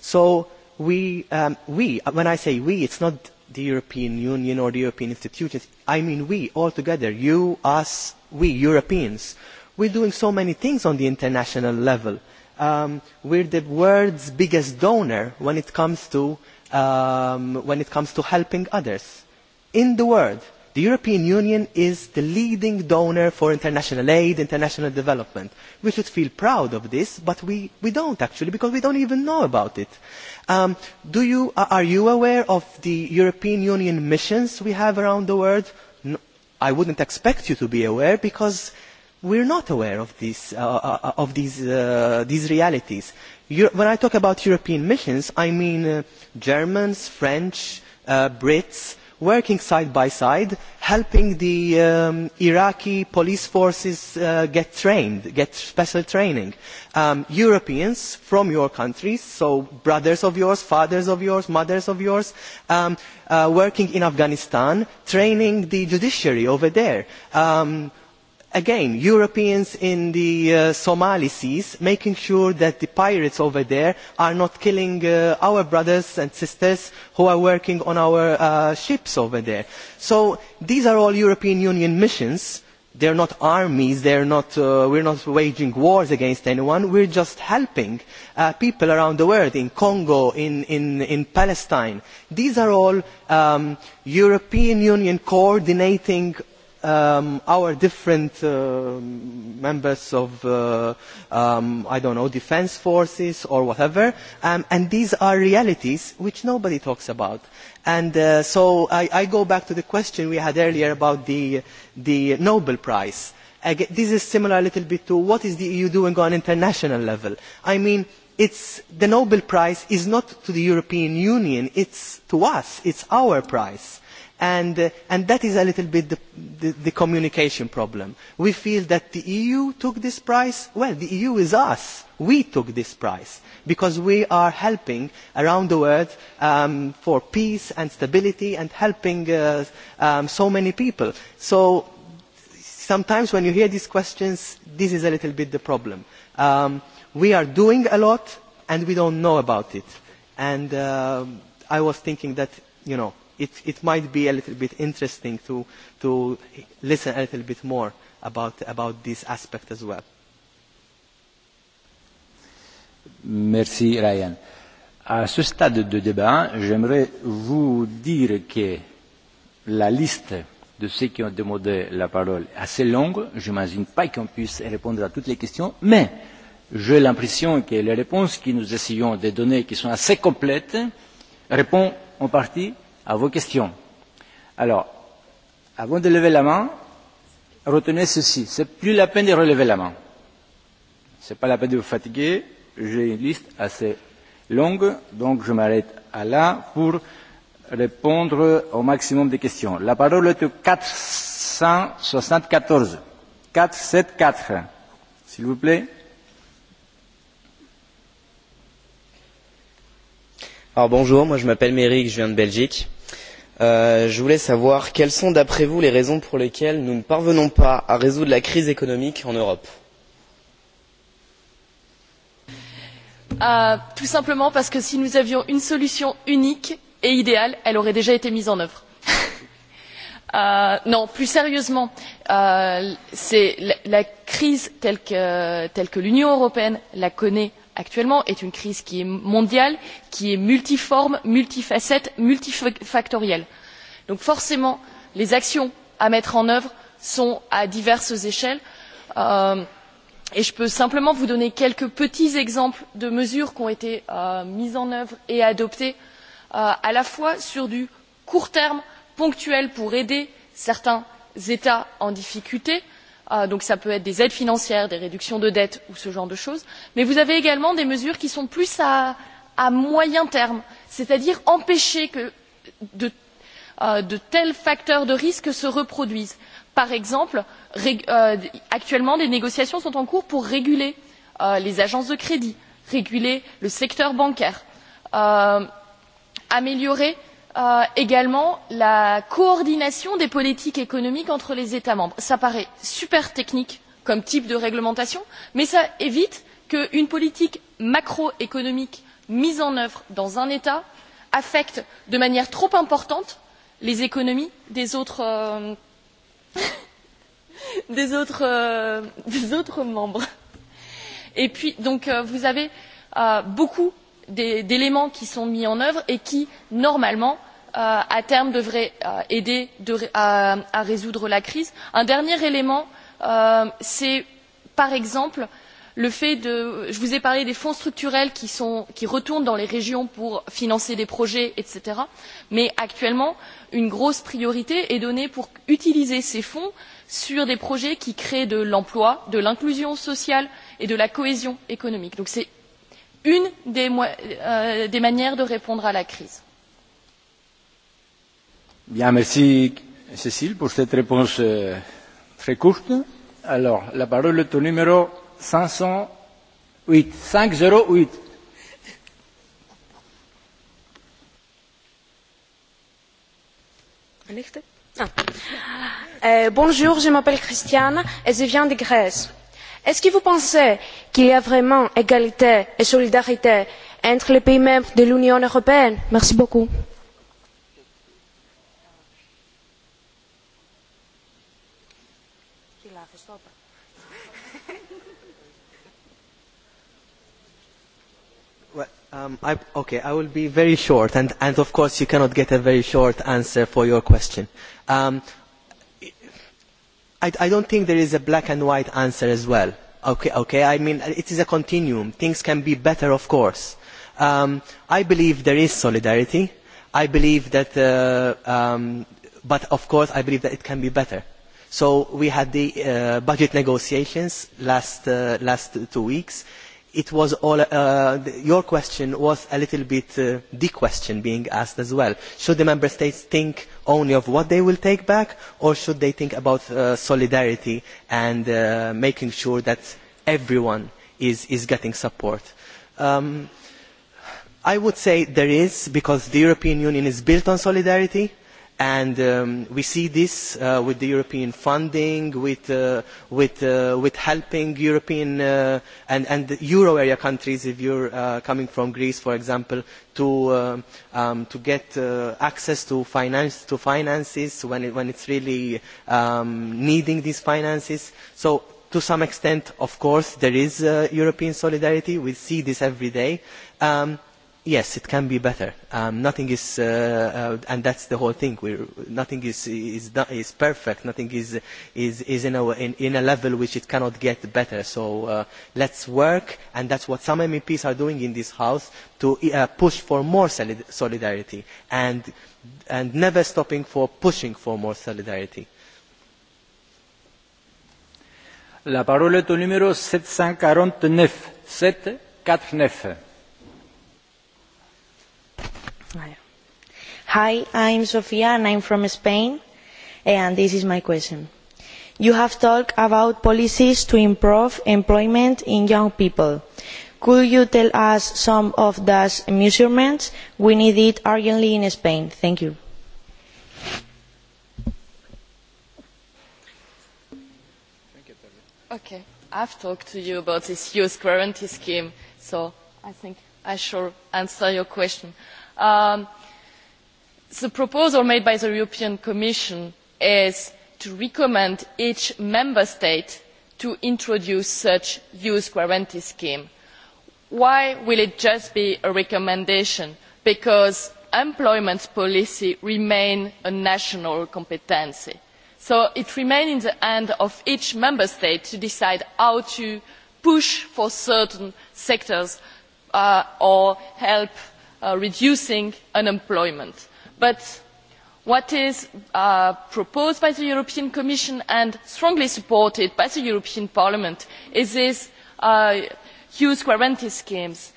So we, um, we, when I say we, it's not the European Union or the European institutions. I mean we, all together, you, us, we, Europeans. we are doing so many things on the international level. We are the world's biggest donor when it comes to when it comes to helping others in the world The European Union is the leading donor for international aid, international development. We should feel proud of this, but we, we not actually, because we do not even know about it. Um, do you, are you aware of the European Union missions we have around the world? No, I not expect you to be aware, because we are not aware of, this, uh, of these, uh, these realities. Euro when I talk about European missions, I mean uh, Germans, French, uh, Brits, working side by side, helping the Iraqi police forces get trained, get special training. Europeans from your countries, so brothers of yours, fathers of yours, mothers of yours, working in Afghanistan, training the judiciary over there. Um, again, Europeans in the uh, Somali seas, making sure that the pirates over there are not killing uh, our brothers and sisters who are working on our uh, ships over there. So these are all European Union missions. They're not armies, they're not, uh, we're not waging wars against anyone, we're just helping uh, people around the world, in Congo, in, in, in Palestine. These are all um, European Union coordinating um, our different uh, members of, uh, um, I don't know, defense forces or whatever. Um, and these are realities which nobody talks about. And uh, so I, I go back to the question we had earlier about the, the Nobel Prize. Again, this is similar a little bit to what is the EU doing on an international level. I mean, it's, the Nobel Prize is not to the European Union, it's to us, it's our prize and that is a little bit the communication problem. we feel that the eu took this prize well the eu is us we took this prize because we are helping around the world for peace and stability and helping so many people. so sometimes when you hear these questions this is a little bit the problem. we are doing a lot and we do not know about it. i was thinking that you know it, it might be a little bit interesting to, to listen a little bit more about, about this aspect as well. Merci Ryan. À ce stade de débat, j'aimerais vous dire que la liste de ceux qui ont demandé la parole est assez longue. Je n'imagine pas qu'on puisse répondre à toutes les questions, mais j'ai l'impression que les réponses que nous essayons de donner, qui sont assez complètes, répondent en partie à vos questions. Alors, avant de lever la main, retenez ceci. C'est plus la peine de relever la main. Ce n'est pas la peine de vous fatiguer. J'ai une liste assez longue, donc je m'arrête à là pour répondre au maximum de questions. La parole est au 474. 474. S'il vous plaît. Alors bonjour, moi je m'appelle Méric, je viens de Belgique je voulais savoir quelles sont d'après vous les raisons pour lesquelles nous ne parvenons pas à résoudre la crise économique en europe? tout simplement parce que si nous avions une solution unique et idéale elle aurait déjà été mise en œuvre. non plus sérieusement la crise telle que l'union européenne la connaît actuellement est une crise qui est mondiale qui est multiforme multifacette multifactorielle. donc forcément les actions à mettre en œuvre sont à diverses échelles et je peux simplement vous donner quelques petits exemples de mesures qui ont été mises en œuvre et adoptées à la fois sur du court terme ponctuel pour aider certains états en difficulté donc cela peut être des aides financières des réductions de dettes ou ce genre de choses mais vous avez également des mesures qui sont plus à moyen terme c'est à dire empêcher que de tels facteurs de risque se reproduisent. par exemple actuellement des négociations sont en cours pour réguler les agences de crédit réguler le secteur bancaire améliorer également la coordination des politiques économiques entre les états membres. cela paraît super technique comme type de réglementation mais cela évite qu'une politique macroéconomique mise en œuvre dans un état affecte de manière trop importante les économies des autres membres. et puis donc vous avez beaucoup d'éléments qui sont mis en œuvre et qui normalement à terme devraient aider à résoudre la crise. un dernier élément c'est par exemple le fait de je vous ai parlé des fonds structurels qui retournent dans les régions pour financer des projets etc. mais actuellement une grosse priorité est donnée pour utiliser ces fonds sur des projets qui créent de l'emploi de l'inclusion sociale et de la cohésion économique. donc c'est une des manières de répondre à la crise. merci cécile pour cette réponse très courte. alors la parole est au numéro cinq cent huit cinq zéro huit. Bonjour, je m'appelle Christiane et je viens de Grèce est ce que vous pensez qu'il y a vraiment égalité et solidarité entre les pays membres de l'union européenne? merci beaucoup. Um, I, okay, I will be very short, and, and of course you cannot get a very short answer for your question. Um, I, I don't think there is a black and white answer as well. Okay, okay. I mean, it is a continuum. Things can be better, of course. Um, I believe there is solidarity. I believe that, uh, um, but of course, I believe that it can be better. So we had the uh, budget negotiations last uh, last two weeks it was all your question was a little bit the question being asked as well. Should the member states think only of what they will take back, or should they think about solidarity and making sure that everyone is getting support? I would say there is because the European Union is built on solidarity and we see this with the European funding, with, helping European and, Euro area countries, if you are coming from Greece, for example, to, get access to, finances when, it, when it's really needing these finances. So to some extent, of course, there is European solidarity. We see this every day yes, it can be better. Um, nothing is, uh, uh, and that's the whole thing. We're, nothing is is is perfect. Nothing is is is in a in, in a level which it cannot get better. So uh, let's work, and that's what some MEPs are doing in this house to uh, push for more solid solidarity and and never stopping for pushing for more solidarity. La parole est au numéro 749. 749. Hi, I'm Sofia and I'm from Spain, and this is my question. You have talked about policies to improve employment in young people. Could you tell us some of those measurements? We need it urgently in Spain. Thank you. Okay, I've talked to you about this youth guarantee scheme, so I think I shall answer your question. Um, the proposal made by the european commission is to recommend each member state to introduce such a youth guarantee scheme. why will it just be a recommendation? because employment policy remains a national competence so it remains in the hands of each member state to decide how to push for certain sectors or help reduce unemployment but what is proposed by the european commission and strongly supported by the european parliament is these youth guarantee schemes.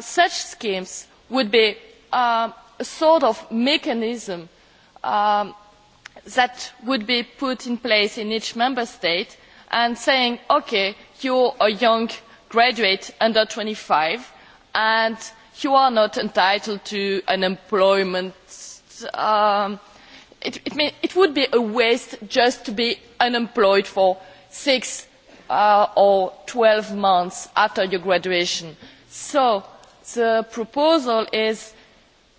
such schemes would be a sort of mechanism that would be put in place in each member state and saying ok you are a young graduate under twenty five and you are not entitled to unemployment. Um, it, it, it would be a waste just to be unemployed for six uh, or twelve months after your graduation. So the proposal is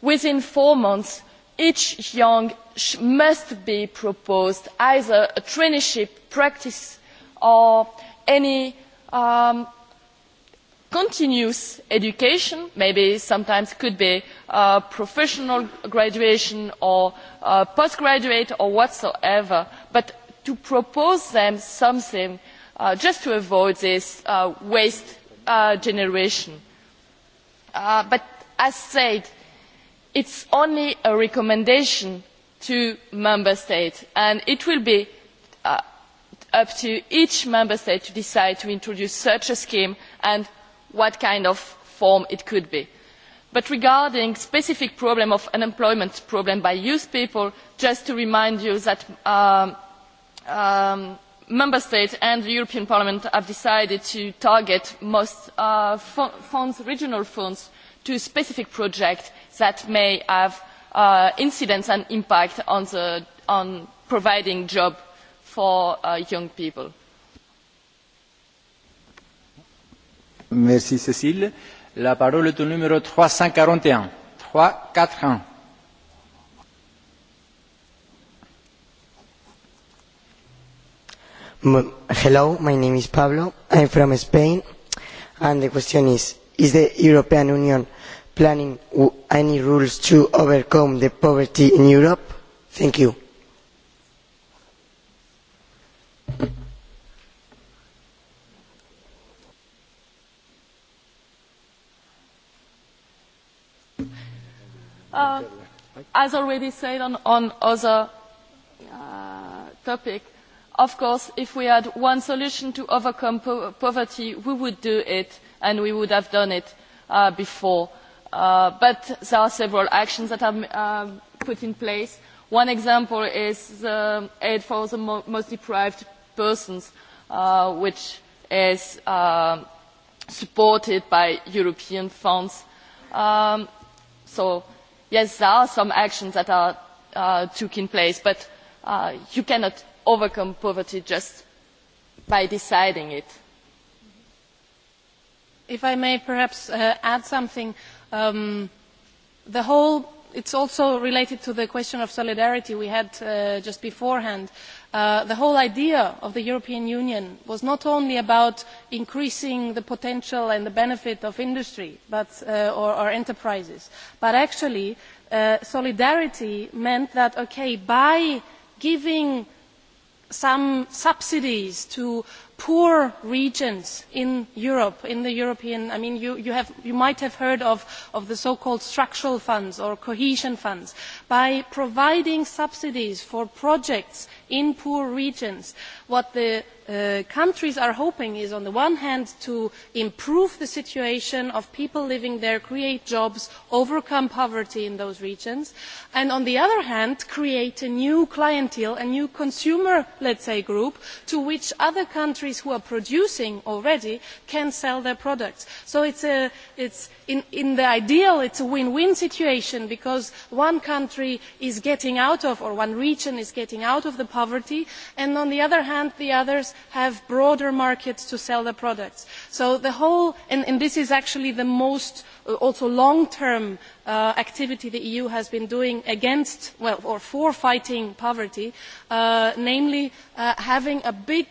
within four months each young must be proposed either a traineeship practice or any continuous education maybe sometimes it could be professional graduation or post graduate or whatsoever but to propose them something just to avoid this waste generation. but as said it is only a recommendation to member states and it will be up to each member state to decide to introduce such a scheme and what kind of form it could be. But regarding the specific problem of unemployment problem by youth people, just to remind you that member states and the European Parliament have decided to target most funds, regional funds, to specific projects that may have incidence and impact on, providing jobs for young people Merci Cécile. La parole est au numéro 341. 341. Hello, my name is Pablo. I'm from Spain. And the question is, is the European Union planning any rules to overcome the poverty in Europe? Thank you. Uh, as already said on, on other uh, topic, of course, if we had one solution to overcome po poverty, we would do it, and we would have done it uh, before. Uh, but there are several actions that are uh, put in place. One example is the aid for the mo most deprived persons, uh, which is uh, supported by European funds. Um, so yes there are some actions that are taken taking place but you cannot overcome poverty just by deciding it. If I may perhaps add something, it the whole, also related to the question of solidarity we had just beforehand the whole idea of the European Union was not only about increasing the potential and the benefit of industry or, enterprises, but actually solidarity meant that, by giving some subsidies to poor regions in Europe, in the European, I mean, you, you, have, you might have heard of, of the so-called structural funds or cohesion funds. By providing subsidies for projects in poor regions, what the countries are hoping is on the one hand to improve the situation of people living there, create jobs, overcome poverty in those regions, and on the other hand create a new clientele, a new consumer, let's say, group to which other countries who are producing already can sell their products. So it's a, it's in, in the ideal, it's a win-win situation because one country is getting out of, or one region is getting out of the poverty, and on the other hand, the others have broader markets to sell their products. So the whole, and, and this is actually the most also long-term activity the EU has been doing against, well, or for fighting poverty, namely having a big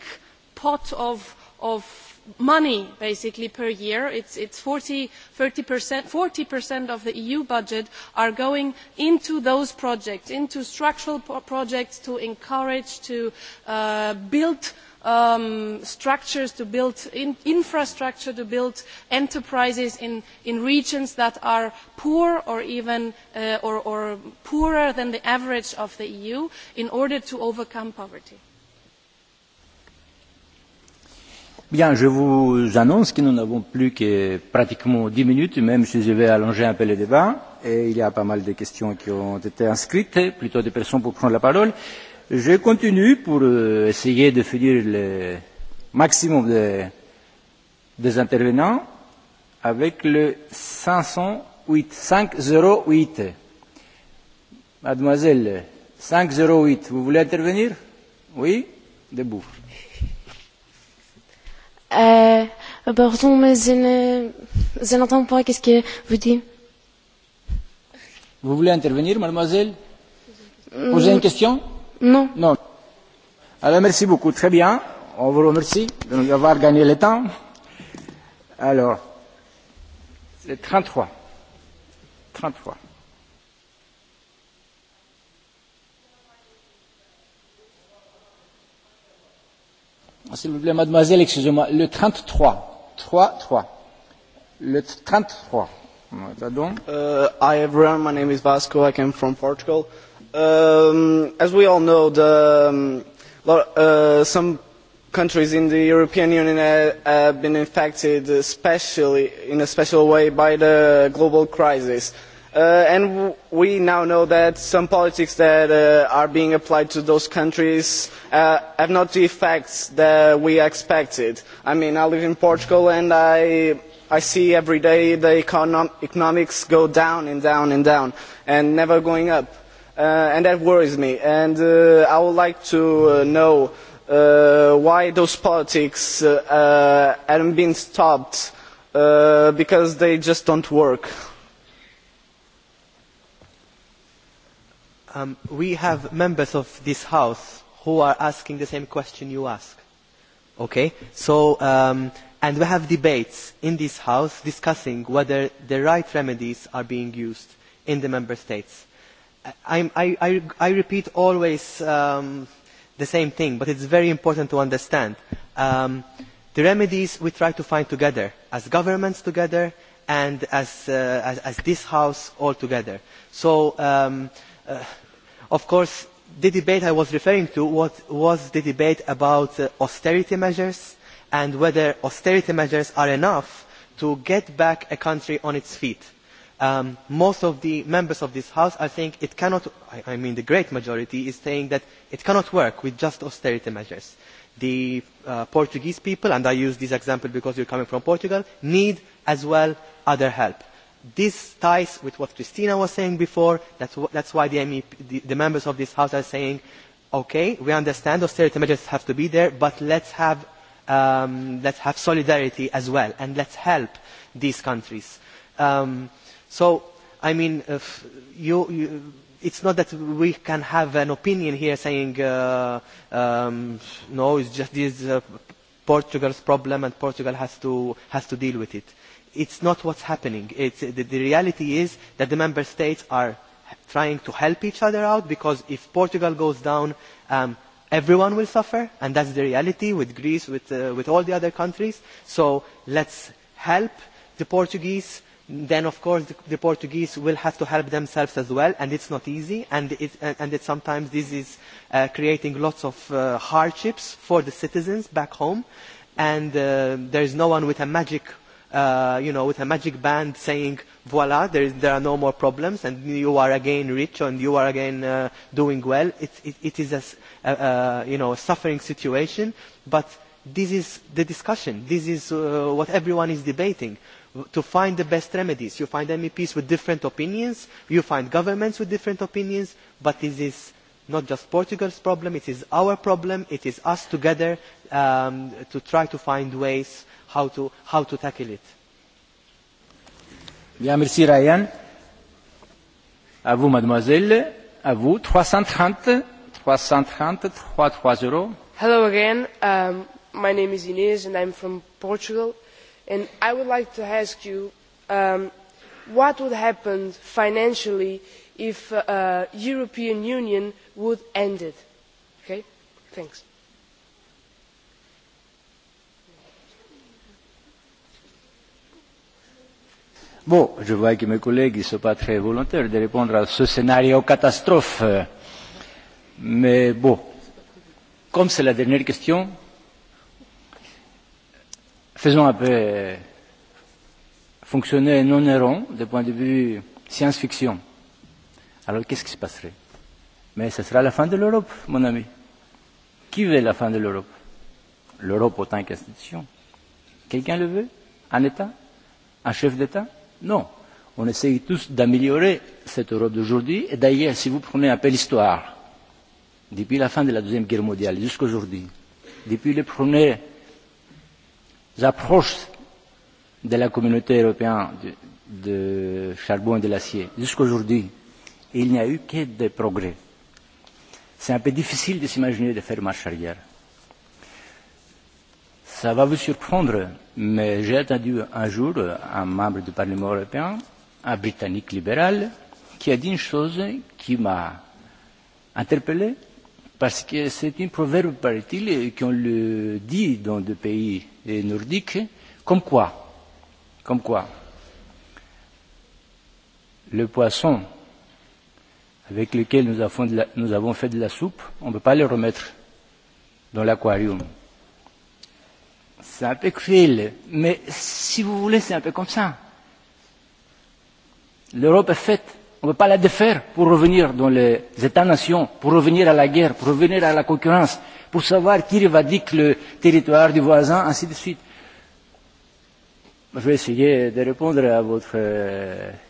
pot of, of money basically per year. It's, it's 40, 30%, 40% of the EU budget are going into those projects, into structural projects to encourage, to build structures to build infrastructure to build enterprises in regions that are poor or even or poorer than the average of the EU in order to overcome poverty. Bien, je vous annonce que nous n'avons plus que pratiquement dix minutes, même si je vais allonger un peu le débat. Et il y a pas mal de questions qui ont été inscrites, plutôt des personnes pour prendre la parole. Euh, Je continue pour essayer de finir le maximum de, des intervenants avec le 508. 508. Mademoiselle, 508, vous voulez intervenir Oui Debout. Euh, pardon, mais je n'entends pas qu'est-ce que vous dites. Vous voulez intervenir, mademoiselle Poser une question Non. Non. Alors merci beaucoup. Très bien. On vous remercie de nous avoir gagné le temps. Alors, c'est 33. 33. S'il vous plaît, mademoiselle, excusez-moi, le 33. 3, 3. Le 33. Pardon. hi everyone, my name is Vasco, I come from Portugal as we all know, some countries in the European Union have been affected especially, in a special way by the global crisis. and we now know that some politics that are being applied to those countries have not the effects that we expected. I mean, I live in Portugal and I I see every day the economics go down and down and down and never going up and that worries me. And I would like to know why those politics haven't been stopped because they just don't work. we have members of this house who are asking the same question you ask. Okay, so um, and we have debates in this house discussing whether the right remedies are being used in the member states I, I, I repeat always um, the same thing, but it's very important to understand. Um, the remedies we try to find together, as governments together, and as, uh, as, as this house all together. So, um, uh, of course, the debate I was referring to was the debate about uh, austerity measures and whether austerity measures are enough to get back a country on its feet um, most of the members of this house I think it cannot, I, I mean the great majority is saying that it cannot work with just austerity measures. The Portuguese people, and I use this example because you are coming from Portugal, need as well other help. This ties with what Christina was saying before, That is why the, MEP, the, the members of this house are saying, okay, we understand austerity measures have to be there, but let's have, um, let's have solidarity as well, and let's help these countries. Um, So, I mean, if you, you, it's not that we can have an opinion here saying, uh, um, no, it's just this uh, Portugal's problem and Portugal has to, has to deal with it. It's not what's happening. It's, the, the reality is that the member states are trying to help each other out because if Portugal goes down, um, everyone will suffer, and that's the reality with Greece, with, uh, with all the other countries. So let's help the Portuguese then of course the, the Portuguese will have to help themselves as well, and it's not easy, and, it, and it sometimes this is uh, creating lots of uh, hardships for the citizens back home, and uh, there is no one with a magic uh, you know, with a magic band saying, voila, there, is, there are no more problems and you are again rich and you are again uh, doing well. It, it, it is a, a, you know, a suffering situation, but this is the discussion. This is uh, what everyone is debating to find the best remedies. You find MEPs with different opinions, you find governments with different opinions, but this is not just Portugal's problem, it is our problem, it is us together um, to try to find ways how to, how to tackle it. Bien, merci Ryan. À vous, mademoiselle. À vous, 330, 330, 330. Hello again. Um, my name is Inez and I'm from Portugal and i would like to ask you what would happen financially if the european union were ended? thanks. je vois que mes collègues ne sont pas très volontaires de répondre à ce scénario catastrophe. Mais comme c'est la dernière question, faisons un peu fonctionner non errant du point de vue science-fiction. Alors qu'est-ce qui se passerait Mais ce sera la fin de l'Europe, mon ami. Qui veut la fin de l'Europe L'Europe autant qu'institution. Quelqu'un le veut Un État Un chef d'État Non. On essaye tous d'améliorer cette Europe d'aujourd'hui. Et d'ailleurs, si vous prenez un peu l'histoire, depuis la fin de la Deuxième Guerre mondiale jusqu'à aujourd'hui, depuis les premiers L'approche de la communauté européenne de charbon et de l'acier jusqu'à aujourd'hui, il n'y a eu que des progrès. C'est un peu difficile de s'imaginer de faire marche arrière. Ça va vous surprendre, mais j'ai entendu un jour un membre du Parlement européen, un Britannique libéral, qui a dit une chose qui m'a interpellé parce que c'est un proverbe, paraît-il, qu'on le dit dans des pays nordiques, comme quoi, comme quoi, le poisson avec lequel nous avons, de la, nous avons fait de la soupe, on ne peut pas le remettre dans l'aquarium. C'est un peu cruel, mais si vous voulez, c'est un peu comme ça. L'Europe est faite On ne peut pas la défaire pour revenir dans les États-nations, pour revenir à la guerre, pour revenir à la concurrence, pour savoir qui revendique le territoire du voisin, ainsi de suite. Je vais essayer de répondre à votre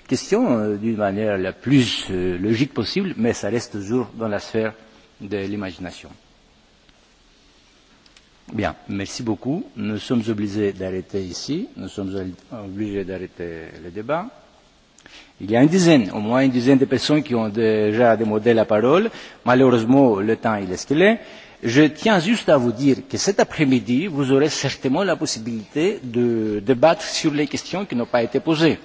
question d'une manière la plus logique possible, mais ça reste toujours dans la sphère de l'imagination. Bien, merci beaucoup. Nous sommes obligés d'arrêter ici. Nous sommes obligés d'arrêter le débat Il y a une dizaine, au moins une dizaine de personnes qui ont déjà démodé la parole. Malheureusement, le temps il est ce qu'il est. Je tiens juste à vous dire que cet après-midi, vous aurez certainement la possibilité de débattre sur les questions qui n'ont pas été posées.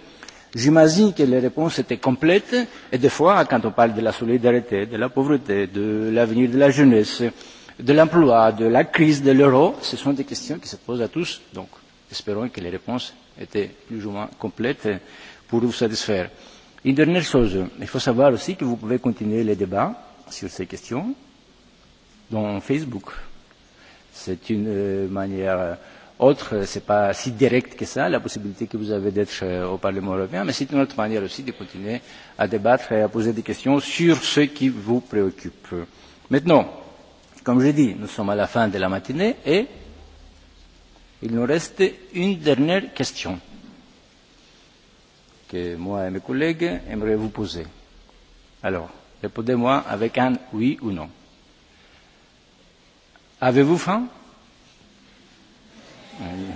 J'imagine que les réponses étaient complètes et des fois, quand on parle de la solidarité, de la pauvreté, de l'avenir de la jeunesse, de l'emploi, de la crise, de l'euro, ce sont des questions qui se posent à tous. Donc, espérons que les réponses étaient plus ou moins complètes pour vous satisfaire. Une dernière chose, il faut savoir aussi que vous pouvez continuer les débats sur ces questions dans Facebook. C'est une euh, manière autre, ce n'est pas si direct que ça, la possibilité que vous avez d'être au Parlement européen, mais c'est une autre manière aussi de continuer à débattre et à poser des questions sur ce qui vous préoccupe. Maintenant, comme je dis, nous sommes à la fin de la matinée et il nous reste une dernière question que moi et mes collègues aimeraient vous poser. Alors, répondez-moi avec un oui ou non. Avez-vous faim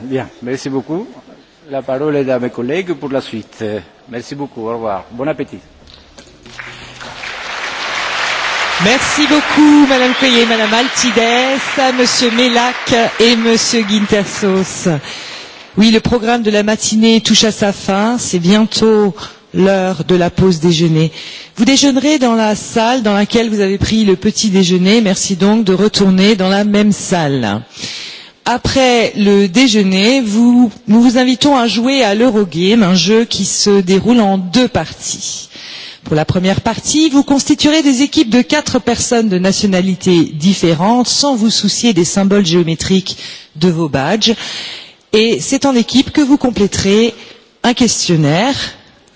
Bien, merci beaucoup. La parole est à mes collègues pour la suite. Merci beaucoup, au revoir. Bon appétit. Merci beaucoup, Madame Coyer, Madame Altides, Monsieur Mélac et Monsieur Guintersos. Oui, le programme de la matinée touche à sa fin. C'est bientôt l'heure de la pause déjeuner. Vous déjeunerez dans la salle dans laquelle vous avez pris le petit déjeuner. Merci donc de retourner dans la même salle. Après le déjeuner, vous, nous vous invitons à jouer à l'Eurogame, un jeu qui se déroule en deux parties. Pour la première partie, vous constituerez des équipes de quatre personnes de nationalités différentes sans vous soucier des symboles géométriques de vos badges Et c'est en équipe que vous compléterez un questionnaire,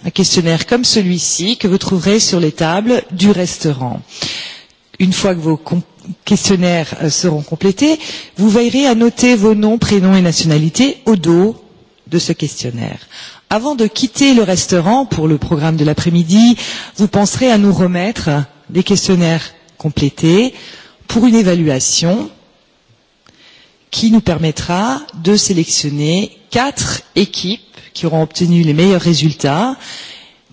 un questionnaire comme celui-ci que vous trouverez sur les tables du restaurant. Une fois que vos questionnaires seront complétés, vous veillerez à noter vos noms, prénoms et nationalités au dos de ce questionnaire. Avant de quitter le restaurant pour le programme de l'après-midi, vous penserez à nous remettre des questionnaires complétés pour une évaluation qui nous permettra de sélectionner quatre équipes qui auront obtenu les meilleurs résultats,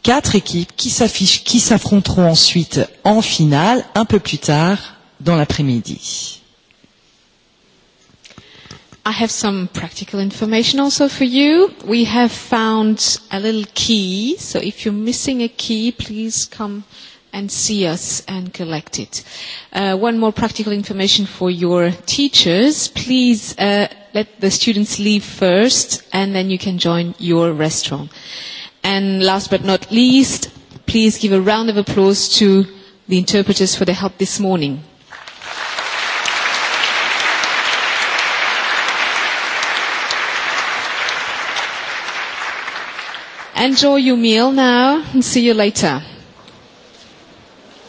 quatre équipes qui s'affichent, qui s'affronteront ensuite en finale un peu plus tard dans l'après-midi. I have some practical information also for you. We have found a little key, so if you're missing a key, please come and see us and collect it. Uh, one more practical information for your teachers. Please uh, let the students leave first and then you can join your restaurant. And last but not least, please give a round of applause to the interpreters for their help this morning. Enjoy your meal now and see you later.